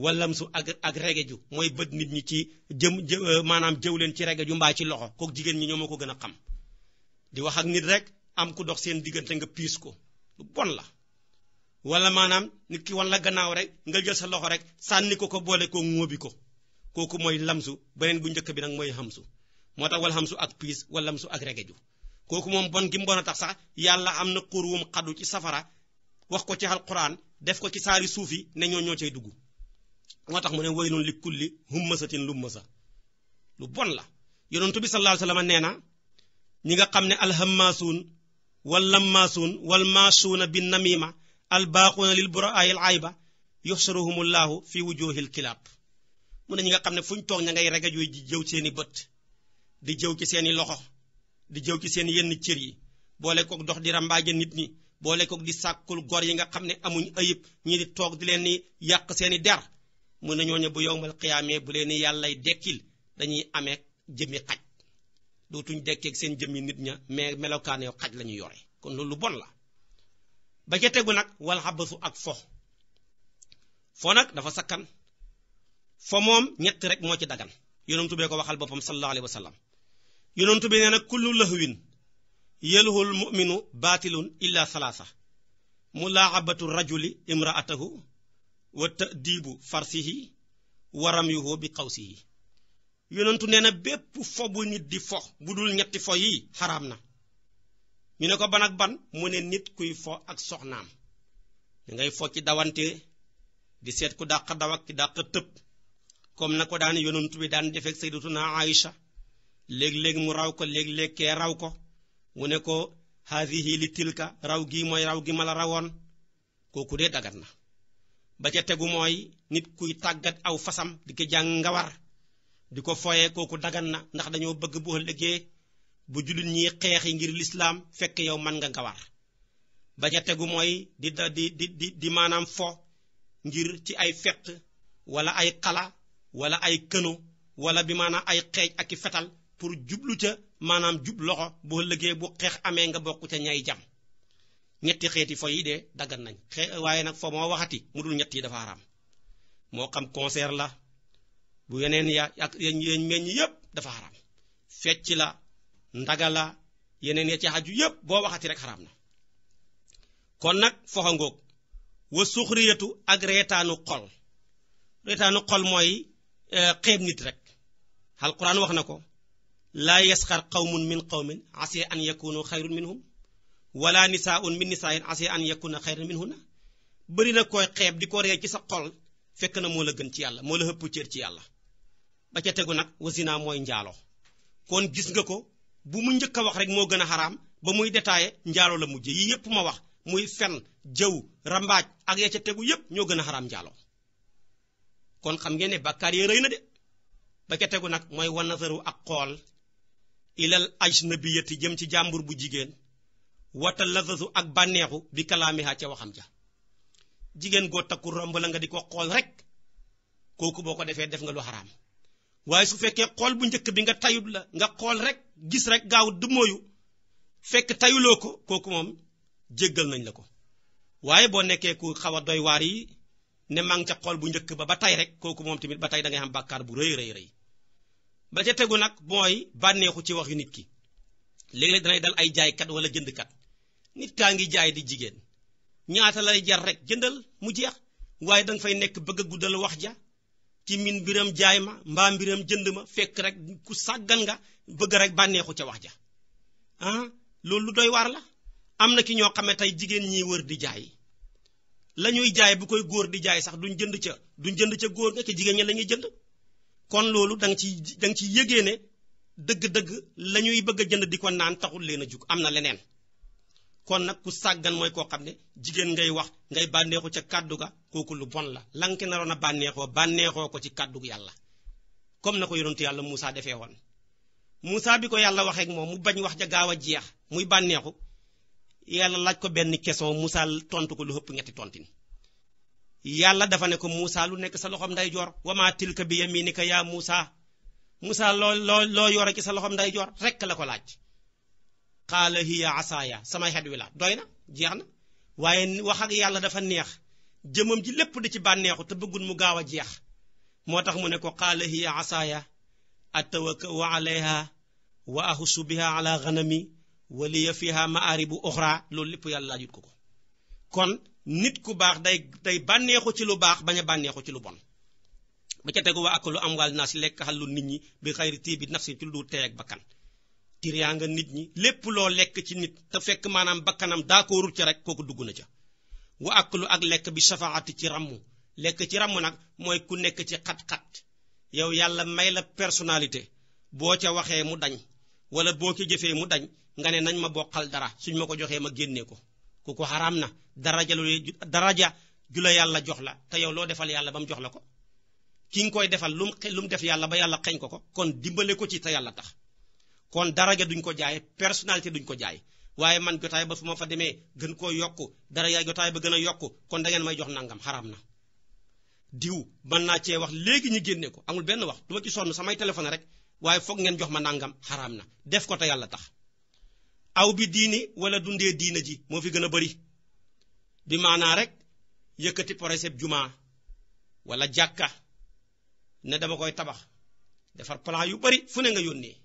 walham su ak ak regeju mooy bët nit ñi ci jëm euh, maanaam jëw leen ci regeju mbaa ci loxo kook jigéen ñi ñoo ko gën a xam di wax ak nit rek am ku dox seen diggante nga piis ko lu bon la wala maanaam nit ki wan la gannaaw rek nga jël sa loxo rek sànni ko ko boole ko ŋóobi ko kooku mooy lamsu beneen bu njëkk bi nag mooy xamsu moo tax wala xamsu ak piis wala lamsu ak regeju kooku moom bon gi mu bon a tax sax yàlla am na xur wum xadu ci safara wax ko ci alquran def ko ci saari suuf yi ne ñoo ñoo cay dugg moo tax mu ne waylun li kulli hummasatin lummasa lu bon la yonentu bi sallallahu alayhi wasallam nee na ñi nga xam ne alhammaasuun wal lammaasuun wal maasuuna bi namima albaaquuna lil buraayil ayba yuxsiruhumullahu fi wujuhil kilaab mu ne ñi nga xam ne fu ñu toog ña ngay rega jooy di jëw seeni bët di jëw ci seeni loxo di jëw ci seen yenn cir yi boole kook dox di rambaaje nit ñi boole kook di sàkkul gor yi nga xam ne amuñ ayib ñi di toog di leen ni yàq seeni der mu ne ñooñu bu yowmal xiyaamee bu leen ni yàllay dekkil dañuy amee jëmmi xaj dootuñ dekkeeg seen jëmmi nit ña mais melokaane xaj la ñu yore ba ca tegu nag wal xabasu ak fo fo nag dafa sakkan fo moom ñett rek moo ci dagan yonentu bee ko waxal boppam sallallahu alayhi wa sallam yonentu bi nee na kullu lahwin yelhul muminu baatilun illa salaasa mulaaxabatu rajuli imraatahu wa tadiibu farsihi wa ramyuhu bi qawsihi yonentu nee na bépp fo bu nit bu dul ñetti fo yi na ñu ne ko ban ban mu ne nit kuy fo ak soxnaam da ngay fo ci dawante di seet ku dàq daw ak ki dàq tëb comme na ko daan yonent bi daan defek sayyidatuna Aïcha léeg-léeg mu raw ko léeg-léeg kee raw ko mu ne ko haadihi li tilka raw gi mooy raw gi mala rawoon kooku dee dagat na ba ca tegu mooy nit kuy tàggat aw fasam di ko jàng ngawar di ko fooyee kooku dagan na ndax dañoo bëgg bu ëllëgee bu jullit ñiy xeexi ngir lislaam fekk yow man nga nga war ba ca tegu mooy di di di di di maanaam fo ngir ci ay fett wala ay xala wala ay këno wala bi maanaam ay xeej ak i fetal pour jublu ca maanaam jub loxo boo lëgee bu xeex amee nga bokk ca ñay jam ñetti xeeti fo yi de nañ xee waaye nag fo moo waxati mu dul ñett dafa haram moo xam concert la bu yeneen ya ak yañ meññ yépp dafa haram fecc la ndagala yeneen ya ci xaju yépp boo waxati rek xaraam na kon nag foxa ngoog wa suxriyatu ak reetaanu xol reetaanu xol mooy eh, xeeb nit rek alquran wax na ko laa yasxar qawmun min qawmin ase an yakunu xayrun minhum wala nisaaun min nisaain ase an yakuna xayrun minhunna bëri na koy xeeb di ko ree ci sa xol fekk na moo la gën ci yàlla moo la hëpp cër ci yàlla ba ca tegu nag wasina mooy njaalo kon gis nga ko bu mu njëkk a wax rek moo gën a xaraam ba muy détaillé njaalo la mujje yi yépp ma wax muy fen jëw rambaaj ak ya ca tegu yépp ñoo gën a xaraam njaalo kon xam ngeen ne bàkkaar yee rëy na de ba ca tegu nag mooy wanasaru ak xool ilal ajnabiyati jëm ci jàmbur bu jigéen wata lazasu ak bànneexu bi kalaamiha ca waxam ja jigéen goo takku romb la nga di ko xool rek kooku boo ko defee def nga lu xaraam waaye su fekkee xool bu njëkk bi nga tayut la nga xool rek gis rek gaaw dëmmooyu fekk tayuloo ko kooku moom jéggal nañ la ko waaye boo nekkee ku xaw a doy waar yi ne maa ngi ca xool bu njëkk ba ba tey rek kooku moom tamit ba tey dangay ngay am bàkkaar bu rëy rëy rëy ba ca tegu nag mooy bànneexu ci wax yu nit ki léegi léeg danay dal ay jaaykat wala jëndkat nit kaa ngi jaay di jigéen ñaata lay jar rek jëndal mu jeex waaye danga fay nekk bëgg a guddal wax ja ci min mbiram jaay ma mbaa mbiram jënd ma fekk rek ku sàggan nga bëgg rek bànneexu ca wax ja ah loolu lu doy waar la am na ki ñoo xamee tey jigéen ñiy wër di jaay lañuy jaay bu koy góor di jaay sax duñ jënd ca duñ jënd ca góor nga ca jigéen ñi la jënd kon loolu danga nga ciy da nga ciy yëgee ne dëgg-dëgg la ñuy bëgg jënd di ko naan taxul leen a jug am na leneen kon nag ku sàggan mooy koo xam ne jigéen ngay wax ngay bànneexu ca kàddu ga kooku lu bon la lanke naroon a bànneexoo bànneexoo ko ci kàddu yàlla comme na ko yonentu yàlla Moussa defee woon Moussa bi ko yàlla waxeek moom mu bañ wax ja gaaw a jeex muy bànneexu yàlla laaj ko benn question Moussa tontu ko lu hëpp ñetti tontin yàlla dafa ne ko Moussa lu nekk sa loxoom nday joor wama tilka bi yaminika yaa Moussa Moussa loo loo loo yore ci sa loxoom nday joor rekk la ko laaj qaala hiya asaaya samay xet wi la doy na jeex na waaye wax ak yàlla dafa neex jëmam ji lépp di ci bànneexu te bëggul mu gaaw a jeex moo tax mu ne ko qaala hiya asaaya atawakkau alayha wa ahusu biha ala ganami wa liya fiha maaribu oxra loolu lépp yàlla laajut ko ko kon nit ku baax day day bànneexu ci lu baax bañ a bànneexu ci lu bon ba ca tegu wa aklu amwaal naa si lekk xalu nit ñi bi xayri tii bi nafsin ci lu dul teeg bakkan tiraa nga nit ñi lépp loo lekk ci nit te fekk maanaam bakkanam daakoorul ca rek kooku dugg na ca wa aklu ak lekk bi safaati ci ràmm lekk ci ràmm nag mooy ku nekk ci xat-xat yow yàlla may la personnalité boo ca waxee mu dañ wala boo ko jëfee mu dañ nga ne nañ ma bokkal dara suñ ma ko joxee ma génnee ko kooku xaraam na daraja lu daraja ju la yàlla jox la te yow loo defal yàlla ba mu jox la ko ki nga koy defal lu mu lu mu def yàlla ba yàlla xeñ ko ko kon dimbale ko ci te yàlla tax kon daraja duñ ko jaay personnalité duñ ko jaay waaye man jotaay ba fu ma fa demee gën koo yokk daraja jotaay ba gën a yokk kon da ngeen may jox nangam xaraam na. diw mën naa cee wax léegi ñu génne ko amul benn wax du ma ci sonn samay téléphone rek waaye foog ngeen jox ma nangam xaraam na def ko te yàlla tax. aw bi diini wala dundee diina ji moo fi gën a bëri bi maanaa rek yëkkati projet juma walla jàkka ne dama koy tabax defar plan yu bari fu ne nga yónnee.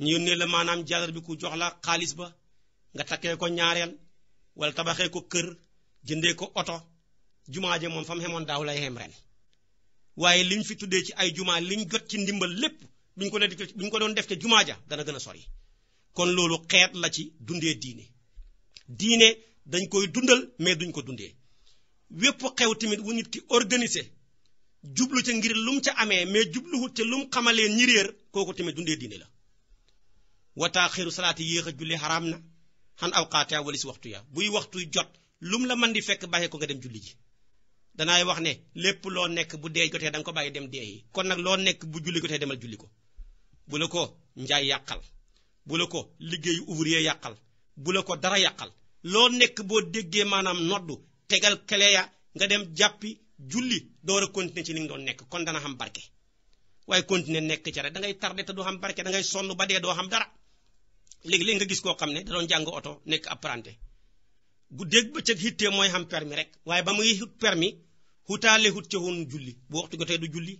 ñu yónnee la maanaam jàllar bi ku jox la xaalis ba nga takkee ko ñaareel wala tabaxee ko kër jëndee ko oto jumaa ja moom fa xemoon daaw lay xem ren waaye liñ fi tuddee ci ay jumaa liñ jot ci ndimbal lépp buñ ko buñ ko doon def jumaa ja dana gën a sori kon loolu xeet la ci dundee diine diine dañ koy dundal mais duñ ko dundee wépp xew tamit wu nit ki organisé jublu ca ngir lum ca amee mais jubluwut ca lum xamaleen ñi réer kooku tamit dundee diine la wa taaxiru salaati yéex a julli xaraam na xam xan awqaatiha walis waxtu ya buy waxtu jot lum la man di fekk bàyyi ko nga dem julli ji danaay wax ne lépp loo nekk bu dee jotee da nga ko bàyyi dem dee kon nag loo nekk bu julli jotee demal julli ko bu la ko njaay yàqal bu la ko liggéeyu ouvrier yàqal bu la ko dara yàqal loo nekk boo déggee maanaam noddu tegal kele ya nga dem jàppi julli door a continuer ci li nga doon nekk kon dana xam barke waaye continuer nekk ci rek da ngay tardé te doo xam barke da ngay sonn ba dee doo xam dara léegi-léegi nga gis koo xam ne da doon jàng oto nekk apprenti bu dégg bëccëg hittee mooy xam permis rek waaye ba muy hut permis hutaale hut ca woon julli bu waxtu jotee du julli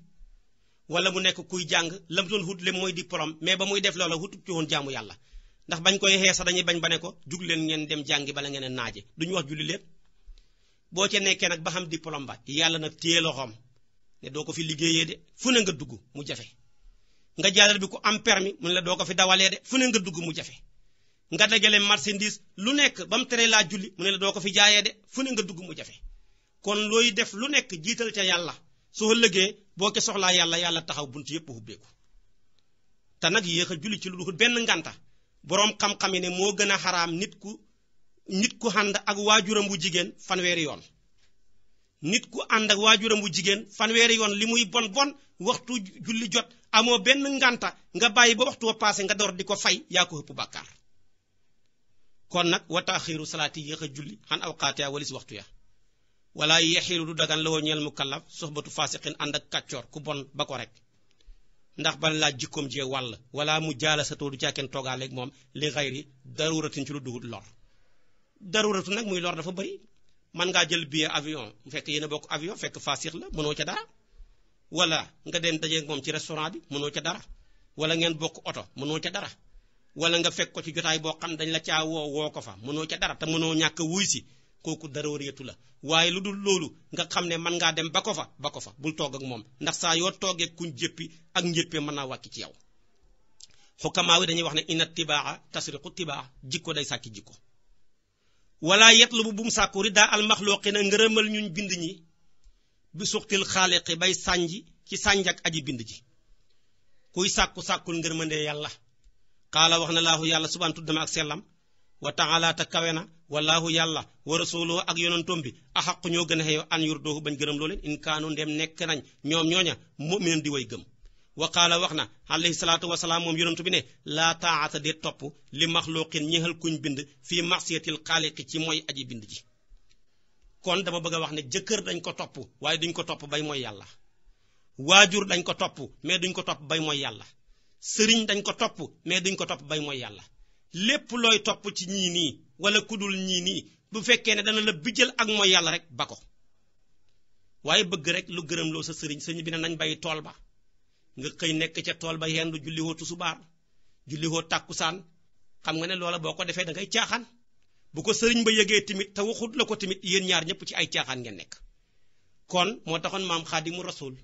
wala mu nekk kuy jàng lam doon hut lem mooy di diplôme mais ba muy def loola hutut ci woon jaamu yàlla ndax bañ koy xeesa dañuy bañ ba ne ko jug leen ngeen dem jàngi bala ngeen a naaje duñu wax julli lépp boo ca nekkee nag ba xam di diplôme ba yàlla nag téye loxoom ne doo ko fi liggéeyee de fu ne nga dugg mu jafe nga jàllal bi ku am permis mu ne la doo ko fi dawalee de fu ne nga dugg mu jafe nga dajale marchandise lu nekk ba mu teree laa julli mu ne la doo ko fi jaayee de fu ne nga dugg mu jafe kon looy def lu nekk jiital ca yàlla soo ëllëgee boo ko soxlaa yàlla yàlla taxaw bunt yépp hubbeeku te nag yéex a julli ci lu dul benn nganta boroom xam-xam yi ne moo gën a xaraam nit ku nit ku ànd ak waajuram bu jigéen fanweeri yoon nit ku ànd ak waajuram bu jigéen fanweeri yoon li muy bon bon waxtu julli jot amoo benn ngànta nga bàyyi ba waxtu wa paase nga door di ko fay yaa ko ëpp bàkkaar kon nag wa taaxiru salaati yéex a julli xan awqaatiya walis waxtu ya wala yexilu du dagan la woo ñeel mukallaf soxbatu faasiqin ànd ak kàccoor ku bon ba ko rek ndax ban laa jikkoom jee wàll wala mu jaala sa too du caaken toogaaleeg moom li xayri daruratin ci lu dugut lor daruratu nag muy lor dafa bëri mën ngaa jël billet avion fekk yenn bokk avion fekk faasiq la mënoo wala nga dem dajeeg moom ci restaurant bi mënoo ca dara wala ngeen bokk oto mënoo ca dara wala nga fekk ko ci jotaay boo xam ne dañ la caa woo ko fa mënoo ca dara te mënoo ñàkk wuy si kooku dara wareetu la waaye lu dul loolu nga xam ne mën ngaa dem ba ko fa ba ko fa bul toog ak moom ndax saa yoo toogee ku jéppi ak njéppee mën naa wàcc ci yow xukamaa wi dañuy wax ne ina tibaa tasriqu tibaa jikko day sàkki jikko wala yetlu bu bum sàkku rida al maxluqina ngërëmal ñuñ bind ñi bi suxtil xaaliqi bay sànji ci sànj ak aji bind ji kuy sàkku sàkkul ngërmande yàlla xaala wax na laahu yàlla subaan tuddama ak sellam wa taala te kawe na walaahu yàlla wa rasuloo ak yonantoom bi axaqu ñoo gën a xeyo an yur doohu bañ gërëm looleen in kaanu ndem nekk nañ ñoom ñooña mu'minan di way gëm wa qaala wax na alayhi salaatu moom yonantu bi ne laa taata de topp li maxluqin ñëxal kuñ bind fi masiyatil xaaliqi ci mooy aji bind ji kon dama bëgg a wax ne jëkkër dañ ko topp waaye duñ ko topp bay mooy yàlla waajur dañ ko topp mais duñ ko topp bay mooy yàlla sëriñ dañ ko topp mais duñ ko topp bay mooy yàlla lépp looy topp ci ñii nii wala kudul ñii nii bu fekkee ne dana la bijjal ak mooy yàlla rek ba ko waaye bëgg rek lu gërëm loo sa sëriñ sëñ bi na nañ bay tool ba nga xëy nekk ca tool ba yendu julliwoo tusubaar julliwoo tàkkusaan xam nga ne loola boo ko defee da ngay caaxaan bu ko sëriñ ba yëgee tamit te waxut la ko tamit yéen ñaar ñëpp ci ay caaxaan ngeen nekk kon moo taxoon maam xaadimu rasul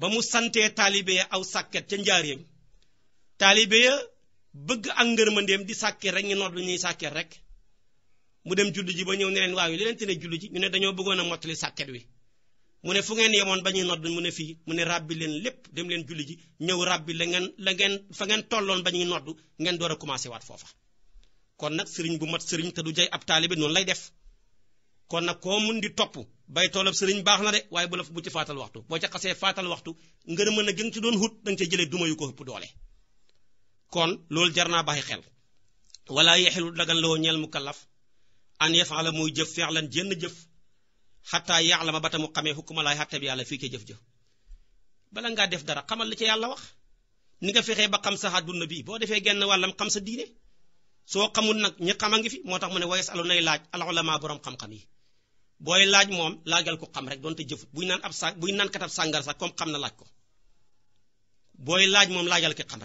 ba mu santee taalibe ya aw sàkket ca njaareem taalibe ya bëgg ak ngërmandeem di sàkket rek ñu noot lu ñuy sàkket rek mu dem julli ji ba ñëw ne leen waaw li leen te ne julli ji ñu ne dañoo bëggoon a mottali sàkket wi mu ne fu ngeen yemoon ba ñuy nodd mu ne fii mu ne ràbbi leen lépp dem leen julli ji ñëw ràbbi la ngeen la ngeen fa ngeen tolloon ba ñuy nodd ngeen door a commencé waat foofa kon nag sëriñ bu mat sëriñ te du jay ab taalibe noonu lay def kon nag koo mun di topp bay toolab sëriñ baax na de waaye bu la bu ci faatal waxtu boo ca xasee faatal waxtu ngën mën a gën ci doon hut danga ca jëlee duma yu ko doole kon loolu jar naa bàyyi xel wala yexilu dagan lawoo ñeel mu kallaf an yafaala muy jëf feexlan jenn jëf xataa yaalama ba ta mu xamee xukkuma laay xatte bi yàlla fii ca jëf-jëf bala def dara xamal li ca yàlla wax ni nga fexe ba xam sa àdduna bi boo defee genn wàllam xam sa diine soo xamul nag ñi a ngi fi moo tax mu ne wayes alu nay laaj al ulama borom xam-xam yi booy laaj moom laajal ko xam rek doonte jëfut buy naan ab sa buy naan katab sàngar sax comme na laaj ko laaj moom laajal ki xam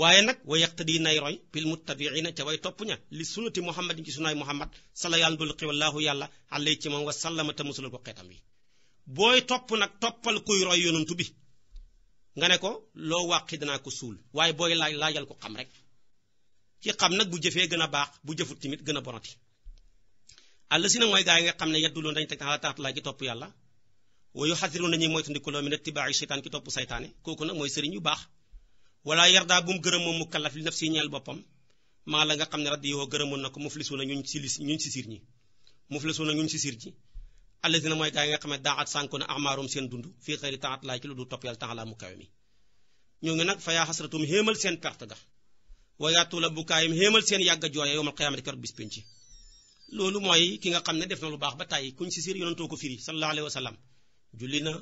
waaye nag wa yaqtadi nay roy bil muttabiina ca way topp ña li sunnati muhammadin ci sunaay muhammad sala yàlla ndul xiwallaahu yàlla alay ci moom wa sallama te musulal ko xeetam yi booy topp nag toppal kuy roy yonantu bi nga ne ko loo wàqi danaa ko suul waaye booy laaj laajal ko xam rek ki xam nag bu jëfee gën a baax bu jëfut tamit gën a bonati àll si nag mooy gaa yi nga xam ne yaddu loon dañu teg taxala taxat laa topp yàlla wayu xasiru nañuy moytandiku loo mi ne topp saytaane kooku nag mooy sëriñ yu baax gërëm moom mu kallaf li naf si ñeel boppam maa la nga xam ne raddi yoo gërëmoon na ko muflisuuna ñuñ si ñuñ si siir ñi muflisuuna ñuñ xam ne daat sànko na amaarum seen dund fii xëyri taxat topp yàlla taxalaa mu kawe mi ñoo ngi nag fayaa xasratum héemal seen perte ga wa yaatu la bukaayam xéemal seen yàgg a jooya yowmal qiyaamati keroog bis pénc loolu mooy ki nga xam ne def na lu baax ba tàyyi kuñ si siir yonantoo ko firi sallallahu alayhi wa sallam julli na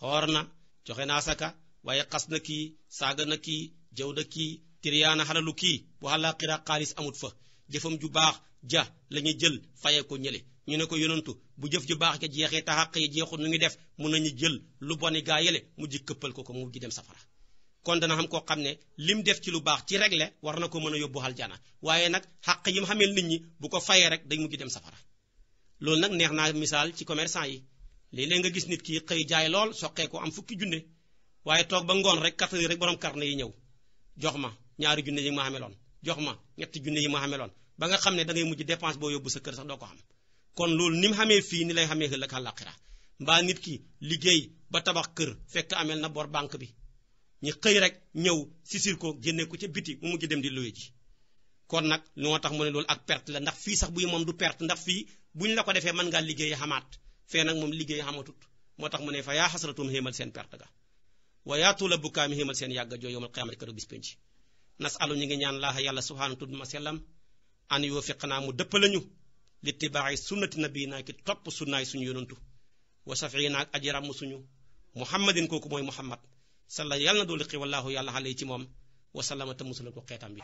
xoor na joxe na asaka waaye xas na kii saaga na kii jëw na kii tiriyaana xalalu kii bu àllaaxira xaalis amut fa jëfam ju baax ja la jël fayee ko ñële ñu ne ko yonantu bu jëf ju baax ja jeexee taxaq yi jeexul nu ngi def mun nañu jël lu boni gaa yële mu ji ko ko mu ji dem safara kon dana xam koo xam ne lim def ci lu baax ci regle war na ko mën a yóbbu aljana waaye nag xàq yi mu xameel nit ñi bu ko fayee rek day mujj dem safara loolu nag neex naa misaal ci commerçant yi léeg-léeg nga gis nit ki xëy jaay lool soqee ko am fukki junne waaye toog ba ngoon rek kattan rek borom carnet yi ñëw jox ma ñaari junne yi ma xameloon jox ma ñetti junne yi ma xameloon ba nga xam ne da ngay mujj dépense boo yóbbu sa kër sax doo ko xam kon loolu ni mu xamee fii ni lay xamee ëllëg àllaaxira mbaa nit ki liggéey ba tabax kër fekk ameel na bor banque bi ñu xëy rek ñëw sisir ko génne ko ca biti mu mujj dem di luye ji kon nag lu moo tax mu ne loolu ak pert la ndax fii sax buy moom du pert ndax fii ñu la ko defee man ngaa liggéey xamaat fee nag moom liggéey xamatut moo tax mu ne fa yaa xasratum xéemal seen perte ga wa yaa tuula bukaami xéemal seen yàgga joo yowmal xiyaamati keroog bis penc nasalu ñu ngi ñaan laaha yàlla subhaanahu tudd ma sellam an yoo naa mu dëpp lañu littibaa'i sunnati nabiyinaa ki topp sunnaay suñu yonantu wa shafiinaa ak ajiramu suñu muhammadin kooku mooy muhammad salla yàlla na dooli xiwallaahu yàlla xale yi ci moom wasalaama te musala ko xeetam bi